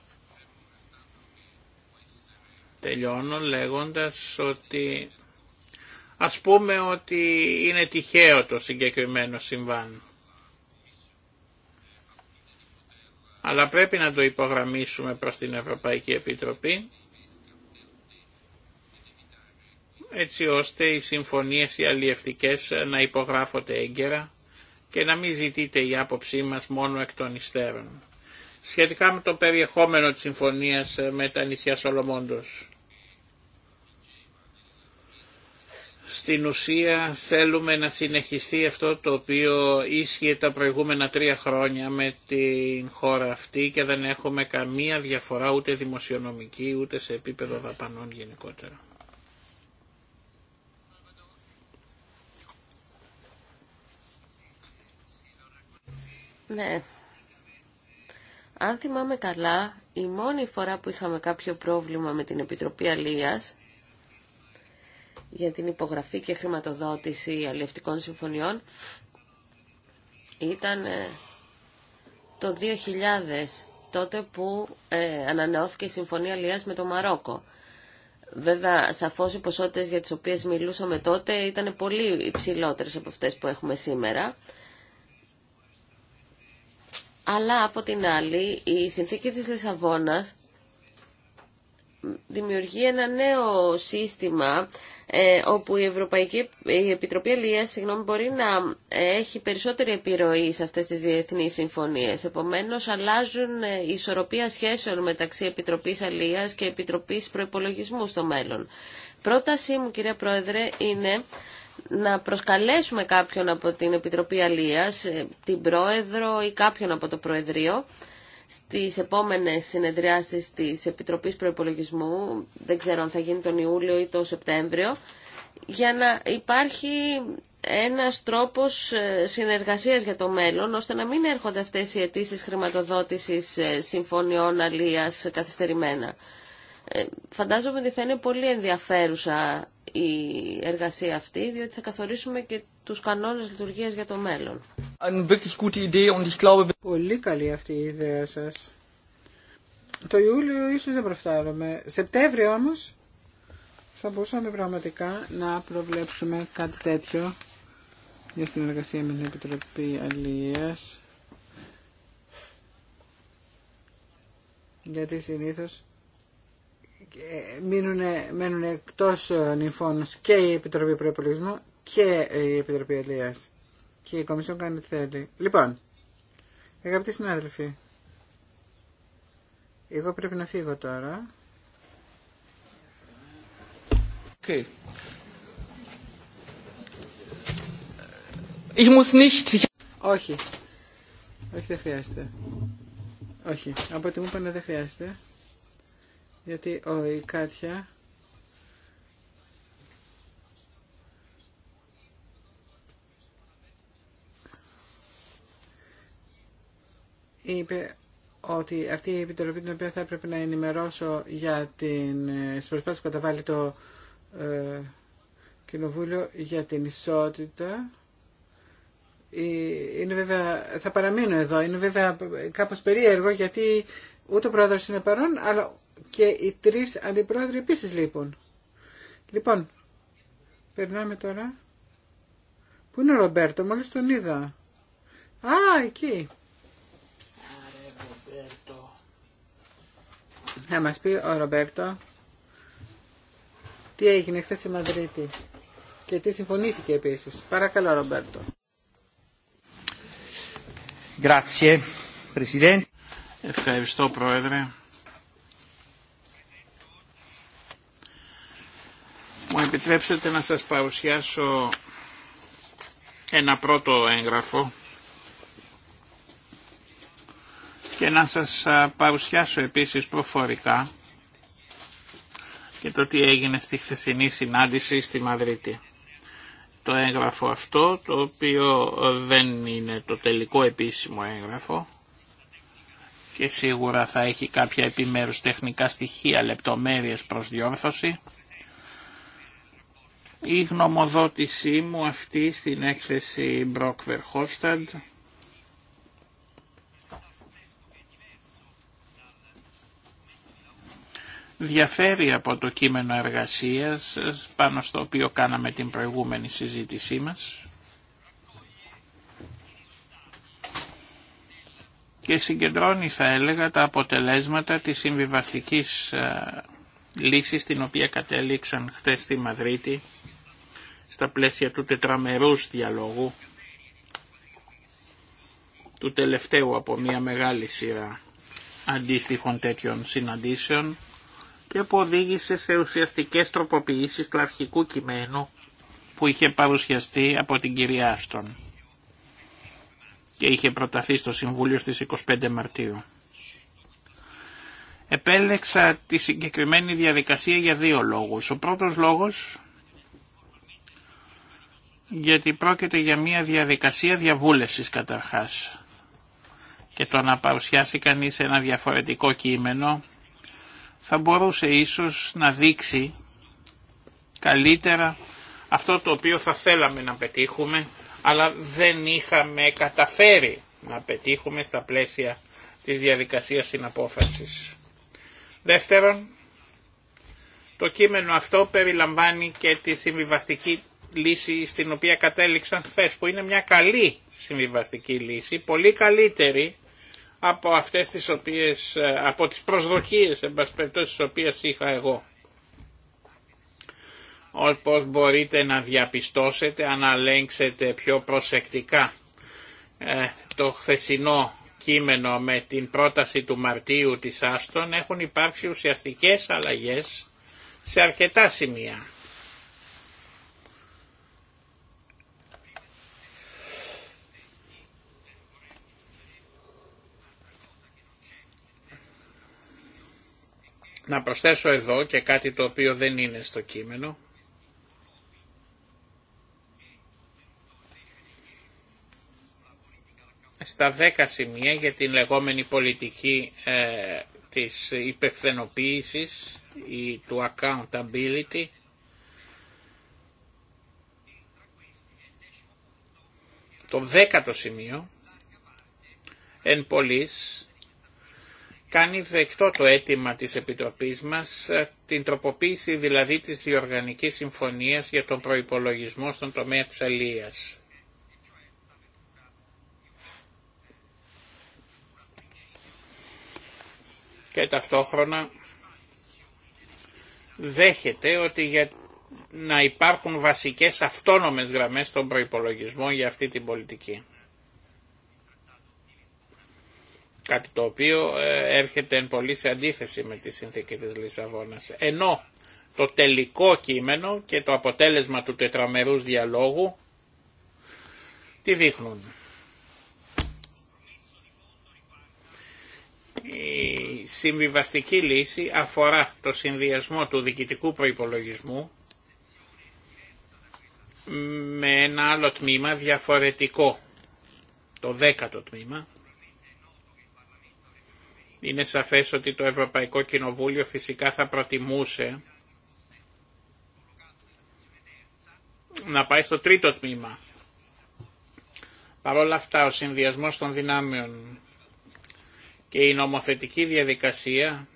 Τελειώνω λέγοντας ότι ας πούμε ότι είναι τυχαίο το συγκεκριμένο συμβάν. αλλά πρέπει να το υπογραμμίσουμε προς την Ευρωπαϊκή Επιτροπή έτσι ώστε οι συμφωνίες οι αλλιευτικές να υπογράφονται έγκαιρα και να μην ζητείται η άποψή μας μόνο εκ των υστέρων. Σχετικά με το περιεχόμενο της συμφωνίας με τα νησιά Σολομόντος. Στην ουσία θέλουμε να συνεχιστεί αυτό το οποίο ίσχυε τα προηγούμενα τρία χρόνια με την χώρα αυτή και δεν έχουμε καμία διαφορά ούτε δημοσιονομική ούτε σε επίπεδο δαπανών γενικότερα. Ναι. Αν θυμάμαι καλά, η μόνη φορά που είχαμε κάποιο πρόβλημα με την Επιτροπή Αλίας για την υπογραφή και χρηματοδότηση αλληλευτικών συμφωνιών ήταν ε, το 2000 τότε που ε, ανανεώθηκε η Συμφωνία Λία με το Μαρόκο. Βέβαια, σαφώς οι ποσότητες για τις οποίες μιλούσαμε τότε ήταν πολύ υψηλότερες από αυτές που έχουμε σήμερα. Αλλά από την άλλη, η συνθήκη της Λισαβόνας δημιουργεί ένα νέο σύστημα ε, όπου η Ευρωπαϊκή Επιτροπή Αλλίας μπορεί να έχει περισσότερη επιρροή σε αυτές τις διεθνείς συμφωνίες. Επομένως, αλλάζουν η ε, ισορροπία σχέσεων μεταξύ Επιτροπής Αλίας και Επιτροπής Προϋπολογισμού στο μέλλον. Πρότασή μου, κυρία Πρόεδρε, είναι να προσκαλέσουμε κάποιον από την Επιτροπή Αλίας, ε, την Πρόεδρο ή κάποιον από το Προεδρείο, στις επόμενες συνεδριάσεις της Επιτροπής Προϋπολογισμού, δεν ξέρω αν θα γίνει τον Ιούλιο ή τον Σεπτέμβριο, για να υπάρχει ένας τρόπος ε, συνεργασίας για το μέλλον, ώστε να μην έρχονται αυτές οι αιτήσει χρηματοδότησης ε, συμφωνιών αλίας καθυστερημένα. Ε, φαντάζομαι ότι θα είναι πολύ ενδιαφέρουσα η εργασία αυτή, διότι θα καθορίσουμε και τους κανόνες λειτουργίας για το μέλλον. Πολύ καλή αυτή η ιδέα σας. Το Ιούλιο ίσως δεν προφτάρουμε. Σεπτέμβριο όμως θα μπορούσαμε πραγματικά να προβλέψουμε κάτι τέτοιο για συνεργασία με την Επιτροπή Αλληλείας. Γιατί συνήθως μείνουν, μένουν εκτός ε, νηφώνους και η Επιτροπή Προϋπολογισμού και η Επιτροπή Ελίας. Και η Κομισιόν κάνει τι θέλει. Λοιπόν, αγαπητοί συνάδελφοι, εγώ πρέπει να φύγω τώρα. Όχι. Όχι, δεν χρειάζεται. Όχι. Από ό,τι μου είπανε δεν χρειάζεται γιατί ο, η Κάτια είπε ότι αυτή η επιτροπή την οποία θα έπρεπε να ενημερώσω για την προσπάθεια που καταβάλει το ε, Κοινοβούλιο για την ισότητα είναι βέβαια, θα παραμείνω εδώ, είναι βέβαια κάπως περίεργο γιατί ούτε ο πρόεδρος είναι παρόν αλλά και οι τρεις αντιπρόεδροι επίσης λείπουν. Λοιπόν, περνάμε τώρα. Πού είναι ο Ρομπέρτο, μόλις τον είδα. Α, εκεί. Άρε, Ρομπέρτο. Θα μας πει ο Ρομπέρτο τι έγινε χθε στη Μαδρίτη και τι συμφωνήθηκε επίσης. Παρακαλώ, Ρομπέρτο. Ευχαριστώ, Πρόεδρε. Μου επιτρέψετε να σας παρουσιάσω ένα πρώτο έγγραφο και να σας παρουσιάσω επίσης προφορικά και το τι έγινε στη χθεσινή συνάντηση στη Μαδρίτη. Το έγγραφο αυτό, το οποίο δεν είναι το τελικό επίσημο έγγραφο και σίγουρα θα έχει κάποια επιμέρους τεχνικά στοιχεία, λεπτομέρειες προς διόρθωση, η γνωμοδότησή μου αυτή στην έκθεση Μπροκ Verhofstadt διαφέρει από το κείμενο εργασίας πάνω στο οποίο κάναμε την προηγούμενη συζήτησή μας και συγκεντρώνει θα έλεγα τα αποτελέσματα της συμβιβαστικής ε, λύσης την οποία κατέληξαν χτες στη Μαδρίτη στα πλαίσια του τετραμερούς διαλόγου του τελευταίου από μια μεγάλη σειρά αντίστοιχων τέτοιων συναντήσεων και που οδήγησε σε ουσιαστικές τροποποιήσεις του αρχικού κειμένου που είχε παρουσιαστεί από την κυρία Άστον και είχε προταθεί στο Συμβούλιο στις 25 Μαρτίου. Επέλεξα τη συγκεκριμένη διαδικασία για δύο λόγους. Ο πρώτος λόγος γιατί πρόκειται για μια διαδικασία διαβούλευσης καταρχάς. Και το να παρουσιάσει κανείς ένα διαφορετικό κείμενο θα μπορούσε ίσως να δείξει καλύτερα αυτό το οποίο θα θέλαμε να πετύχουμε, αλλά δεν είχαμε καταφέρει να πετύχουμε στα πλαίσια της διαδικασίας συναπόφασης. Δεύτερον, το κείμενο αυτό περιλαμβάνει και τη συμβιβαστική λύση στην οποία κατέληξαν χθε, που είναι μια καλή συμβιβαστική λύση, πολύ καλύτερη από αυτές τις οποίες, ε, από τις προσδοκίες, εν τις οποίες είχα εγώ. Όπως μπορείτε να διαπιστώσετε, αναλέξετε πιο προσεκτικά ε, το χθεσινό κείμενο με την πρόταση του Μαρτίου της Άστον, έχουν υπάρξει ουσιαστικές αλλαγές σε αρκετά σημεία. να προσθέσω εδώ και κάτι το οποίο δεν είναι στο κείμενο. Στα δέκα σημεία για την λεγόμενη πολιτική ε, της υπευθενοποίησης ή του accountability το δέκατο σημείο εν πολλής κάνει δεκτό το αίτημα της Επιτροπής μας, ε, την τροποποίηση δηλαδή της Διοργανικής Συμφωνίας για τον προϋπολογισμό στον τομέα της αλίας. Και ταυτόχρονα δέχεται ότι για να υπάρχουν βασικές αυτόνομες γραμμές στον προϋπολογισμό για αυτή την πολιτική. Κάτι το οποίο ε, έρχεται εν πολύ σε αντίθεση με τη συνθήκη της Λισαβόνας. Ενώ το τελικό κείμενο και το αποτέλεσμα του τετραμερούς διαλόγου τι δείχνουν. Η συμβιβαστική λύση αφορά το συνδυασμό του διοικητικού προϋπολογισμού με ένα άλλο τμήμα διαφορετικό, το δέκατο τμήμα, είναι σαφές ότι το Ευρωπαϊκό Κοινοβούλιο φυσικά θα προτιμούσε να πάει στο τρίτο τμήμα. Παρ' όλα αυτά ο συνδυασμός των δυνάμεων και η νομοθετική διαδικασία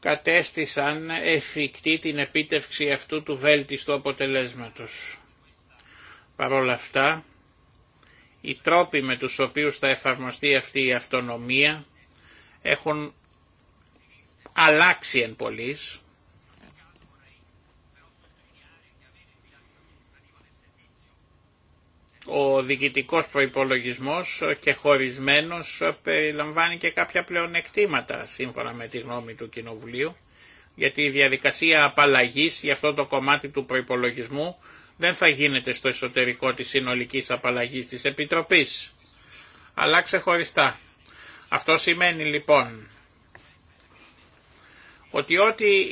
κατέστησαν εφικτή την επίτευξη αυτού του βέλτιστου αποτελέσματος. Παρ' όλα αυτά, οι τρόποι με τους οποίους θα εφαρμοστεί αυτή η αυτονομία έχουν αλλάξει εν πολλής. Ο διοικητικός προϋπολογισμός και χωρισμένος περιλαμβάνει και κάποια πλεονεκτήματα σύμφωνα με τη γνώμη του Κοινοβουλίου γιατί η διαδικασία απαλλαγής για αυτό το κομμάτι του προϋπολογισμού δεν θα γίνεται στο εσωτερικό της συνολικής απαλλαγής της Επιτροπής, αλλά ξεχωριστά. Αυτό σημαίνει λοιπόν ότι ό,τι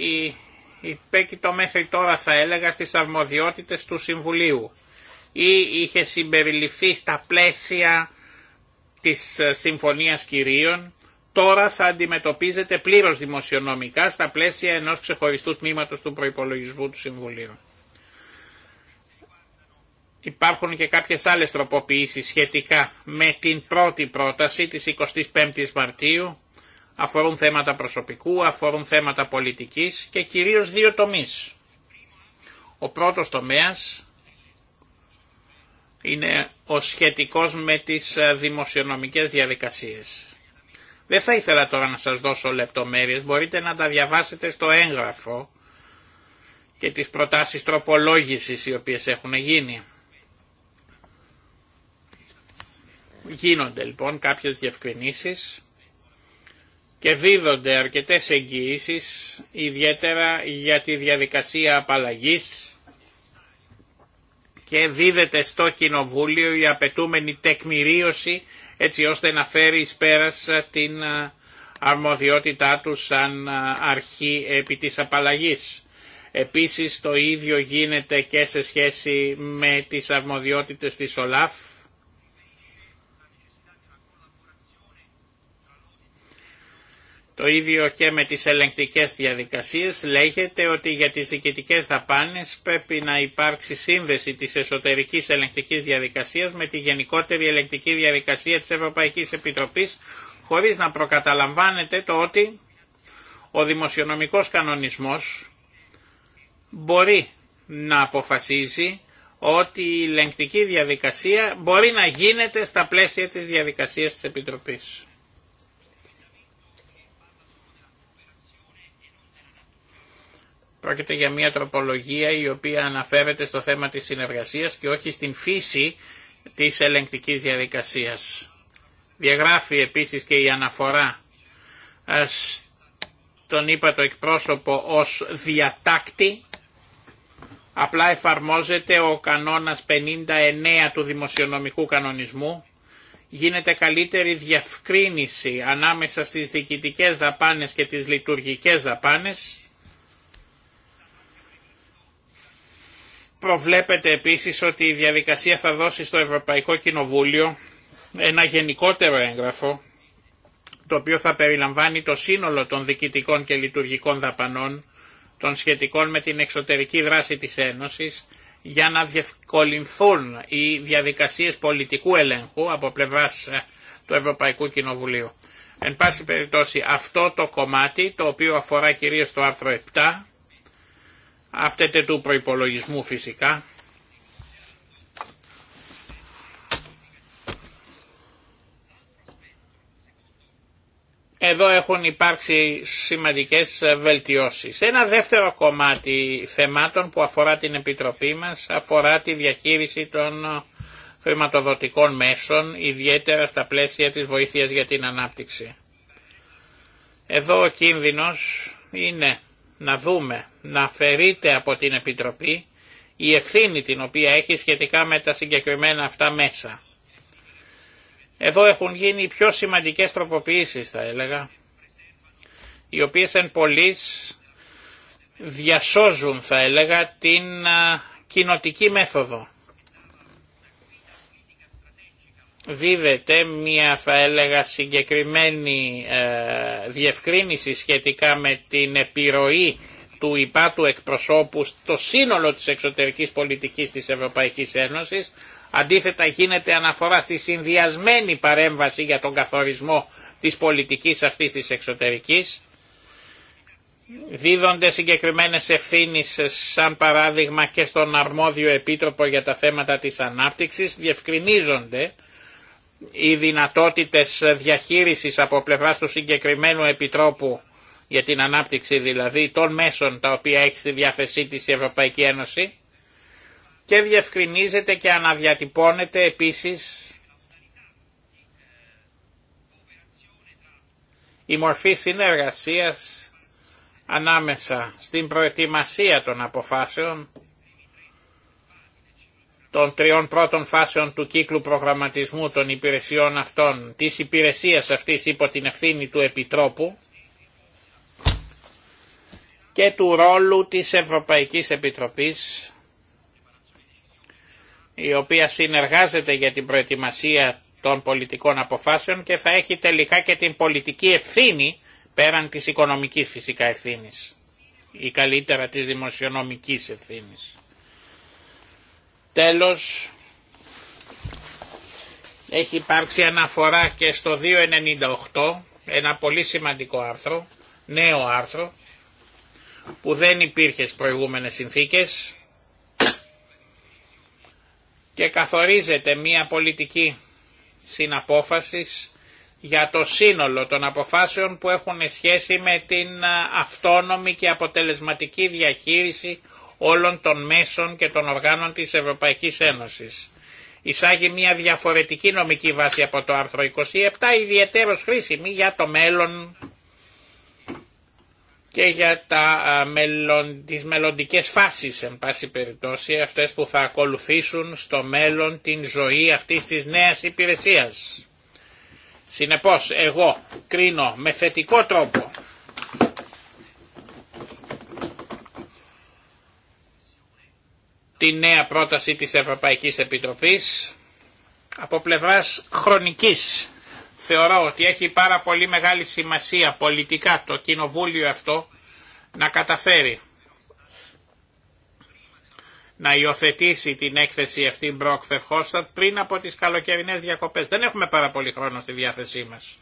υπέκειτο μέχρι τώρα θα έλεγα στις αρμοδιότητες του Συμβουλίου ή είχε συμπεριληφθεί στα πλαίσια της ε, Συμφωνίας Κυρίων, τώρα θα αντιμετωπίζεται πλήρως δημοσιονομικά στα πλαίσια ενός ξεχωριστού τμήματος του προϋπολογισμού του Συμβουλίου. Υπάρχουν και κάποιες άλλες τροποποιήσεις σχετικά με την πρώτη πρόταση της 25ης Μαρτίου, αφορούν θέματα προσωπικού, αφορούν θέματα πολιτικής και κυρίως δύο τομείς. Ο πρώτος τομέας είναι ο σχετικός με τις δημοσιονομικές διαδικασίες. Δεν θα ήθελα τώρα να σας δώσω λεπτομέρειες, μπορείτε να τα διαβάσετε στο έγγραφο και τις προτάσεις τροπολόγησης οι οποίες έχουν γίνει. Γίνονται λοιπόν κάποιες διευκρινήσεις και δίδονται αρκετές εγγυήσει ιδιαίτερα για τη διαδικασία απαλλαγής και δίδεται στο Κοινοβούλιο η απαιτούμενη τεκμηρίωση έτσι ώστε να φέρει εις πέρας ε, την ε, αρμοδιότητά του σαν ε, αρχή επί της απαλλαγής. Επίσης το ίδιο γίνεται και σε σχέση με τις αρμοδιότητες της ΟΛΑΦ Το ίδιο και με τις ελεγκτικές διαδικασίες λέγεται ότι για τις διοικητικές δαπάνες πρέπει να υπάρξει σύνδεση της εσωτερικής ελεγκτικής διαδικασίας με τη γενικότερη ελεγκτική διαδικασία της Ευρωπαϊκής Επιτροπής χωρίς να προκαταλαμβάνεται το ότι ο δημοσιονομικός κανονισμός μπορεί να αποφασίζει ότι η ελεγκτική διαδικασία μπορεί να γίνεται στα πλαίσια της διαδικασίας της Επιτροπής. Πρόκειται για μια τροπολογία η οποία αναφέρεται στο θέμα της συνεργασίας και όχι στην φύση της ελεγκτικής διαδικασίας. Διαγράφει επίσης και η αναφορά στον είπα το εκπρόσωπο ως διατάκτη, απλά εφαρμόζεται ο κανόνας 59 του δημοσιονομικού κανονισμού, γίνεται καλύτερη διευκρίνηση ανάμεσα στις διοικητικές δαπάνες και τις λειτουργικές δαπάνες, Προβλέπεται επίσης ότι η διαδικασία θα δώσει στο Ευρωπαϊκό Κοινοβούλιο ένα γενικότερο έγγραφο το οποίο θα περιλαμβάνει το σύνολο των διοικητικών και λειτουργικών δαπανών των σχετικών με την εξωτερική δράση της Ένωσης για να διευκολυνθούν οι διαδικασίες πολιτικού ελέγχου από πλευράς ε, του Ευρωπαϊκού Κοινοβουλίου. Εν πάση περιπτώσει αυτό το κομμάτι το οποίο αφορά κυρίως το άρθρο 7 Αυτέτε του προϋπολογισμού φυσικά. Εδώ έχουν υπάρξει σημαντικές βελτιώσεις. Ένα δεύτερο κομμάτι θεμάτων που αφορά την Επιτροπή μας αφορά τη διαχείριση των χρηματοδοτικών μέσων, ιδιαίτερα στα πλαίσια της βοήθειας για την ανάπτυξη. Εδώ ο κίνδυνος είναι να δούμε να αφαιρείται από την Επιτροπή η ευθύνη την οποία έχει σχετικά με τα συγκεκριμένα αυτά μέσα. Εδώ έχουν γίνει οι πιο σημαντικές τροποποιήσεις θα έλεγα, οι οποίες εν πολλής διασώζουν θα έλεγα την κοινοτική μέθοδο. δίδεται μια θα έλεγα συγκεκριμένη ε, διευκρίνηση σχετικά με την επιρροή του υπάτου εκπροσώπου στο σύνολο της εξωτερικής πολιτικής της Ευρωπαϊκής Ένωσης. Αντίθετα γίνεται αναφορά στη συνδυασμένη παρέμβαση για τον καθορισμό της πολιτικής αυτής της εξωτερικής. Δίδονται συγκεκριμένες ευθύνες σαν παράδειγμα και στον αρμόδιο επίτροπο για τα θέματα της ανάπτυξης, διευκρινίζονται οι δυνατότητες διαχείρισης από πλευράς του συγκεκριμένου επιτρόπου για την ανάπτυξη δηλαδή των μέσων τα οποία έχει στη διάθεσή της η Ευρωπαϊκή Ένωση και διευκρινίζεται και αναδιατυπώνεται επίσης η μορφή συνεργασίας ανάμεσα στην προετοιμασία των αποφάσεων των τριών πρώτων φάσεων του κύκλου προγραμματισμού των υπηρεσιών αυτών, της υπηρεσίας αυτής υπό την ευθύνη του Επιτρόπου και του ρόλου της Ευρωπαϊκής Επιτροπής η οποία συνεργάζεται για την προετοιμασία των πολιτικών αποφάσεων και θα έχει τελικά και την πολιτική ευθύνη πέραν της οικονομικής φυσικά ευθύνης ή καλύτερα της δημοσιονομικής ευθύνης. Τέλος, έχει υπάρξει αναφορά και στο 298, ένα πολύ σημαντικό άρθρο, νέο άρθρο, που δεν υπήρχε στις προηγούμενες συνθήκες και καθορίζεται μια πολιτική συναπόφασης για το σύνολο των αποφάσεων που έχουν σχέση με την αυτόνομη και αποτελεσματική διαχείριση όλων των μέσων και των οργάνων της Ευρωπαϊκής Ένωσης. Εισάγει μια διαφορετική νομική βάση από το άρθρο 27, ιδιαίτερος χρήσιμη για το μέλλον και για τα, μελλον, τις μελλοντικές φάσεις, εν πάση περιπτώσει, αυτές που θα ακολουθήσουν στο μέλλον την ζωή αυτής της νέας υπηρεσίας. Συνεπώς, εγώ κρίνω με θετικό τρόπο τη νέα πρόταση της Ευρωπαϊκής Επιτροπής. Από πλευράς χρονικής θεωρώ ότι έχει πάρα πολύ μεγάλη σημασία πολιτικά το κοινοβούλιο αυτό να καταφέρει να υιοθετήσει την έκθεση αυτή Μπροκ Φερχόστατ πριν από τις καλοκαιρινές διακοπές. Δεν έχουμε πάρα πολύ χρόνο στη διάθεσή μας.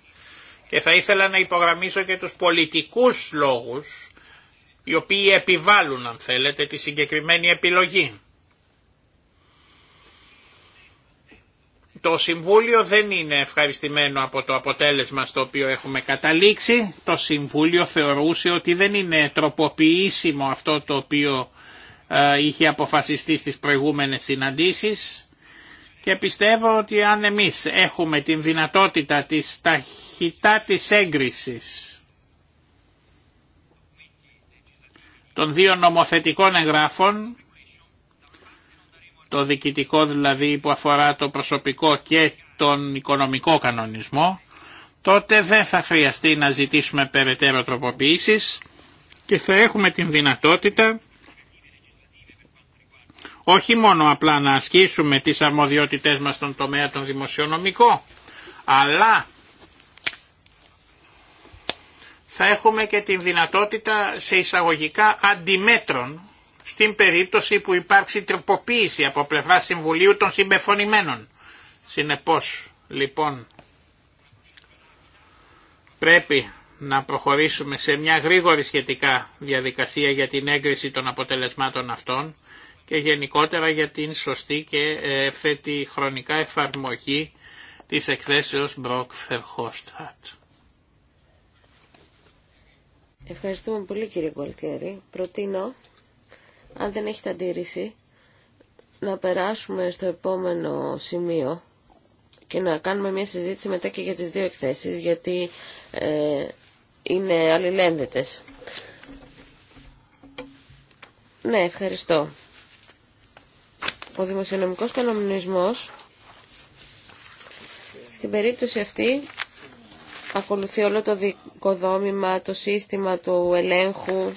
Και θα ήθελα να υπογραμμίσω και τους πολιτικούς λόγους οι οποίοι επιβάλλουν αν θέλετε τη συγκεκριμένη επιλογή. Το Συμβούλιο δεν είναι ευχαριστημένο από το αποτέλεσμα στο οποίο έχουμε καταλήξει. Το Συμβούλιο θεωρούσε ότι δεν είναι τροποποιήσιμο αυτό το οποίο ε, είχε αποφασιστεί στις προηγούμενες συναντήσεις και πιστεύω ότι αν εμείς έχουμε την δυνατότητα της ταχυτά της έγκρισης των δύο νομοθετικών εγγράφων το διοικητικό δηλαδή που αφορά το προσωπικό και τον οικονομικό κανονισμό, τότε δεν θα χρειαστεί να ζητήσουμε περαιτέρω τροποποιήσεις και θα έχουμε την δυνατότητα όχι μόνο απλά να ασκήσουμε τις αρμοδιότητές μας στον τομέα των δημοσιονομικών, αλλά θα έχουμε και την δυνατότητα σε εισαγωγικά αντιμέτρων στην περίπτωση που υπάρξει τροποποίηση από πλευρά Συμβουλίου των Συμπεφωνημένων. Συνεπώς, λοιπόν, πρέπει να προχωρήσουμε σε μια γρήγορη σχετικά διαδικασία για την έγκριση των αποτελεσμάτων αυτών και γενικότερα για την σωστή και ευθέτη χρονικά εφαρμογή της εκθέσεως Μπροκ Φερχόστατ. Ευχαριστούμε πολύ κύριε Κολτιέρη. Προτείνω αν δεν έχετε αντίρρηση, να περάσουμε στο επόμενο σημείο και να κάνουμε μια συζήτηση μετά και για τις δύο εκθέσεις, γιατί ε, είναι αλληλένδετες. Ναι, ευχαριστώ. Ο δημοσιονομικός κανονισμός στην περίπτωση αυτή ακολουθεί όλο το δικοδόμημα, το σύστημα του ελέγχου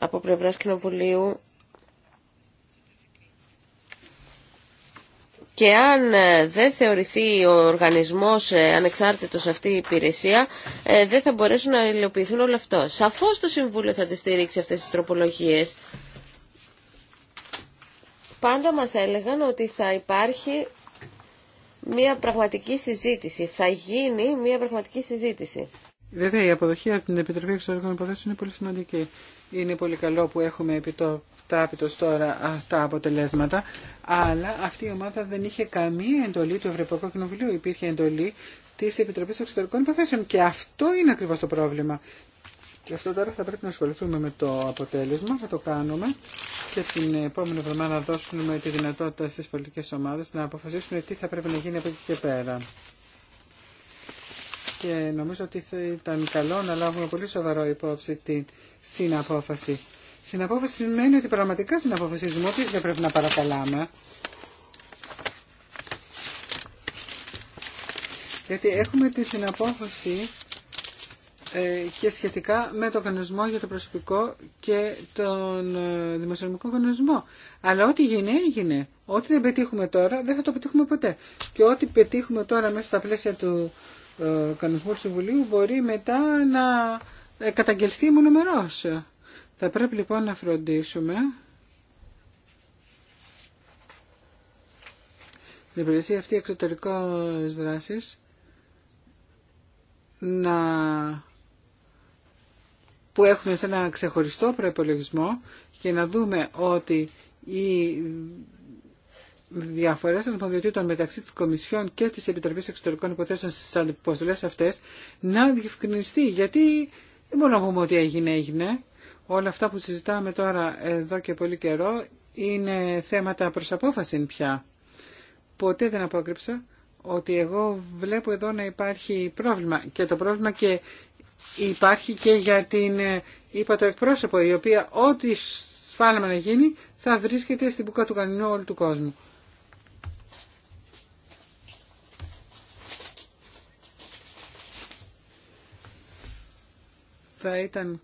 από πλευράς Κοινοβουλίου και αν ε, δεν θεωρηθεί ο οργανισμός ε, ανεξάρτητος αυτή η υπηρεσία, ε, δεν θα μπορέσουν να υλοποιηθούν όλα αυτό. Σαφώς το Συμβούλιο θα τη στηρίξει αυτές τις τροπολογίες. Πάντα μας έλεγαν ότι θα υπάρχει μια πραγματική συζήτηση. Θα γίνει μια πραγματική συζήτηση. Βέβαια, η αποδοχή από την Επιτροπή Εξωτερικών Υποθέσεων είναι πολύ σημαντική. Είναι πολύ καλό που έχουμε τάπητος τώρα αυτά αποτελέσματα, αλλά αυτή η ομάδα δεν είχε καμία εντολή του Ευρωπαϊκού Κοινοβουλίου. Υπήρχε εντολή της Επιτροπής Εξωτερικών Υποθέσεων και αυτό είναι ακριβώς το πρόβλημα. Και αυτό τώρα θα πρέπει να ασχοληθούμε με το αποτέλεσμα, θα το κάνουμε και την επόμενη εβδομάδα να δώσουμε τη δυνατότητα στις πολιτικές ομάδες να αποφασίσουν τι θα πρέπει να γίνει από εκεί και πέρα και νομίζω ότι θα ήταν καλό να λάβουμε πολύ σοβαρό υπόψη την συναπόφαση. Συναπόφαση σημαίνει ότι πραγματικά συναποφασίζουμε ότι δεν πρέπει να παρακαλάμε. Γιατί έχουμε τη συναπόφαση ε, και σχετικά με το κανονισμό για το προσωπικό και τον ε, δημοσιονομικό κανονισμό. Αλλά ό,τι γίνει έγινε. Ό,τι δεν πετύχουμε τώρα δεν θα το πετύχουμε ποτέ. Και ό,τι πετύχουμε τώρα μέσα στα πλαίσια του ε, κανονισμό του Συμβουλίου μπορεί μετά να ε, καταγγελθεί μονομερός. Θα πρέπει λοιπόν να φροντίσουμε την υπηρεσία αυτή εξωτερικών δράσης να... που έχουμε σε ένα ξεχωριστό προϋπολογισμό και να δούμε ότι η διαφορές αρμοδιοτήτων μεταξύ της Κομισιόν και της Επιτροπής Εξωτερικών Υποθέσεων στις αντιποστολές αυτές να διευκρινιστεί γιατί δεν μπορούμε να πούμε ότι έγινε έγινε όλα αυτά που συζητάμε τώρα εδώ και πολύ καιρό είναι θέματα προς απόφαση πια ποτέ δεν απόκρυψα ότι εγώ βλέπω εδώ να υπάρχει πρόβλημα και το πρόβλημα και υπάρχει και για την είπα το εκπρόσωπο η οποία ό,τι σφάλμα να γίνει θα βρίσκεται στην πουκά του κανονιού όλου του κόσμου. θα ήταν...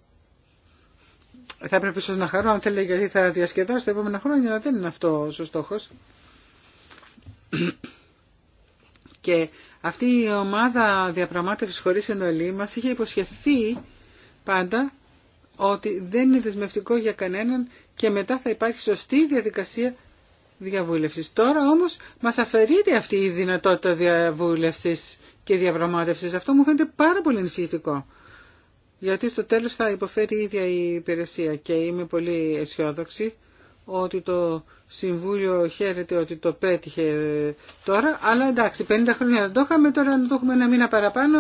Θα έπρεπε ίσως να χαρώ αν θέλει γιατί θα διασκεδάσω τα επόμενα χρόνια, αλλά δεν είναι αυτό ο στόχος. Και αυτή η ομάδα διαπραγμάτευσης χωρίς εννοή μας είχε υποσχεθεί πάντα ότι δεν είναι δεσμευτικό για κανέναν και μετά θα υπάρχει σωστή διαδικασία διαβούλευσης. Τώρα όμως μας αφαιρείται αυτή η δυνατότητα διαβούλευσης και διαπραγμάτευσης. Αυτό μου φαίνεται πάρα πολύ ενισχυτικό γιατί στο τέλος θα υποφέρει η ίδια η υπηρεσία και είμαι πολύ αισιόδοξη ότι το Συμβούλιο χαίρεται ότι το πέτυχε τώρα, αλλά εντάξει, 50 χρόνια δεν το είχαμε, τώρα να το έχουμε ένα μήνα παραπάνω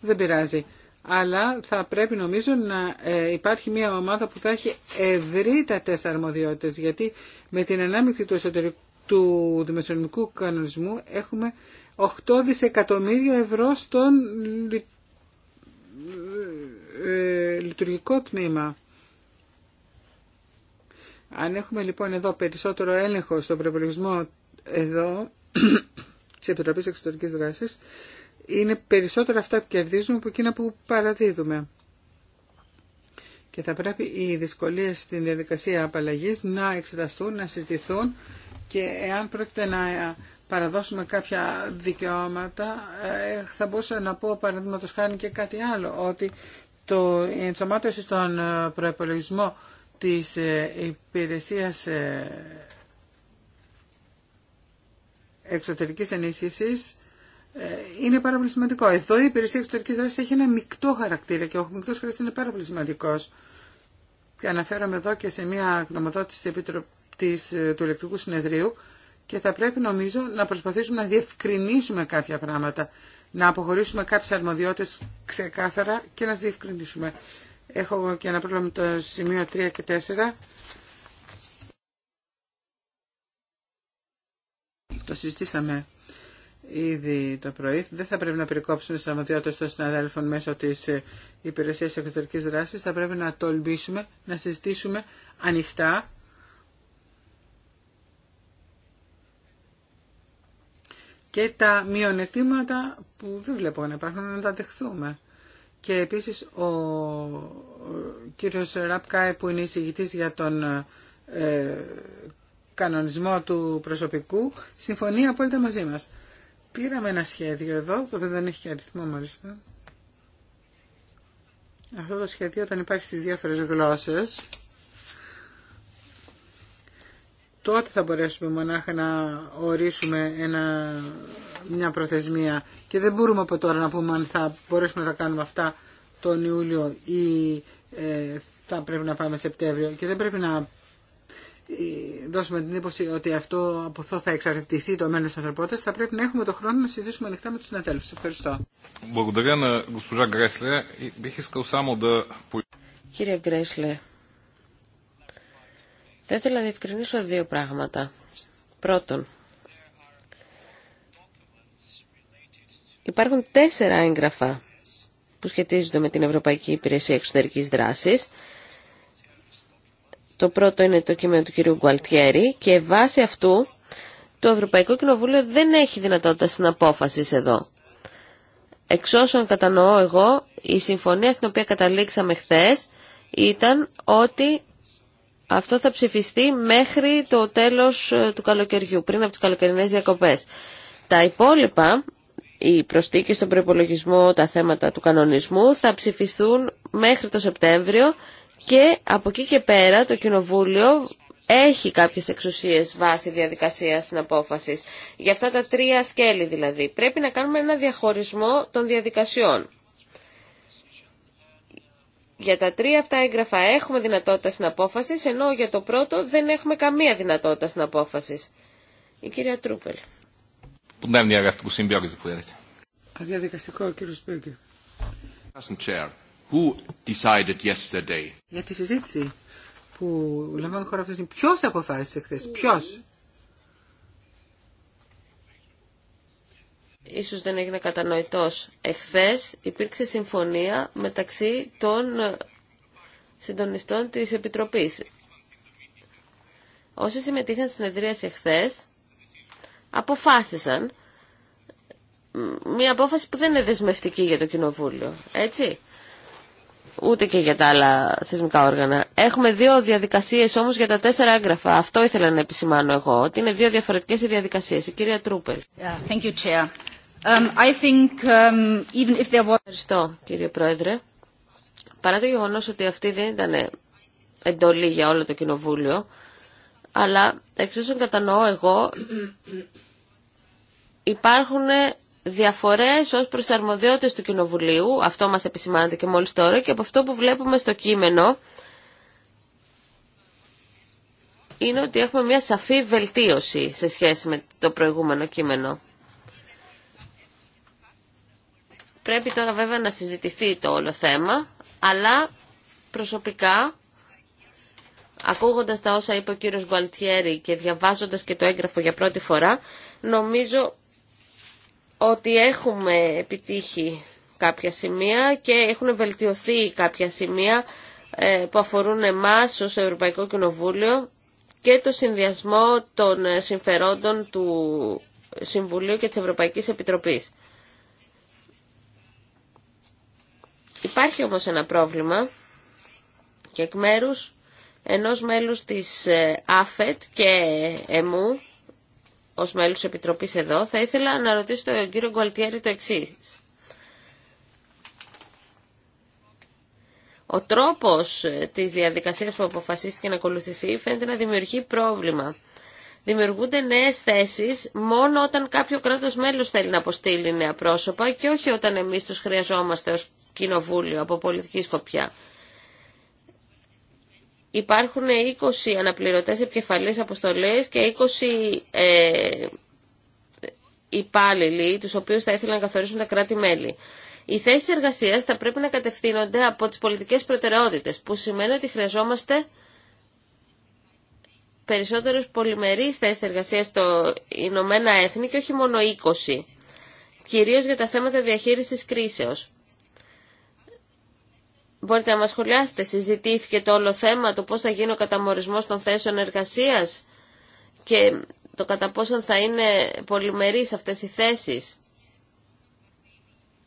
δεν πειράζει. Αλλά θα πρέπει νομίζω να ε, υπάρχει μια ομάδα που θα έχει ευρύτατε αρμοδιότητε, γιατί με την ανάμειξη του εσωτερικού του δημοσιονομικού κανονισμού έχουμε 8 δισεκατομμύρια ευρώ στον ε, λειτουργικό τμήμα. Αν έχουμε λοιπόν εδώ περισσότερο έλεγχο στον προπολογισμό εδώ, τη Επιτροπή Εξωτερική Δράση, είναι περισσότερα αυτά που κερδίζουμε από εκείνα που παραδίδουμε. Και θα πρέπει οι δυσκολίες στην διαδικασία απαλλαγής να εξεταστούν, να συζητηθούν και εάν πρόκειται να παραδώσουμε κάποια δικαιώματα, ε, θα μπορούσα να πω παραδείγματος, χάρη και κάτι άλλο, ότι το, η ενσωμάτωση στον ε, προπολογισμό της ε, υπηρεσίας ε, εξωτερικής ενίσχυσης είναι πάρα πολύ σημαντικό. Εδώ η υπηρεσία εξωτερικής δράσης έχει ένα μεικτό χαρακτήρα και ο μεικτός χαρακτήρας είναι πάρα πολύ σημαντικός. Και αναφέρομαι εδώ και σε μια γνωμοδότηση της, του Ελεκτρικού συνεδρίου και θα πρέπει νομίζω να προσπαθήσουμε να διευκρινίσουμε κάποια πράγματα να αποχωρήσουμε κάποιες αρμοδιότητες ξεκάθαρα και να τις διευκρινίσουμε. Έχω και ένα πρόβλημα με το σημείο 3 και 4. Το συζητήσαμε ήδη το πρωί. Δεν θα πρέπει να περικόψουμε τι αρμοδιότητε των συναδέλφων μέσω τη ε, υπηρεσία εξωτερική δράση. Θα πρέπει να τολμήσουμε, να συζητήσουμε ανοιχτά και τα μειονεκτήματα που δεν βλέπω να υπάρχουν να τα δεχθούμε. Και επίσης ο κύριος Ραπκάε που είναι εισηγητής για τον ε, κανονισμό του προσωπικού συμφωνεί απόλυτα μαζί μας. Πήραμε ένα σχέδιο εδώ, το οποίο δεν έχει και αριθμό μάλιστα. Αυτό το σχέδιο όταν υπάρχει στις διάφορες γλώσσες τότε θα μπορέσουμε μονάχα να ορίσουμε ένα, μια προθεσμία και δεν μπορούμε από τώρα να πούμε αν θα μπορέσουμε να τα κάνουμε αυτά τον Ιούλιο ή ε, θα πρέπει να πάμε Σεπτέμβριο και δεν πρέπει να ε, δώσουμε την ύποση ότι αυτό από αυτό θα εξαρτηθεί το μέλλον της ανθρωπότητας, θα πρέπει να έχουμε το χρόνο να συζητήσουμε ανοιχτά με τους συναδέλφους. Ευχαριστώ. Κύριε θα ήθελα να διευκρινίσω δύο πράγματα. Πρώτον, υπάρχουν τέσσερα έγγραφα που σχετίζονται με την Ευρωπαϊκή Υπηρεσία Εξωτερικής Δράσης. Το πρώτο είναι το κείμενο του κυρίου Γκουαλτιέρη και βάσει αυτού το Ευρωπαϊκό Κοινοβούλιο δεν έχει δυνατότητα στην εδώ. Εξ όσων κατανοώ εγώ, η συμφωνία στην οποία καταλήξαμε χθε ήταν ότι αυτό θα ψηφιστεί μέχρι το τέλος ε, του καλοκαιριού, πριν από τις καλοκαιρινές διακοπές. Τα υπόλοιπα, οι προστίκες στον προπολογισμό, τα θέματα του κανονισμού, θα ψηφιστούν μέχρι το Σεπτέμβριο και από εκεί και πέρα το Κοινοβούλιο έχει κάποιες εξουσίες βάσει διαδικασίας συναπόφασης. Για αυτά τα τρία σκέλη δηλαδή. Πρέπει να κάνουμε ένα διαχωρισμό των διαδικασιών. Για τα τρία αυτά έγγραφα έχουμε δυνατότητα στην απόφαση, ενώ για το πρώτο δεν έχουμε καμία δυνατότητα στην απόφαση. Η κυρία Τρούπελ. Αδιαδικαστικό, κύριο Σπίγκερ. Για τη συζήτηση που λαμβάνω χώρα αυτή, ποιο αποφάσισε χθε, ποιο. ίσως δεν έγινε κατανοητός, εχθές υπήρξε συμφωνία μεταξύ των συντονιστών της Επιτροπής. Όσοι συμμετείχαν στη συνεδρίαση εχθές, αποφάσισαν μια απόφαση που δεν είναι δεσμευτική για το Κοινοβούλιο, έτσι ούτε και για τα άλλα θεσμικά όργανα. Έχουμε δύο διαδικασίες όμως για τα τέσσερα έγγραφα. Αυτό ήθελα να επισημάνω εγώ, ότι είναι δύο διαφορετικές οι διαδικασίες. Η κυρία Τρούπελ. Ευχαριστώ, κύριε Πρόεδρε. Παρά το γεγονό ότι αυτή δεν ήταν εντολή για όλο το Κοινοβούλιο, αλλά εξ όσων κατανοώ εγώ, υπάρχουν διαφορές ως προς του Κοινοβουλίου, αυτό μας επισημάνεται και μόλις τώρα, και από αυτό που βλέπουμε στο κείμενο είναι ότι έχουμε μια σαφή βελτίωση σε σχέση με το προηγούμενο κείμενο. Πρέπει τώρα βέβαια να συζητηθεί το όλο θέμα, αλλά προσωπικά, ακούγοντας τα όσα είπε ο κύριος Γκουαλτιέρη και διαβάζοντας και το έγγραφο για πρώτη φορά, νομίζω ότι έχουμε επιτύχει κάποια σημεία και έχουν βελτιωθεί κάποια σημεία ε, που αφορούν εμάς ως Ευρωπαϊκό Κοινοβούλιο και το συνδυασμό των συμφερόντων του Συμβουλίου και της Ευρωπαϊκής Επιτροπής. Υπάρχει όμως ένα πρόβλημα και εκ μέρους ενός μέλους της ε, ΑΦΕΤ και ΕΜΟΥ ως μέλος Επιτροπής εδώ, θα ήθελα να ρωτήσω τον κύριο Γκουαλτιέρη το εξή. Ο τρόπος ε, της διαδικασίας που αποφασίστηκε να ακολουθηθεί φαίνεται να δημιουργεί πρόβλημα. Δημιουργούνται νέε θέσει μόνο όταν κάποιο κράτο μέλο θέλει να αποστείλει νέα πρόσωπα και όχι όταν εμεί του χρειαζόμαστε ω κοινοβούλιο από πολιτική σκοπιά υπάρχουν 20 αναπληρωτές επικεφαλής αποστολές και 20 ε, υπάλληλοι, τους οποίους θα ήθελαν να καθορίσουν τα κράτη-μέλη. Οι θέσει εργασία θα πρέπει να κατευθύνονται από τις πολιτικές προτεραιότητες, που σημαίνει ότι χρειαζόμαστε περισσότερες πολυμερείς θέσει εργασία στο Ηνωμένα Έθνη και όχι μόνο 20, κυρίως για τα θέματα διαχείρισης κρίσεως. Μπορείτε να μας σχολιάσετε, συζητήθηκε το όλο θέμα, το πώς θα γίνει ο καταμορισμός των θέσεων εργασίας και το κατά πόσον θα είναι πολυμερείς αυτές οι θέσεις.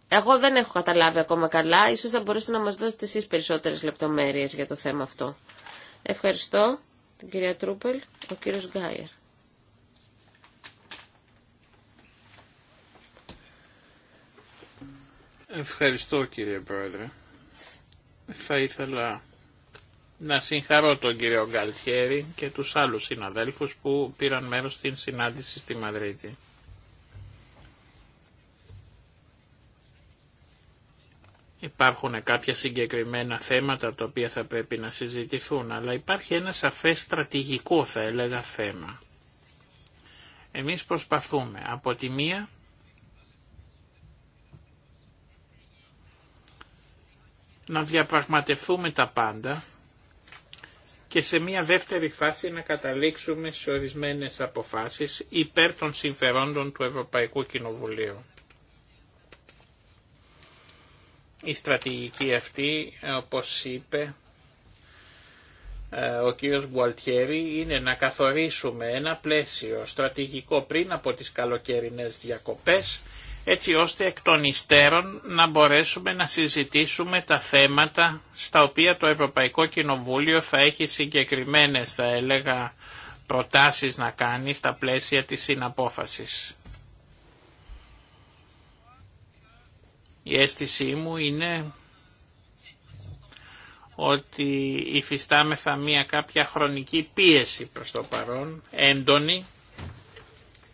Εγώ δεν έχω καταλάβει ακόμα καλά, ίσως θα μπορούσατε να μας δώσετε εσείς περισσότερες λεπτομέρειες για το θέμα αυτό. Ευχαριστώ την κυρία Τρούπελ, ο κύριος Γκάιερ. Ευχαριστώ κύριε Πρόεδρε. Θα ήθελα να συγχαρώ τον κύριο Γκαλτιέρη και τους άλλους συναδέλφους που πήραν μέρος στην συνάντηση στη Μαδρίτη. Υπάρχουν κάποια συγκεκριμένα θέματα τα οποία θα πρέπει να συζητηθούν, αλλά υπάρχει ένα σαφές στρατηγικό θα έλεγα θέμα. Εμείς προσπαθούμε από τη μία να διαπραγματευτούμε τα πάντα και σε μια δεύτερη φάση να καταλήξουμε σε ορισμένες αποφάσεις υπέρ των συμφερόντων του Ευρωπαϊκού Κοινοβουλίου. Η στρατηγική αυτή, όπως είπε, ε, ο κύριος Γουαλτιέρη, είναι να καθορίσουμε ένα πλαίσιο στρατηγικό πριν από τις καλοκαιρινές διακοπές έτσι ώστε εκ των υστέρων να μπορέσουμε να συζητήσουμε τα θέματα στα οποία το Ευρωπαϊκό Κοινοβούλιο θα έχει συγκεκριμένες θα έλεγα προτάσεις να κάνει στα πλαίσια της συναπόφασης. Η αίσθησή μου είναι ότι υφιστάμεθα μία κάποια χρονική πίεση προς το παρόν, έντονη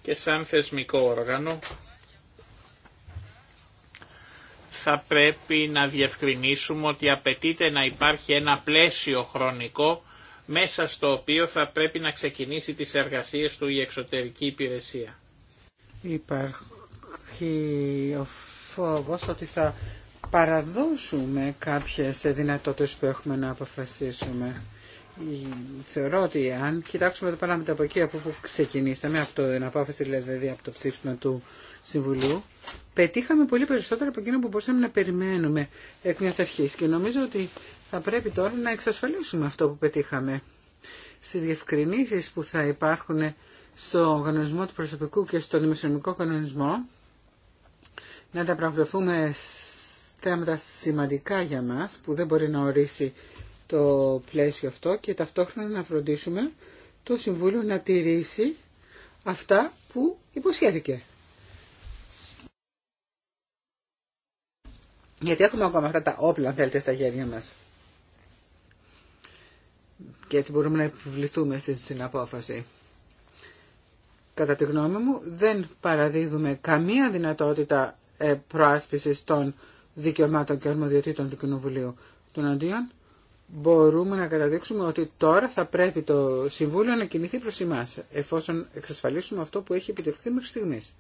και σαν θεσμικό όργανο θα πρέπει να διευκρινίσουμε ότι απαιτείται να υπάρχει ένα πλαίσιο χρονικό μέσα στο οποίο θα πρέπει να ξεκινήσει τις εργασίες του η εξωτερική υπηρεσία. Υπάρχει ο φόβος ότι θα παραδώσουμε κάποιες δυνατότητες που έχουμε να αποφασίσουμε. Θεωρώ ότι αν κοιτάξουμε το παράμετρο από εκεί από που ξεκινήσαμε, από το, την απόφαση δηλαδή, δηλαδή από το ψήφισμα του Συμβουλίου, πετύχαμε πολύ περισσότερο από εκείνο που μπορούσαμε να περιμένουμε εκ μιας αρχής και νομίζω ότι θα πρέπει τώρα να εξασφαλίσουμε αυτό που πετύχαμε. Στις διευκρινήσεις που θα υπάρχουν στο οργανισμό του προσωπικού και στον δημοσιονομικό κανονισμό, να τα πραγματοποιούμε θέματα σημαντικά για μας που δεν μπορεί να ορίσει το πλαίσιο αυτό και ταυτόχρονα να φροντίσουμε το Συμβούλιο να τηρήσει αυτά που υποσχέθηκε. Γιατί έχουμε ακόμα αυτά τα όπλα, αν θέλετε, στα χέρια μας. Και έτσι μπορούμε να επιβληθούμε στην συναπόφαση. Κατά τη γνώμη μου, δεν παραδίδουμε καμία δυνατότητα ε, προάσπισης των δικαιωμάτων και αρμοδιοτήτων του Κοινοβουλίου. των αντίον, μπορούμε να καταδείξουμε ότι τώρα θα πρέπει το Συμβούλιο να κινηθεί προς εμάς, εφόσον εξασφαλίσουμε αυτό που έχει επιτευχθεί μέχρι στιγμής.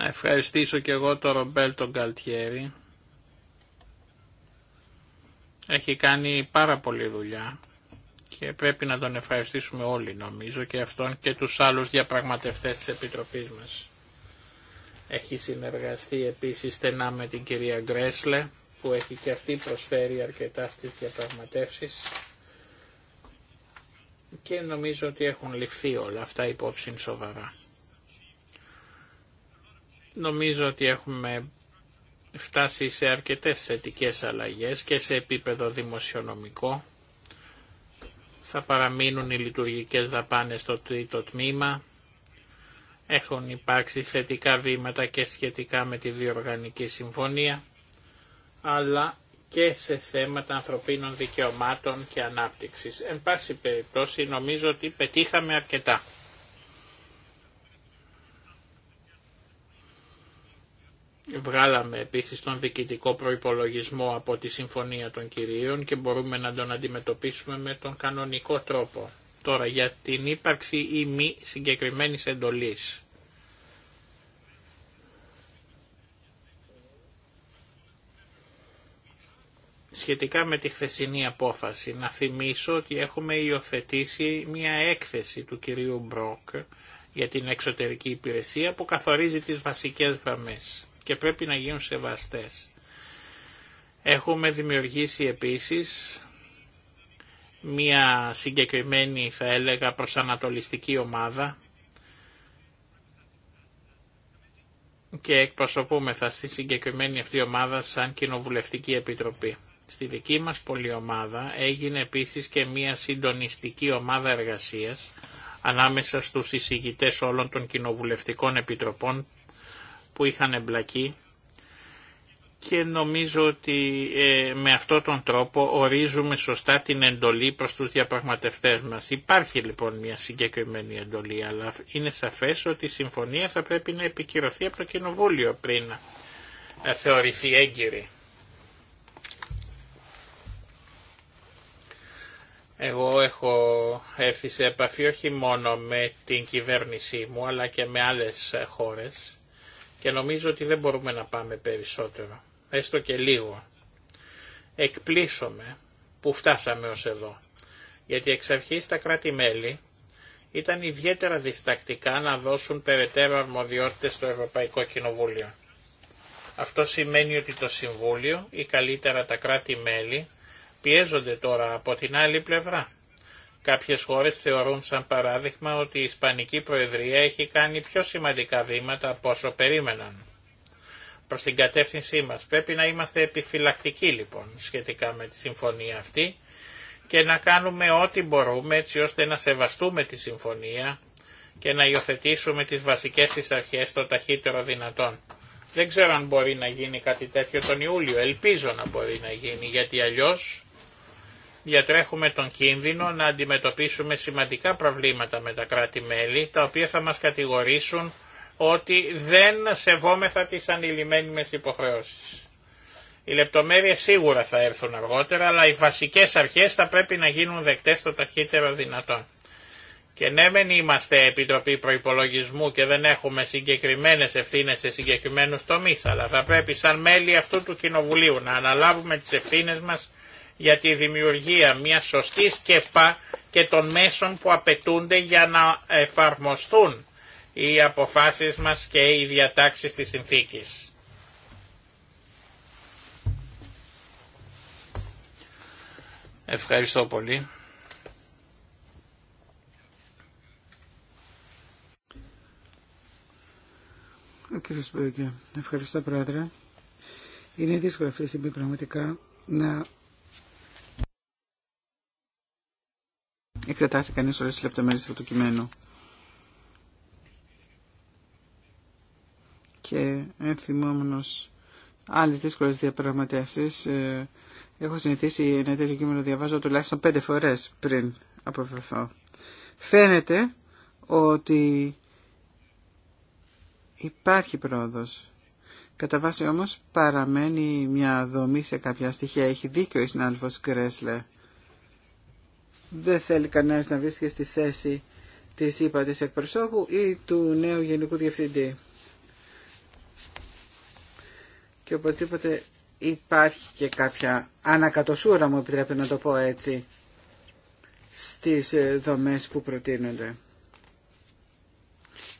Να ευχαριστήσω και εγώ τον Ρομπέλτο Γκαλτιέρη. Έχει κάνει πάρα πολλή δουλειά και πρέπει να τον ευχαριστήσουμε όλοι νομίζω και αυτόν και τους άλλους διαπραγματευτές της Επιτροπής μας. Έχει συνεργαστεί επίσης στενά με την κυρία Γκρέσλε που έχει και αυτή προσφέρει αρκετά στις διαπραγματεύσεις και νομίζω ότι έχουν ληφθεί όλα αυτά υπόψη σοβαρά. Νομίζω ότι έχουμε φτάσει σε αρκετές θετικές αλλαγές και σε επίπεδο δημοσιονομικό θα παραμείνουν οι λειτουργικές δαπάνες στο τρίτο τμήμα. Έχουν υπάρξει θετικά βήματα και σχετικά με τη διοργανική συμφωνία, αλλά και σε θέματα ανθρωπίνων δικαιωμάτων και ανάπτυξης. Εν πάση περιπτώσει νομίζω ότι πετύχαμε αρκετά. Βγάλαμε επίσης τον διοικητικό προϋπολογισμό από τη Συμφωνία των Κυρίων και μπορούμε να τον αντιμετωπίσουμε με τον κανονικό τρόπο. Τώρα για την ύπαρξη ή μη συγκεκριμένης εντολής. σχετικά με τη χθεσινή απόφαση να θυμίσω ότι έχουμε υιοθετήσει μια έκθεση του κυρίου Μπρόκ για την εξωτερική υπηρεσία που καθορίζει τις βασικές γραμμές και πρέπει να γίνουν σεβαστές. Έχουμε δημιουργήσει επίσης μια συγκεκριμένη θα έλεγα προσανατολιστική ομάδα και εκπροσωπούμεθα στη συγκεκριμένη αυτή ομάδα σαν Κοινοβουλευτική Επιτροπή. Στη δική μας πολυομάδα έγινε επίσης και μια συντονιστική ομάδα εργασίας ανάμεσα στους εισηγητές όλων των κοινοβουλευτικών επιτροπών που είχαν εμπλακεί και νομίζω ότι ε, με αυτόν τον τρόπο ορίζουμε σωστά την εντολή προς τους διαπραγματευτές μας. Υπάρχει λοιπόν μια συγκεκριμένη εντολή, αλλά είναι σαφές ότι η συμφωνία θα πρέπει να επικυρωθεί από το Κοινοβούλιο πριν ε, θεωρηθεί έγκυρη. Εγώ έχω έρθει σε επαφή όχι μόνο με την κυβέρνησή μου αλλά και με άλλες χώρες και νομίζω ότι δεν μπορούμε να πάμε περισσότερο, έστω και λίγο. Εκπλήσωμε που φτάσαμε ως εδώ, γιατί εξ αρχής τα κράτη-μέλη ήταν ιδιαίτερα διστακτικά να δώσουν περαιτέρω αρμοδιότητες στο Ευρωπαϊκό Κοινοβούλιο. Αυτό σημαίνει ότι το Συμβούλιο ή καλύτερα τα κράτη-μέλη πιέζονται τώρα από την άλλη πλευρά Κάποιες χώρες θεωρούν σαν παράδειγμα ότι η Ισπανική Προεδρία έχει κάνει πιο σημαντικά βήματα από όσο περίμεναν προς την κατεύθυνσή μας. Πρέπει να είμαστε επιφυλακτικοί λοιπόν σχετικά με τη συμφωνία αυτή και να κάνουμε ό,τι μπορούμε έτσι ώστε να σεβαστούμε τη συμφωνία και να υιοθετήσουμε τις βασικές της αρχές το ταχύτερο δυνατόν. Δεν ξέρω αν μπορεί να γίνει κάτι τέτοιο τον Ιούλιο, ελπίζω να μπορεί να γίνει γιατί αλλιώς διατρέχουμε τον κίνδυνο να αντιμετωπίσουμε σημαντικά προβλήματα με τα κράτη-μέλη, τα οποία θα μας κατηγορήσουν ότι δεν σεβόμεθα τις ανηλυμένες υποχρεώσεις. Οι λεπτομέρειες σίγουρα θα έρθουν αργότερα, αλλά οι βασικές αρχές θα πρέπει να γίνουν δεκτές το ταχύτερο δυνατόν. Και ναι μεν είμαστε Επιτροπή Προϋπολογισμού και δεν έχουμε συγκεκριμένες ευθύνες σε συγκεκριμένους τομείς, αλλά θα πρέπει σαν μέλη αυτού του Κοινοβουλίου να αναλάβουμε τις ευθύνε μας για τη δημιουργία μια σωστής σκέπα και των μέσων που απαιτούνται για να εφαρμοστούν οι αποφάσεις μας και οι διατάξεις της συνθήκης. Ευχαριστώ πολύ. Ο ευχαριστώ πρόεδρε. Είναι δύσκολο αυτή τη στιγμή πραγματικά να εξετάσει κανείς όλες τις λεπτομέρειες αυτού του κειμένου. Και ενθυμόμενος άλλες δύσκολες διαπραγματεύσεις, ε, έχω συνηθίσει ένα τέτοιο κείμενο διαβάζω τουλάχιστον πέντε φορές πριν αποφευθώ. Φαίνεται ότι υπάρχει πρόοδος. Κατά βάση όμως παραμένει μια δομή σε κάποια στοιχεία. Έχει δίκιο η συνάδελφος Κρέσλε δεν θέλει κανένας να βρίσκεται στη θέση της ΥΠΑ της εκπροσώπου ή του νέου Γενικού Διευθυντή. Και οπωσδήποτε υπάρχει και κάποια ανακατοσούρα, μου επιτρέπει να το πω έτσι, στις ε, δομές που προτείνονται.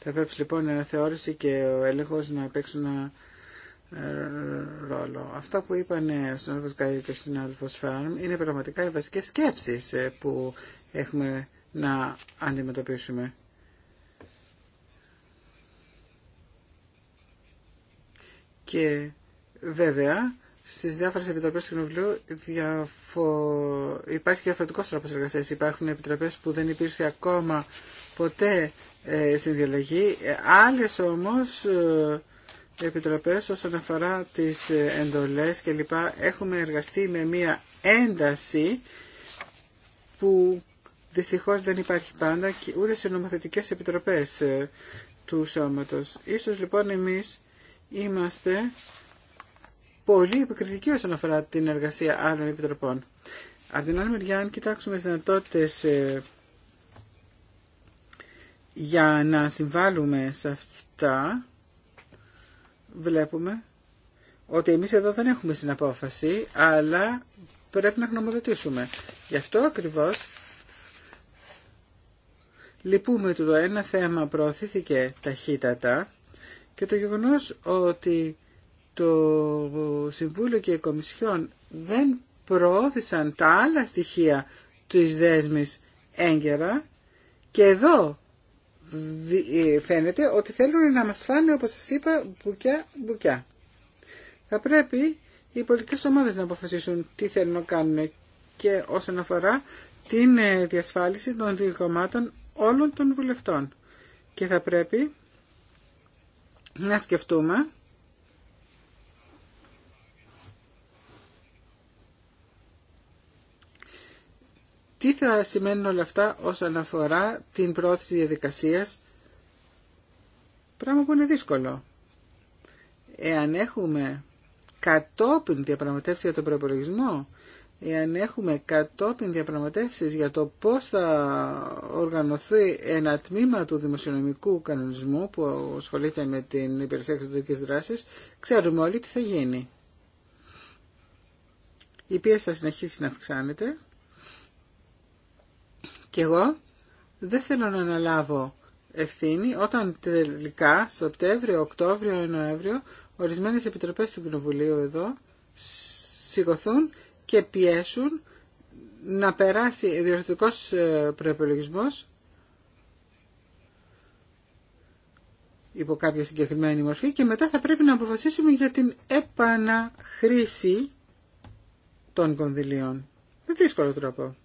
Θα πρέπει λοιπόν η αναθεώρηση και ο έλεγχος να παίξουν ε, ρόλο. Αυτά που είπαν ο συνάδελφος Γκάιου και ο συνάδελφος Φάρμ είναι πραγματικά οι βασικές σκέψεις ε, που έχουμε να αντιμετωπίσουμε. Και βέβαια στις διάφορες επιτροπές του Κοινοβουλίου διαφο... υπάρχει διαφορετικός τρόπος εργασίας. Υπάρχουν επιτροπές που δεν υπήρξε ακόμα ποτέ ε, Άλλε Άλλες όμως... Ε, επιτροπές όσον αφορά τις ε, εντολές και λοιπά έχουμε εργαστεί με μία ένταση που δυστυχώς δεν υπάρχει πάντα και ούτε σε νομοθετικές επιτροπές ε, του σώματος. Ίσως λοιπόν εμείς είμαστε πολύ επικριτικοί όσον αφορά την εργασία άλλων επιτροπών. Από την άλλη μεριά, αν κοιτάξουμε τις δυνατότητες ε, για να συμβάλλουμε σε αυτά, βλέπουμε ότι εμείς εδώ δεν έχουμε συναπόφαση, αλλά πρέπει να γνωμοδοτήσουμε. Γι' αυτό ακριβώς λυπούμε ότι το ένα θέμα προωθήθηκε ταχύτατα και το γεγονός ότι το Συμβούλιο και η Κομισιόν δεν προώθησαν τα άλλα στοιχεία της δέσμης έγκαιρα και εδώ ε, φαίνεται ότι θέλουν να μας φάνε, όπως σας είπα, μπουκιά, μπουκιά. Θα πρέπει οι πολιτικές ομάδες να αποφασίσουν τι θέλουν να κάνουν και όσον αφορά την ε, διασφάλιση των δικαιωμάτων όλων των βουλευτών. Και θα πρέπει να σκεφτούμε Τι θα σημαίνουν όλα αυτά όσον αφορά την πρόθεση διαδικασίας, πράγμα που είναι δύσκολο. Εάν έχουμε κατόπιν διαπραγματεύσει για τον προπολογισμό, εάν έχουμε κατόπιν διαπραγματεύσεις για το πώς θα οργανωθεί ένα τμήμα του δημοσιονομικού κανονισμού που ασχολείται με την υπηρεσία εξωτερικής δράσης, ξέρουμε όλοι τι θα γίνει. Η πίεση θα συνεχίσει να αυξάνεται και εγώ δεν θέλω να αναλάβω ευθύνη όταν τελικά Σεπτέμβριο, Οκτώβριο, Νοέμβριο ορισμένες επιτροπές του Κοινοβουλίου εδώ σηκωθούν και πιέσουν να περάσει διορθωτικός ε, προϋπολογισμός υπό κάποια συγκεκριμένη μορφή και μετά θα πρέπει να αποφασίσουμε για την επαναχρήση των κονδυλίων. Με δύσκολο τρόπο.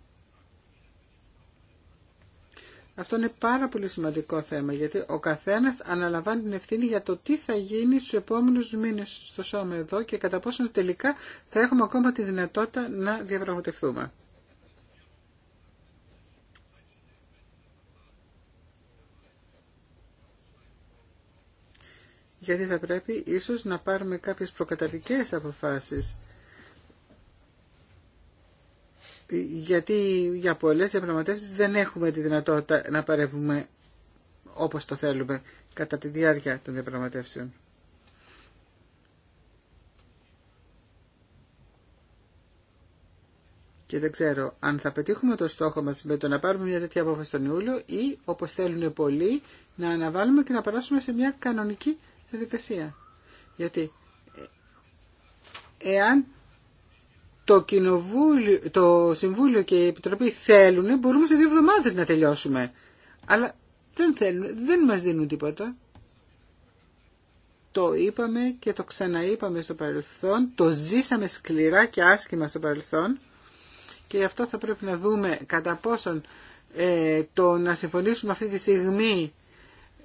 Αυτό είναι πάρα πολύ σημαντικό θέμα γιατί ο καθένας αναλαμβάνει την ευθύνη για το τι θα γίνει στους επόμενους μήνες στο σώμα εδώ και κατά πόσο τελικά θα έχουμε ακόμα τη δυνατότητα να διαπραγματευτούμε. Γιατί θα πρέπει ίσως να πάρουμε κάποιες προκαταρτικές αποφάσεις γιατί για πολλές διαπραγματεύσεις δεν έχουμε τη δυνατότητα να παρεύουμε όπως το θέλουμε κατά τη διάρκεια των διαπραγματεύσεων. Και δεν ξέρω αν θα πετύχουμε το στόχο μας με το να πάρουμε μια τέτοια απόφαση τον Ιούλιο ή όπως θέλουν πολλοί να αναβάλουμε και να περάσουμε σε μια κανονική διαδικασία. Γιατί ε, εάν το, κοινοβούλιο, το Συμβούλιο και η Επιτροπή θέλουν, μπορούμε σε δύο εβδομάδες να τελειώσουμε. Αλλά δεν θέλουν, δεν μας δίνουν τίποτα. Το είπαμε και το ξαναείπαμε στο παρελθόν, το ζήσαμε σκληρά και άσχημα στο παρελθόν και γι' αυτό θα πρέπει να δούμε κατά πόσον ε, το να συμφωνήσουμε αυτή τη στιγμή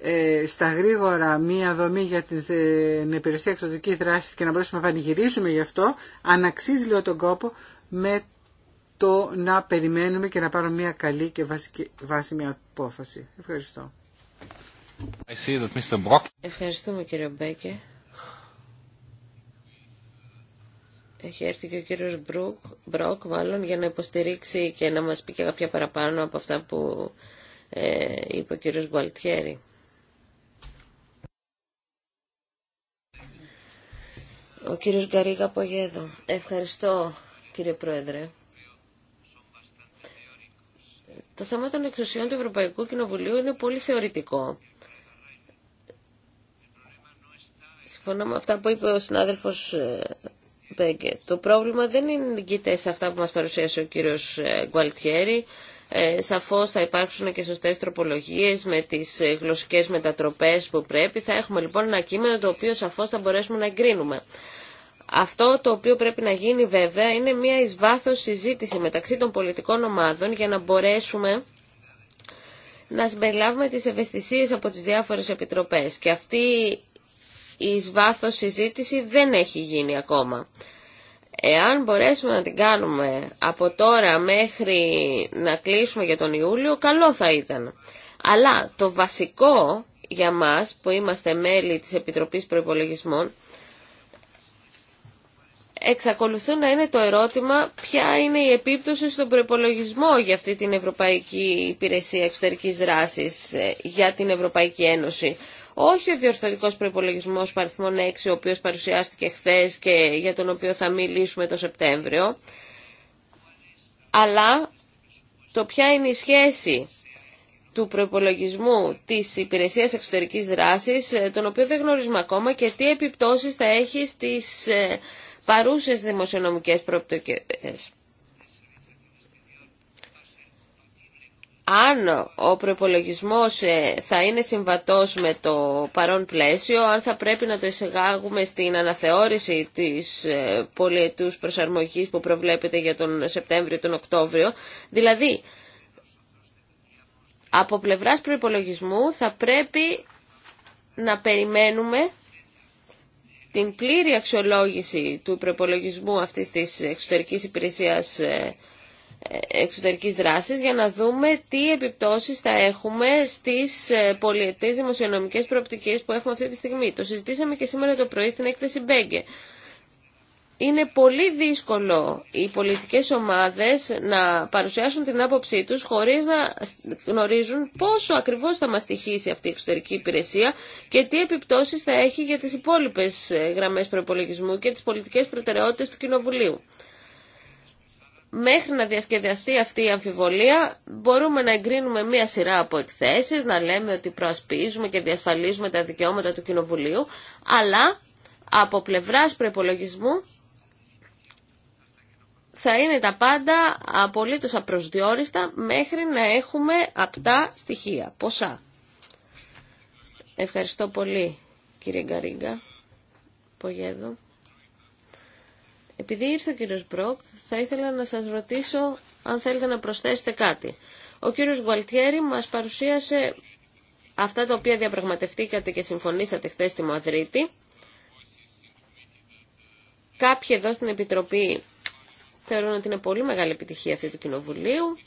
ε, στα γρήγορα μία δομή για την ε, υπηρεσία εξωτερική δράση και να μπορέσουμε να πανηγυρίσουμε γι' αυτό, αναξίζει λέω τον κόπο με το να περιμένουμε και να πάρουμε μία καλή και βασική, βάσιμη απόφαση. Ευχαριστώ. Ευχαριστούμε κύριο Μπέκε. Έχει έρθει και ο κύριος Μπρουκ, Μπροκ βάλλον για να υποστηρίξει και να μας πει και κάποια παραπάνω από αυτά που ε, είπε ο κύριος Γκουαλτιέρη. Ο κύριος Γκαρίγα Πογέδο. Ευχαριστώ κύριε Πρόεδρε. Το θέμα των εξουσιών του Ευρωπαϊκού Κοινοβουλίου είναι πολύ θεωρητικό. Συμφωνώ με αυτά που είπε ο συνάδελφος ε, Μπέγκε. Το πρόβλημα δεν είναι σε αυτά που μας παρουσίασε ο κύριος ε, Γκουαλτιέρη. Ε, σαφώς θα υπάρξουν και σωστές τροπολογίες με τις ε, γλωσσικές μετατροπές που πρέπει. Θα έχουμε λοιπόν ένα κείμενο το οποίο σαφώς θα μπορέσουμε να εγκρίνουμε. Αυτό το οποίο πρέπει να γίνει βέβαια είναι μια εις βάθος συζήτηση μεταξύ των πολιτικών ομάδων για να μπορέσουμε να συμπεριλάβουμε τις ευαισθησίες από τις διάφορες επιτροπές και αυτή η εις συζήτηση δεν έχει γίνει ακόμα. Εάν μπορέσουμε να την κάνουμε από τώρα μέχρι να κλείσουμε για τον Ιούλιο, καλό θα ήταν. Αλλά το βασικό για μας που είμαστε μέλη της Επιτροπής Προϋπολογισμών εξακολουθούν να είναι το ερώτημα ποια είναι η επίπτωση στον προπολογισμό για αυτή την Ευρωπαϊκή Υπηρεσία Εξωτερικής Δράσης ε, για την Ευρωπαϊκή Ένωση. Όχι ο διορθωτικός προπολογισμό παριθμών 6, ο οποίος παρουσιάστηκε χθε και για τον οποίο θα μιλήσουμε το Σεπτέμβριο, αλλά το ποια είναι η σχέση του προπολογισμού της Υπηρεσίας Εξωτερικής Δράσης, ε, τον οποίο δεν γνωρίζουμε ακόμα και τι επιπτώσεις θα έχει στις ε, παρούσες δημοσιονομικές προοπτικές. αν ο προπολογισμό ε, θα είναι συμβατός με το παρόν πλαίσιο, αν θα πρέπει να το εισεγάγουμε στην αναθεώρηση της ε, πολιετούς προσαρμογής που προβλέπεται για τον Σεπτέμβριο τον Οκτώβριο. Δηλαδή, από πλευράς προπολογισμού θα πρέπει να περιμένουμε την πλήρη αξιολόγηση του προπολογισμού αυτής της εξωτερικής υπηρεσίας ε, ε, εξωτερικής δράσης για να δούμε τι επιπτώσεις θα έχουμε στις ε, πολιετές δημοσιονομικές προοπτικές που έχουμε αυτή τη στιγμή. Το συζητήσαμε και σήμερα το πρωί στην έκθεση Μπέγκε είναι πολύ δύσκολο οι πολιτικές ομάδες να παρουσιάσουν την άποψή τους χωρίς να γνωρίζουν πόσο ακριβώς θα μας στοιχήσει αυτή η εξωτερική υπηρεσία και τι επιπτώσεις θα έχει για τις υπόλοιπες ε, γραμμές προπολογισμού και τις πολιτικές προτεραιότητες του Κοινοβουλίου. Μέχρι να διασκεδαστεί αυτή η αμφιβολία μπορούμε να εγκρίνουμε μία σειρά από εκθέσεις, να λέμε ότι προασπίζουμε και διασφαλίζουμε τα δικαιώματα του Κοινοβουλίου, αλλά από πλευράς προπολογισμού θα είναι τα πάντα απολύτως απροσδιόριστα μέχρι να έχουμε απτά στοιχεία, ποσά. Ευχαριστώ πολύ κύριε Γκαρίγκα. Επειδή ήρθε ο κύριος Μπροκ, θα ήθελα να σας ρωτήσω αν θέλετε να προσθέσετε κάτι. Ο κύριος Γουαλτιέρη μας παρουσίασε αυτά τα οποία διαπραγματευτήκατε και συμφωνήσατε χθες στη Μαδρίτη. Κάποιοι εδώ στην Επιτροπή Θεωρούν ότι είναι πολύ μεγάλη επιτυχία αυτή του Κοινοβουλίου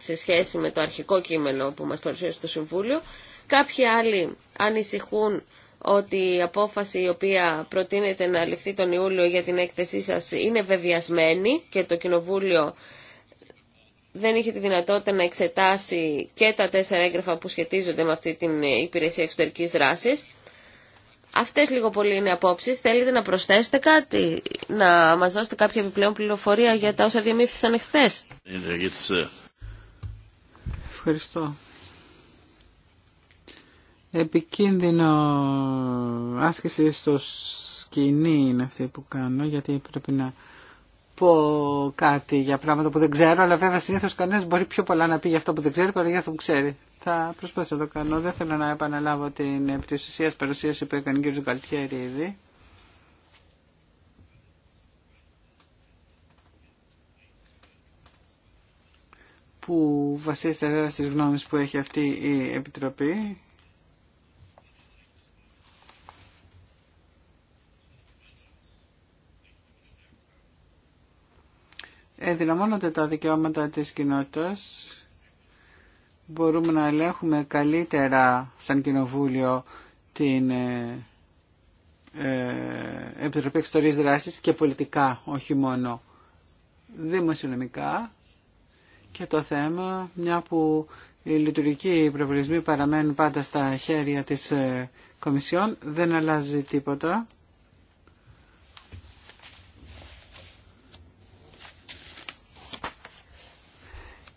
σε σχέση με το αρχικό κείμενο που μας παρουσίασε το Συμβούλιο. Κάποιοι άλλοι ανησυχούν ότι η απόφαση η οποία προτείνεται να ληφθεί τον Ιούλιο για την έκθεσή σας είναι βεβαιασμένη και το Κοινοβούλιο δεν είχε τη δυνατότητα να εξετάσει και τα τέσσερα έγγραφα που σχετίζονται με αυτή την υπηρεσία εξωτερικής δράσης. Αυτές λίγο πολύ είναι οι απόψεις. Θέλετε να προσθέσετε κάτι, να μας δώσετε κάποια επιπλέον πληροφορία για τα όσα διαμήθησαν εχθές. Ε, Ευχαριστώ. Επικίνδυνο άσκηση στο σκηνή είναι αυτή που κάνω, γιατί πρέπει να πω κάτι για πράγματα που δεν ξέρω, αλλά βέβαια συνήθως κανένας μπορεί πιο πολλά να πει για αυτό που δεν ξέρει παρά για αυτό που ξέρει. Θα προσπαθήσω να το κάνω. Δεν θέλω να επαναλάβω την επιτυχία παρουσίαση που έκανε ο κ. Καλτιέρη ήδη. που βασίζεται στις γνώμες που έχει αυτή η Επιτροπή. Ενδυναμώνονται τα δικαιώματα της κοινότητας μπορούμε να ελέγχουμε καλύτερα σαν κοινοβούλιο την ε, ε, Επιτροπή Εξωτερικής Δράσης και πολιτικά, όχι μόνο δημοσιονομικά. Και το θέμα, μια που οι λειτουργικοί προβλησμοί παραμένουν πάντα στα χέρια της ε, Κομισιόν, δεν αλλάζει τίποτα.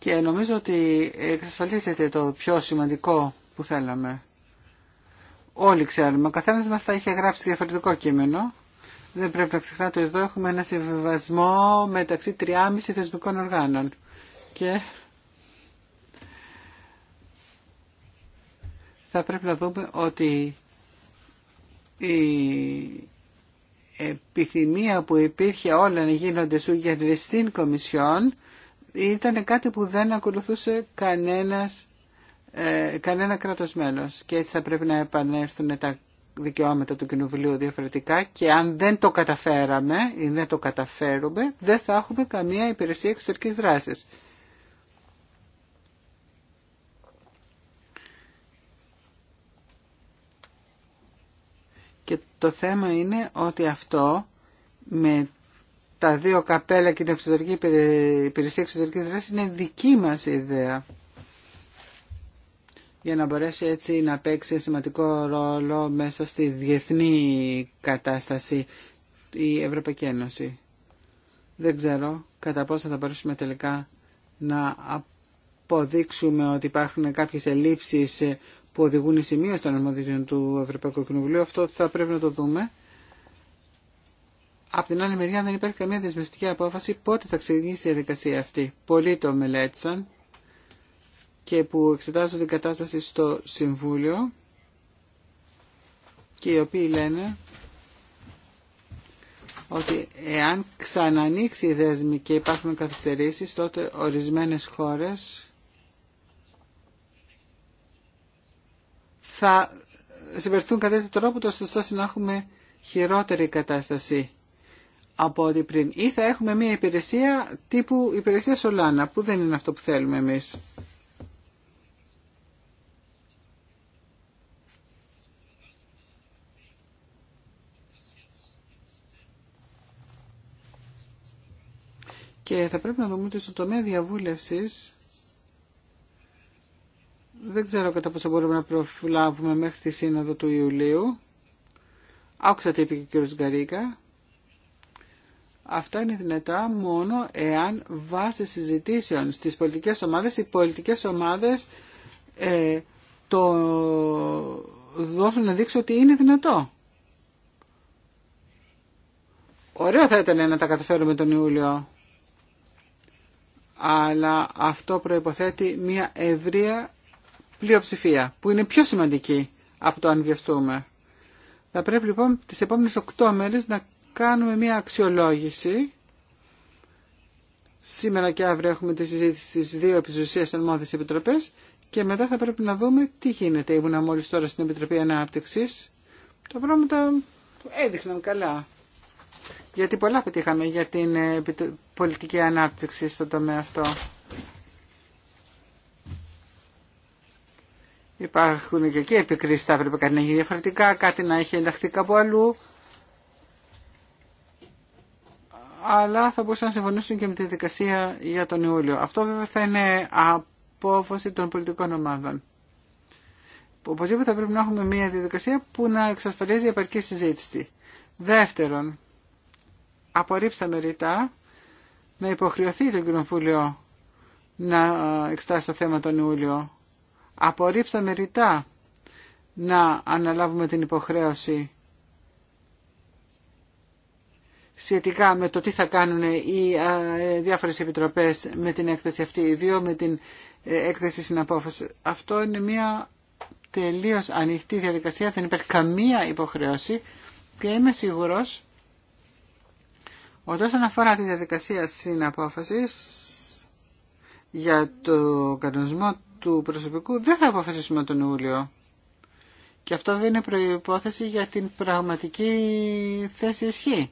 Και νομίζω ότι εξασφαλίζεται το πιο σημαντικό που θέλαμε. Όλοι ξέρουμε, ο καθένα μα θα είχε γράψει διαφορετικό κείμενο. Δεν πρέπει να ξεχνάτε ότι εδώ έχουμε ένα συμβιβασμό μεταξύ 3,5 θεσμικών οργάνων. Και θα πρέπει να δούμε ότι η επιθυμία που υπήρχε όλα να γίνονται σου στην Κομισιόν ήταν κάτι που δεν ακολουθούσε κανένας, ε, κανένα κράτος μέλος και έτσι θα πρέπει να επανέλθουν τα δικαιώματα του Κοινοβουλίου διαφορετικά και αν δεν το καταφέραμε ή δεν το καταφέρουμε δεν θα έχουμε καμία υπηρεσία εξωτερικής δράσης. Και το θέμα είναι ότι αυτό με τα δύο καπέλα και την εξωτερική υπηρεσία εξωτερική δράση είναι δική μας ιδέα για να μπορέσει έτσι να παίξει σημαντικό ρόλο μέσα στη διεθνή κατάσταση η Ευρωπαϊκή Ένωση. Δεν ξέρω κατά πόσο θα μπορέσουμε τελικά να αποδείξουμε ότι υπάρχουν κάποιες ελλείψεις που οδηγούν οι σημεία των αρμοδιών του Ευρωπαϊκού Κοινοβουλίου. Αυτό θα πρέπει να το δούμε. Απ' την άλλη μεριά δεν υπάρχει καμία δεσμευτική απόφαση πότε θα ξεκινήσει η διαδικασία αυτή. Πολλοί το μελέτησαν και που εξετάζουν την κατάσταση στο Συμβούλιο και οι οποίοι λένε ότι εάν ξανανοίξει η δέσμη και υπάρχουν καθυστερήσεις, τότε ορισμένες χώρες θα συμπεριθούν κατά τέτοιο τρόπο, ώστε να έχουμε χειρότερη κατάσταση από ό,τι πριν. Ή θα έχουμε μια υπηρεσία τύπου υπηρεσία Σολάνα, που δεν είναι αυτό που θέλουμε εμείς. Και θα πρέπει να δούμε ότι στο τομέα διαβούλευσης δεν ξέρω κατά πόσο μπορούμε να προφυλάβουμε μέχρι τη σύνοδο του Ιουλίου. Άκουσα τι είπε και ο κ. Γκαρίκα. Αυτά είναι δυνατά μόνο εάν βάσει συζητήσεων στις πολιτικές ομάδες οι πολιτικές ομάδες ε, το δώσουν να δείξουν ότι είναι δυνατό. Ωραίο θα ήταν να τα καταφέρουμε τον Ιούλιο. Αλλά αυτό προϋποθέτει μια ευρεία πλειοψηφία που είναι πιο σημαντική από το αν βιαστούμε. Θα πρέπει λοιπόν τις επόμενες 8 μέρες να κάνουμε μία αξιολόγηση. Σήμερα και αύριο έχουμε τη συζήτηση στις δύο επιζουσίες αρμόδιες επιτροπές και μετά θα πρέπει να δούμε τι γίνεται. Ήμουν μόλις τώρα στην Επιτροπή Ανάπτυξης. Τα πράγματα έδειχναν καλά. Γιατί πολλά πετύχαμε για την ε, πολιτική ανάπτυξη στο τομέα αυτό. Υπάρχουν και εκεί επικρίσεις, θα έπρεπε κάτι να γίνει διαφορετικά, κάτι να έχει ενταχθεί κάπου αλλού. αλλά θα μπορούσαν να συμφωνήσουν και με τη δικασία για τον Ιούλιο. Αυτό βέβαια θα είναι απόφαση των πολιτικών ομάδων. Οπωσδήποτε θα πρέπει να έχουμε μια διαδικασία που να εξασφαλίζει επαρκή συζήτηση. Δεύτερον, απορρίψαμε ρητά να υποχρεωθεί το Κοινοβούλιο να εξτάσει το θέμα τον Ιούλιο. Απορρίψαμε ρητά να αναλάβουμε την υποχρέωση σχετικά με το τι θα κάνουν οι διάφορες επιτροπές με την έκθεση αυτή, δύο με την ε, έκθεση συναπόφαση. Αυτό είναι μια τελείως ανοιχτή διαδικασία, δεν υπάρχει καμία υποχρέωση και είμαι σίγουρος ότι όσον αφορά τη διαδικασία συναπόφασης για το κανονισμό του προσωπικού δεν θα αποφασίσουμε τον Ιούλιο. Και αυτό δεν είναι προϋπόθεση για την πραγματική θέση ισχύ.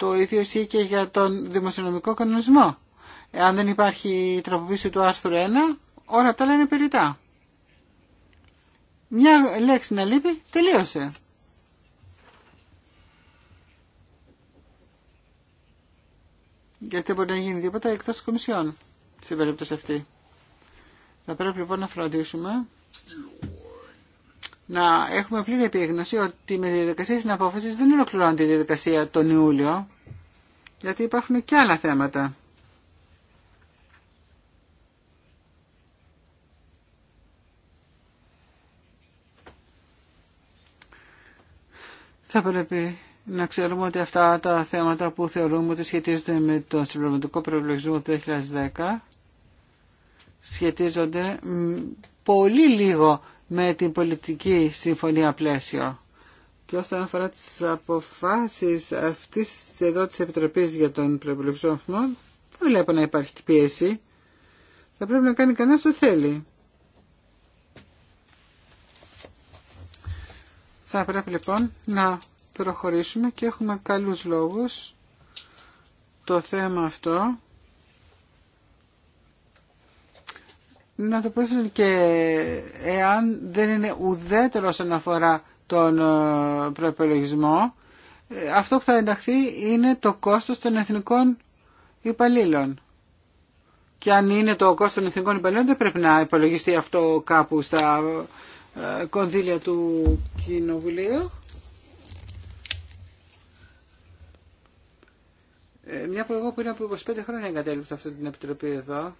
Το ίδιο ισχύει και για τον δημοσιονομικό κανονισμό. Αν δεν υπάρχει τροποποίηση του άρθρου 1, όλα αυτά λένε περιτά. Μια λέξη να λείπει, τελείωσε. Γιατί δεν μπορεί να γίνει τίποτα εκτός της Κομισιόν, σε περίπτωση αυτή. Θα πρέπει λοιπόν να φροντίσουμε να έχουμε πλήρη επίγνωση ότι με διαδικασία συναπόφασης δεν ολοκληρώνεται η διαδικασία τον Ιούλιο, γιατί υπάρχουν και άλλα θέματα. Θα πρέπει να ξέρουμε ότι αυτά τα θέματα που θεωρούμε ότι σχετίζονται με τον συμπληρωματικό προεκλογισμό του 2010 σχετίζονται πολύ λίγο με την πολιτική συμφωνία πλαίσιο. Και όσον αφορά τις αποφάσεις αυτής εδώ της Επιτροπής για τον προπολογισμό δεν βλέπω να υπάρχει πίεση. Θα πρέπει να κάνει κανένα ό,τι θέλει. Θα πρέπει λοιπόν να προχωρήσουμε και έχουμε καλούς λόγους το θέμα αυτό να το προσθέσουν και εάν δεν είναι ουδέτερο όσον αφορά τον ε, προπολογισμό, ε, αυτό που θα ενταχθεί είναι το κόστος των εθνικών υπαλλήλων. Και αν είναι το κόστος των εθνικών υπαλλήλων δεν πρέπει να υπολογιστεί αυτό κάπου στα ε, κονδύλια του Κοινοβουλίου. Μια που εγώ πριν από 25 χρόνια εγκατέλειψα αυτή την επιτροπή εδώ,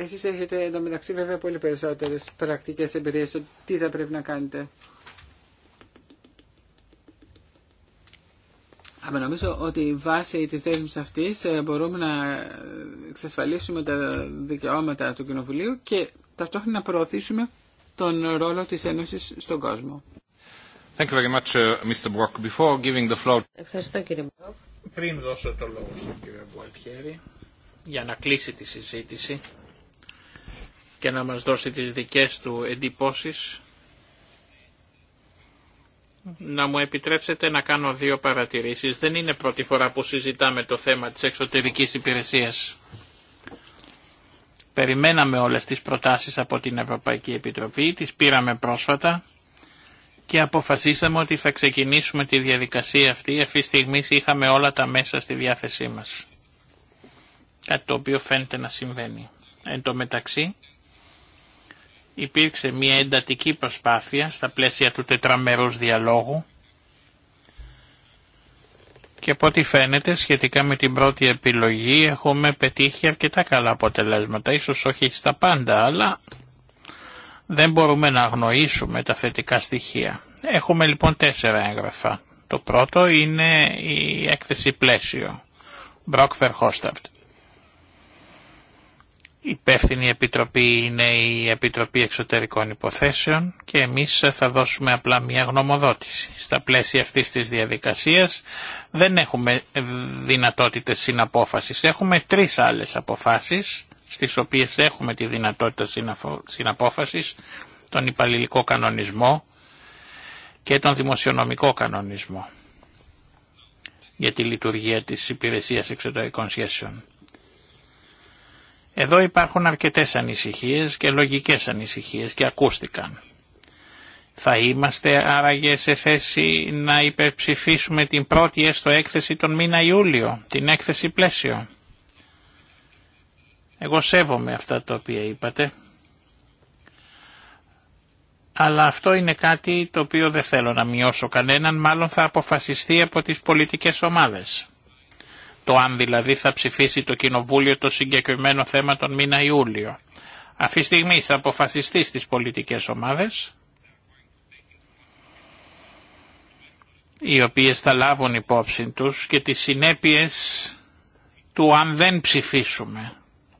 εσείς έχετε εντωμεταξύ βέβαια πολύ περισσότερες πρακτικές εμπειρίες στο τι θα πρέπει να κάνετε. Αλλά νομίζω ότι βάσει της δέσμης αυτής ε, μπορούμε να εξασφαλίσουμε τα δικαιώματα του Κοινοβουλίου και ταυτόχρονα να προωθήσουμε τον ρόλο της Ένωσης στον κόσμο. Thank you very much, uh, Mr. Brock. Before giving the floor... Ευχαριστώ κύριε Μπροκ. Πριν δώσω το λόγο στον κύριο Μπουαλτιέρη για να κλείσει τη συζήτηση, και να μας δώσει τις δικές του εντυπώσεις, να μου επιτρέψετε να κάνω δύο παρατηρήσεις. Δεν είναι πρώτη φορά που συζητάμε το θέμα της εξωτερικής υπηρεσίας. Περιμέναμε όλες τις προτάσεις από την Ευρωπαϊκή Επιτροπή, τις πήραμε πρόσφατα και αποφασίσαμε ότι θα ξεκινήσουμε τη διαδικασία αυτή, αυτή στιγμή είχαμε όλα τα μέσα στη διάθεσή μας. Κάτι το οποίο φαίνεται να συμβαίνει. Εν τω μεταξύ, υπήρξε μια εντατική προσπάθεια στα πλαίσια του τετραμερούς διαλόγου και από ό,τι φαίνεται σχετικά με την πρώτη επιλογή έχουμε πετύχει αρκετά καλά αποτελέσματα, ίσως όχι στα πάντα, αλλά δεν μπορούμε να αγνοήσουμε τα θετικά στοιχεία. Έχουμε λοιπόν τέσσερα έγγραφα. Το πρώτο είναι η έκθεση πλαίσιο, Brock η υπεύθυνη επιτροπή είναι η Επιτροπή Εξωτερικών Υποθέσεων και εμείς θα δώσουμε απλά μια γνωμοδότηση. Στα πλαίσια αυτής της διαδικασίας δεν έχουμε δυνατότητες συναπόφασης. Έχουμε τρεις άλλες αποφάσεις στις οποίες έχουμε τη δυνατότητα συναπόφασης, τον υπαλληλικό κανονισμό και τον δημοσιονομικό κανονισμό για τη λειτουργία της Υπηρεσίας Εξωτερικών Σχέσεων. Εδώ υπάρχουν αρκετές ανησυχίες και λογικές ανησυχίες και ακούστηκαν. Θα είμαστε άραγε σε θέση να υπερψηφίσουμε την πρώτη έστω έκθεση τον μήνα Ιούλιο, την έκθεση πλαίσιο. Εγώ σέβομαι αυτά τα οποία είπατε, αλλά αυτό είναι κάτι το οποίο δεν θέλω να μειώσω κανέναν, μάλλον θα αποφασιστεί από τις πολιτικές ομάδες το αν δηλαδή θα ψηφίσει το Κοινοβούλιο το συγκεκριμένο θέμα τον μήνα Ιούλιο. Αυτή τη στιγμή θα αποφασιστεί στις πολιτικές ομάδες, οι οποίες θα λάβουν υπόψη τους και τις συνέπειες του αν δεν ψηφίσουμε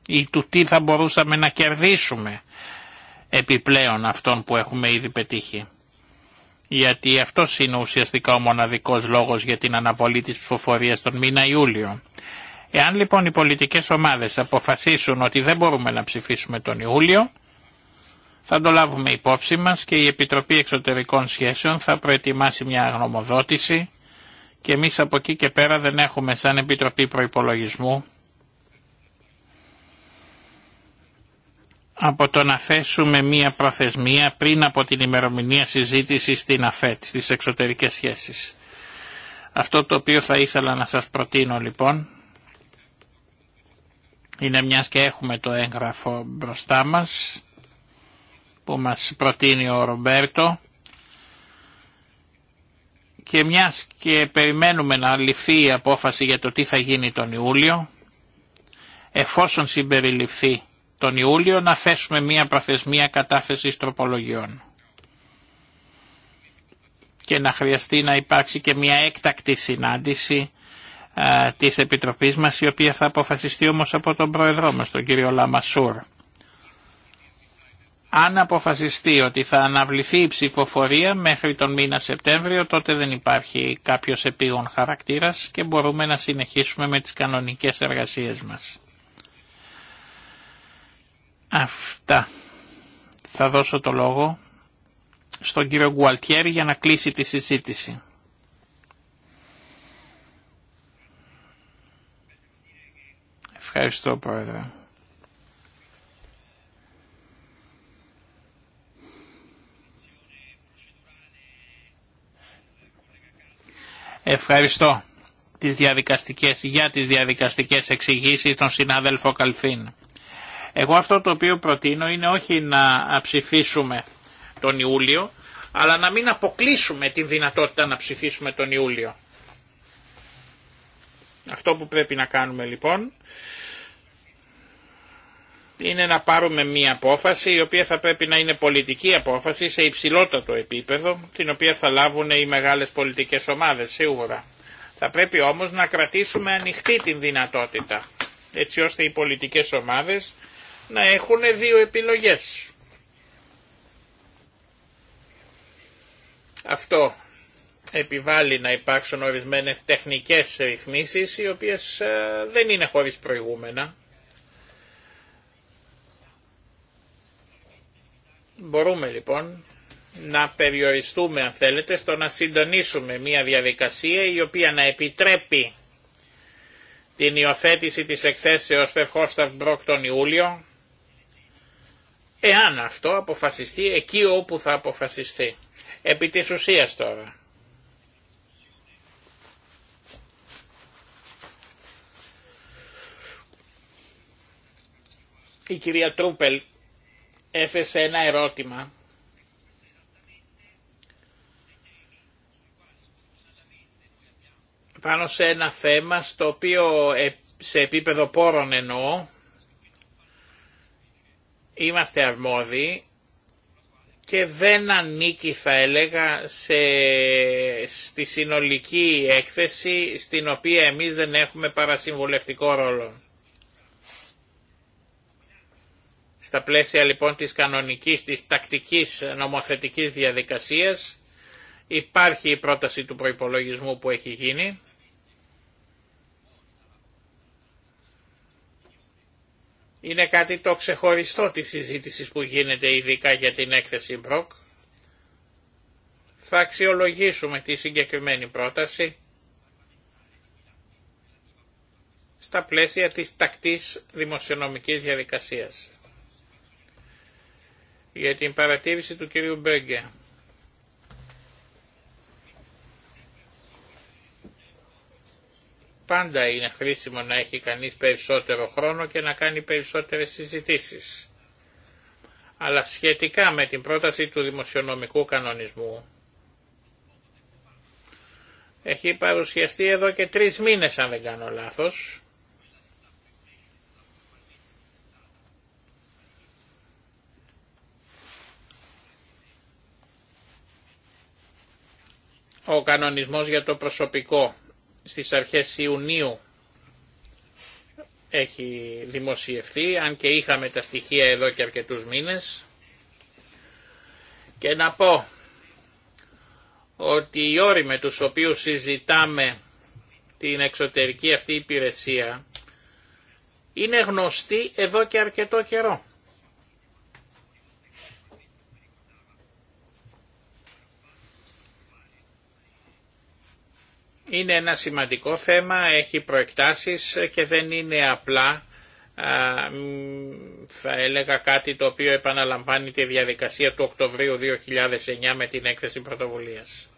ή του τι θα μπορούσαμε να κερδίσουμε επιπλέον αυτών που έχουμε ήδη πετύχει γιατί αυτό είναι ουσιαστικά ο μοναδικός λόγος για την αναβολή της ψηφοφορία τον μήνα Ιούλιο. Εάν λοιπόν οι πολιτικές ομάδες αποφασίσουν ότι δεν μπορούμε να ψηφίσουμε τον Ιούλιο, θα το λάβουμε υπόψη μας και η Επιτροπή Εξωτερικών Σχέσεων θα προετοιμάσει μια γνωμοδότηση και εμείς από εκεί και πέρα δεν έχουμε σαν Επιτροπή προπολογισμού. από το να θέσουμε μία προθεσμία πριν από την ημερομηνία συζήτηση στην ΑΦΕΤ, στις εξωτερικές σχέσεις. Αυτό το οποίο θα ήθελα να σας προτείνω λοιπόν, είναι μιας και έχουμε το έγγραφο μπροστά μας, που μας προτείνει ο Ρομπέρτο, και μιας και περιμένουμε να ληφθεί η απόφαση για το τι θα γίνει τον Ιούλιο, εφόσον συμπεριληφθεί τον Ιούλιο να θέσουμε μία προθεσμία κατάθεση τροπολογιών και να χρειαστεί να υπάρξει και μία έκτακτη συνάντηση α, της Επιτροπής μας η οποία θα αποφασιστεί όμως από τον Πρόεδρό μας, τον κύριο Λαμασούρ. Αν αποφασιστεί ότι θα αναβληθεί η ψηφοφορία μέχρι τον μήνα Σεπτέμβριο, τότε δεν υπάρχει κάποιος επίγον χαρακτήρας και μπορούμε να συνεχίσουμε με τις κανονικές εργασίες μας. Αυτά. Θα δώσω το λόγο στον κύριο Γκουαλτιέρη για να κλείσει τη συζήτηση. Ευχαριστώ Πρόεδρε. Ευχαριστώ τις διαδικαστικές, για τις διαδικαστικές εξηγήσεις των συνάδελφων Καλφίν. Εγώ αυτό το οποίο προτείνω είναι όχι να ψηφίσουμε τον Ιούλιο, αλλά να μην αποκλείσουμε την δυνατότητα να ψηφίσουμε τον Ιούλιο. Αυτό που πρέπει να κάνουμε λοιπόν είναι να πάρουμε μία απόφαση η οποία θα πρέπει να είναι πολιτική απόφαση σε υψηλότατο επίπεδο την οποία θα λάβουν οι μεγάλες πολιτικές ομάδες σίγουρα. Θα πρέπει όμως να κρατήσουμε ανοιχτή την δυνατότητα έτσι ώστε οι πολιτικές ομάδες να έχουν δύο επιλογές. Αυτό επιβάλλει να υπάρξουν ορισμένες τεχνικές ρυθμίσεις οι οποίες ε, δεν είναι χωρίς προηγούμενα. Μπορούμε λοιπόν να περιοριστούμε αν θέλετε στο να συντονίσουμε μια διαδικασία η οποία να επιτρέπει την υιοθέτηση της εκθέσεως Φερχόσταυ Μπρόκ τον Ιούλιο εάν αυτό αποφασιστεί εκεί όπου θα αποφασιστεί. Επί της ουσίας τώρα. Η κυρία Τρούπελ έφεσε ένα ερώτημα πάνω σε ένα θέμα στο οποίο σε επίπεδο πόρων εννοώ είμαστε αρμόδιοι και δεν ανήκει θα έλεγα σε, στη συνολική έκθεση στην οποία εμείς δεν έχουμε παρασυμβουλευτικό ρόλο. Στα πλαίσια λοιπόν της κανονικής, της τακτικής νομοθετικής διαδικασίας υπάρχει η πρόταση του προϋπολογισμού που έχει γίνει Είναι κάτι το ξεχωριστό της συζήτησης που γίνεται ειδικά για την έκθεση Μπροκ. Θα αξιολογήσουμε τη συγκεκριμένη πρόταση στα πλαίσια της τακτής δημοσιονομικής διαδικασίας. Για την παρατήρηση του κυρίου Μπέγκε. πάντα είναι χρήσιμο να έχει κανείς περισσότερο χρόνο και να κάνει περισσότερες συζητήσεις. Αλλά σχετικά με την πρόταση του δημοσιονομικού κανονισμού, έχει παρουσιαστεί εδώ και τρεις μήνες αν δεν κάνω λάθος, ο κανονισμός για το προσωπικό στις αρχές Ιουνίου έχει δημοσιευθεί, αν και είχαμε τα στοιχεία εδώ και αρκετούς μήνες. Και να πω ότι οι όροι με τους οποίους συζητάμε την εξωτερική αυτή υπηρεσία είναι γνωστοί εδώ και αρκετό καιρό. Είναι ένα σημαντικό θέμα, έχει προεκτάσεις και δεν είναι απλά θα έλεγα κάτι το οποίο επαναλαμβάνει τη διαδικασία του Οκτωβρίου 2009 με την έκθεση πρωτοβουλίας.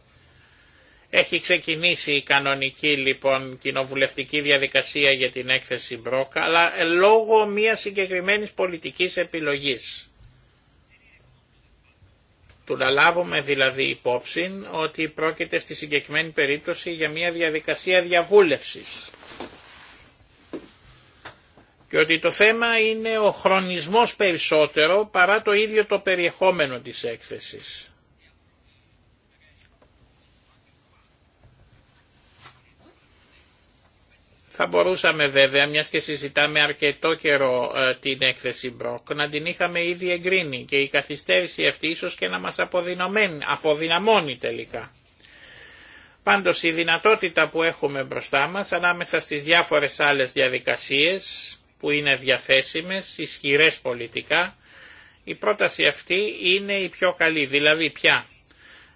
Έχει ξεκινήσει η κανονική λοιπόν κοινοβουλευτική διαδικασία για την έκθεση Μπρόκα, αλλά λόγω μία συγκεκριμένης πολιτικής επιλογής. Του να λάβουμε δηλαδή υπόψη ότι πρόκειται στη συγκεκριμένη περίπτωση για μια διαδικασία διαβούλευσης. Και ότι το θέμα είναι ο χρονισμός περισσότερο παρά το ίδιο το περιεχόμενο της έκθεσης. Θα μπορούσαμε βέβαια, μιας και συζητάμε αρκετό καιρό ε, την έκθεση Μπροκ, να την είχαμε ήδη εγκρίνει και η καθυστέρηση αυτή ίσως και να μας αποδυναμώνει τελικά. Πάντως η δυνατότητα που έχουμε μπροστά μας ανάμεσα στις διάφορες άλλες διαδικασίες που είναι διαθέσιμες, ισχυρές πολιτικά, η πρόταση αυτή είναι η πιο καλή, δηλαδή πια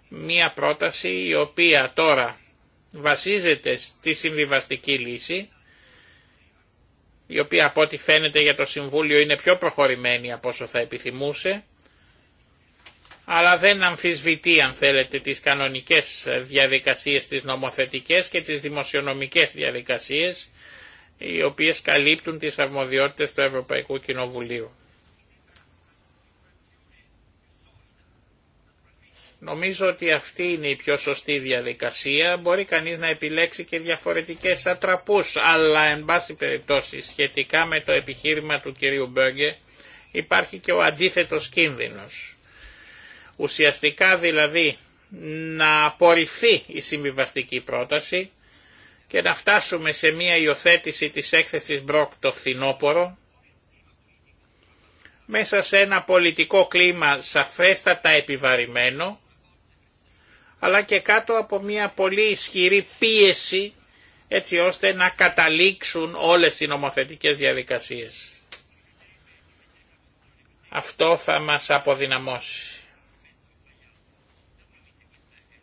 μία πρόταση η οποία τώρα βασίζεται στη συμβιβαστική λύση η οποία από ό,τι φαίνεται για το Συμβούλιο είναι πιο προχωρημένη από όσο θα επιθυμούσε, αλλά δεν αμφισβητεί αν θέλετε τις κανονικές διαδικασίες, τις νομοθετικές και τις δημοσιονομικές διαδικασίες, οι οποίες καλύπτουν τις αρμοδιότητες του Ευρωπαϊκού Κοινοβουλίου. Νομίζω ότι αυτή είναι η πιο σωστή διαδικασία. Μπορεί κανείς να επιλέξει και διαφορετικές ατραπούς, αλλά εν πάση περιπτώσει σχετικά με το επιχείρημα του κυρίου Μπέργκε υπάρχει και ο αντίθετος κίνδυνος. Ουσιαστικά δηλαδή να απορριφθεί η συμβιβαστική πρόταση και να φτάσουμε σε μία υιοθέτηση της έκθεσης Μπροκ το φθινόπωρο, μέσα σε ένα πολιτικό κλίμα σαφέστατα επιβαρημένο, αλλά και κάτω από μια πολύ ισχυρή πίεση έτσι ώστε να καταλήξουν όλες οι νομοθετικές διαδικασίες. Αυτό θα μας αποδυναμώσει.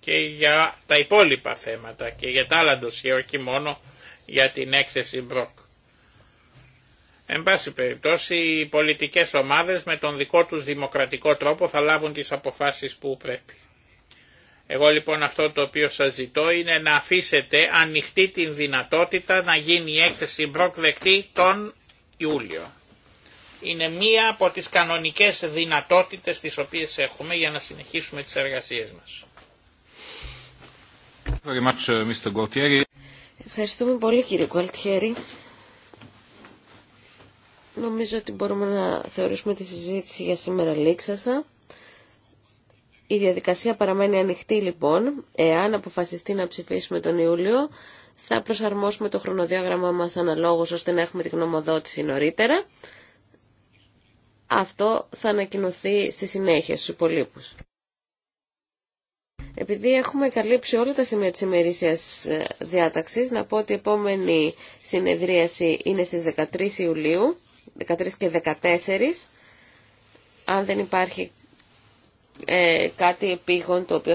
Και για τα υπόλοιπα θέματα και για τα άλλα και όχι μόνο για την έκθεση Μπροκ. Εν πάση περιπτώσει οι πολιτικές ομάδες με τον δικό τους δημοκρατικό τρόπο θα λάβουν τις αποφάσεις που πρέπει. Εγώ λοιπόν αυτό το οποίο σας ζητώ είναι να αφήσετε ανοιχτή την δυνατότητα να γίνει η έκθεση προκδεκτή τον Ιούλιο. Είναι μία από τις κανονικές δυνατότητες τις οποίες έχουμε για να συνεχίσουμε τις εργασίες μας. Uh, Ευχαριστούμε πολύ κύριε Κουαλτιέρη. Νομίζω ότι μπορούμε να θεωρήσουμε τη συζήτηση για σήμερα λήξασα. Η διαδικασία παραμένει ανοιχτή λοιπόν. Εάν αποφασιστεί να ψηφίσουμε τον Ιούλιο, θα προσαρμόσουμε το χρονοδιάγραμμα μας αναλόγως ώστε να έχουμε την γνωμοδότηση νωρίτερα. Αυτό θα ανακοινωθεί στη συνέχεια στους υπολείπους. Επειδή έχουμε καλύψει όλα τα σημεία της ημερήσιας ε, διάταξης, να πω ότι η επόμενη συνεδρίαση είναι στις 13 Ιουλίου, 13 και 14, αν δεν υπάρχει ε, κάτι επίγον το οποίο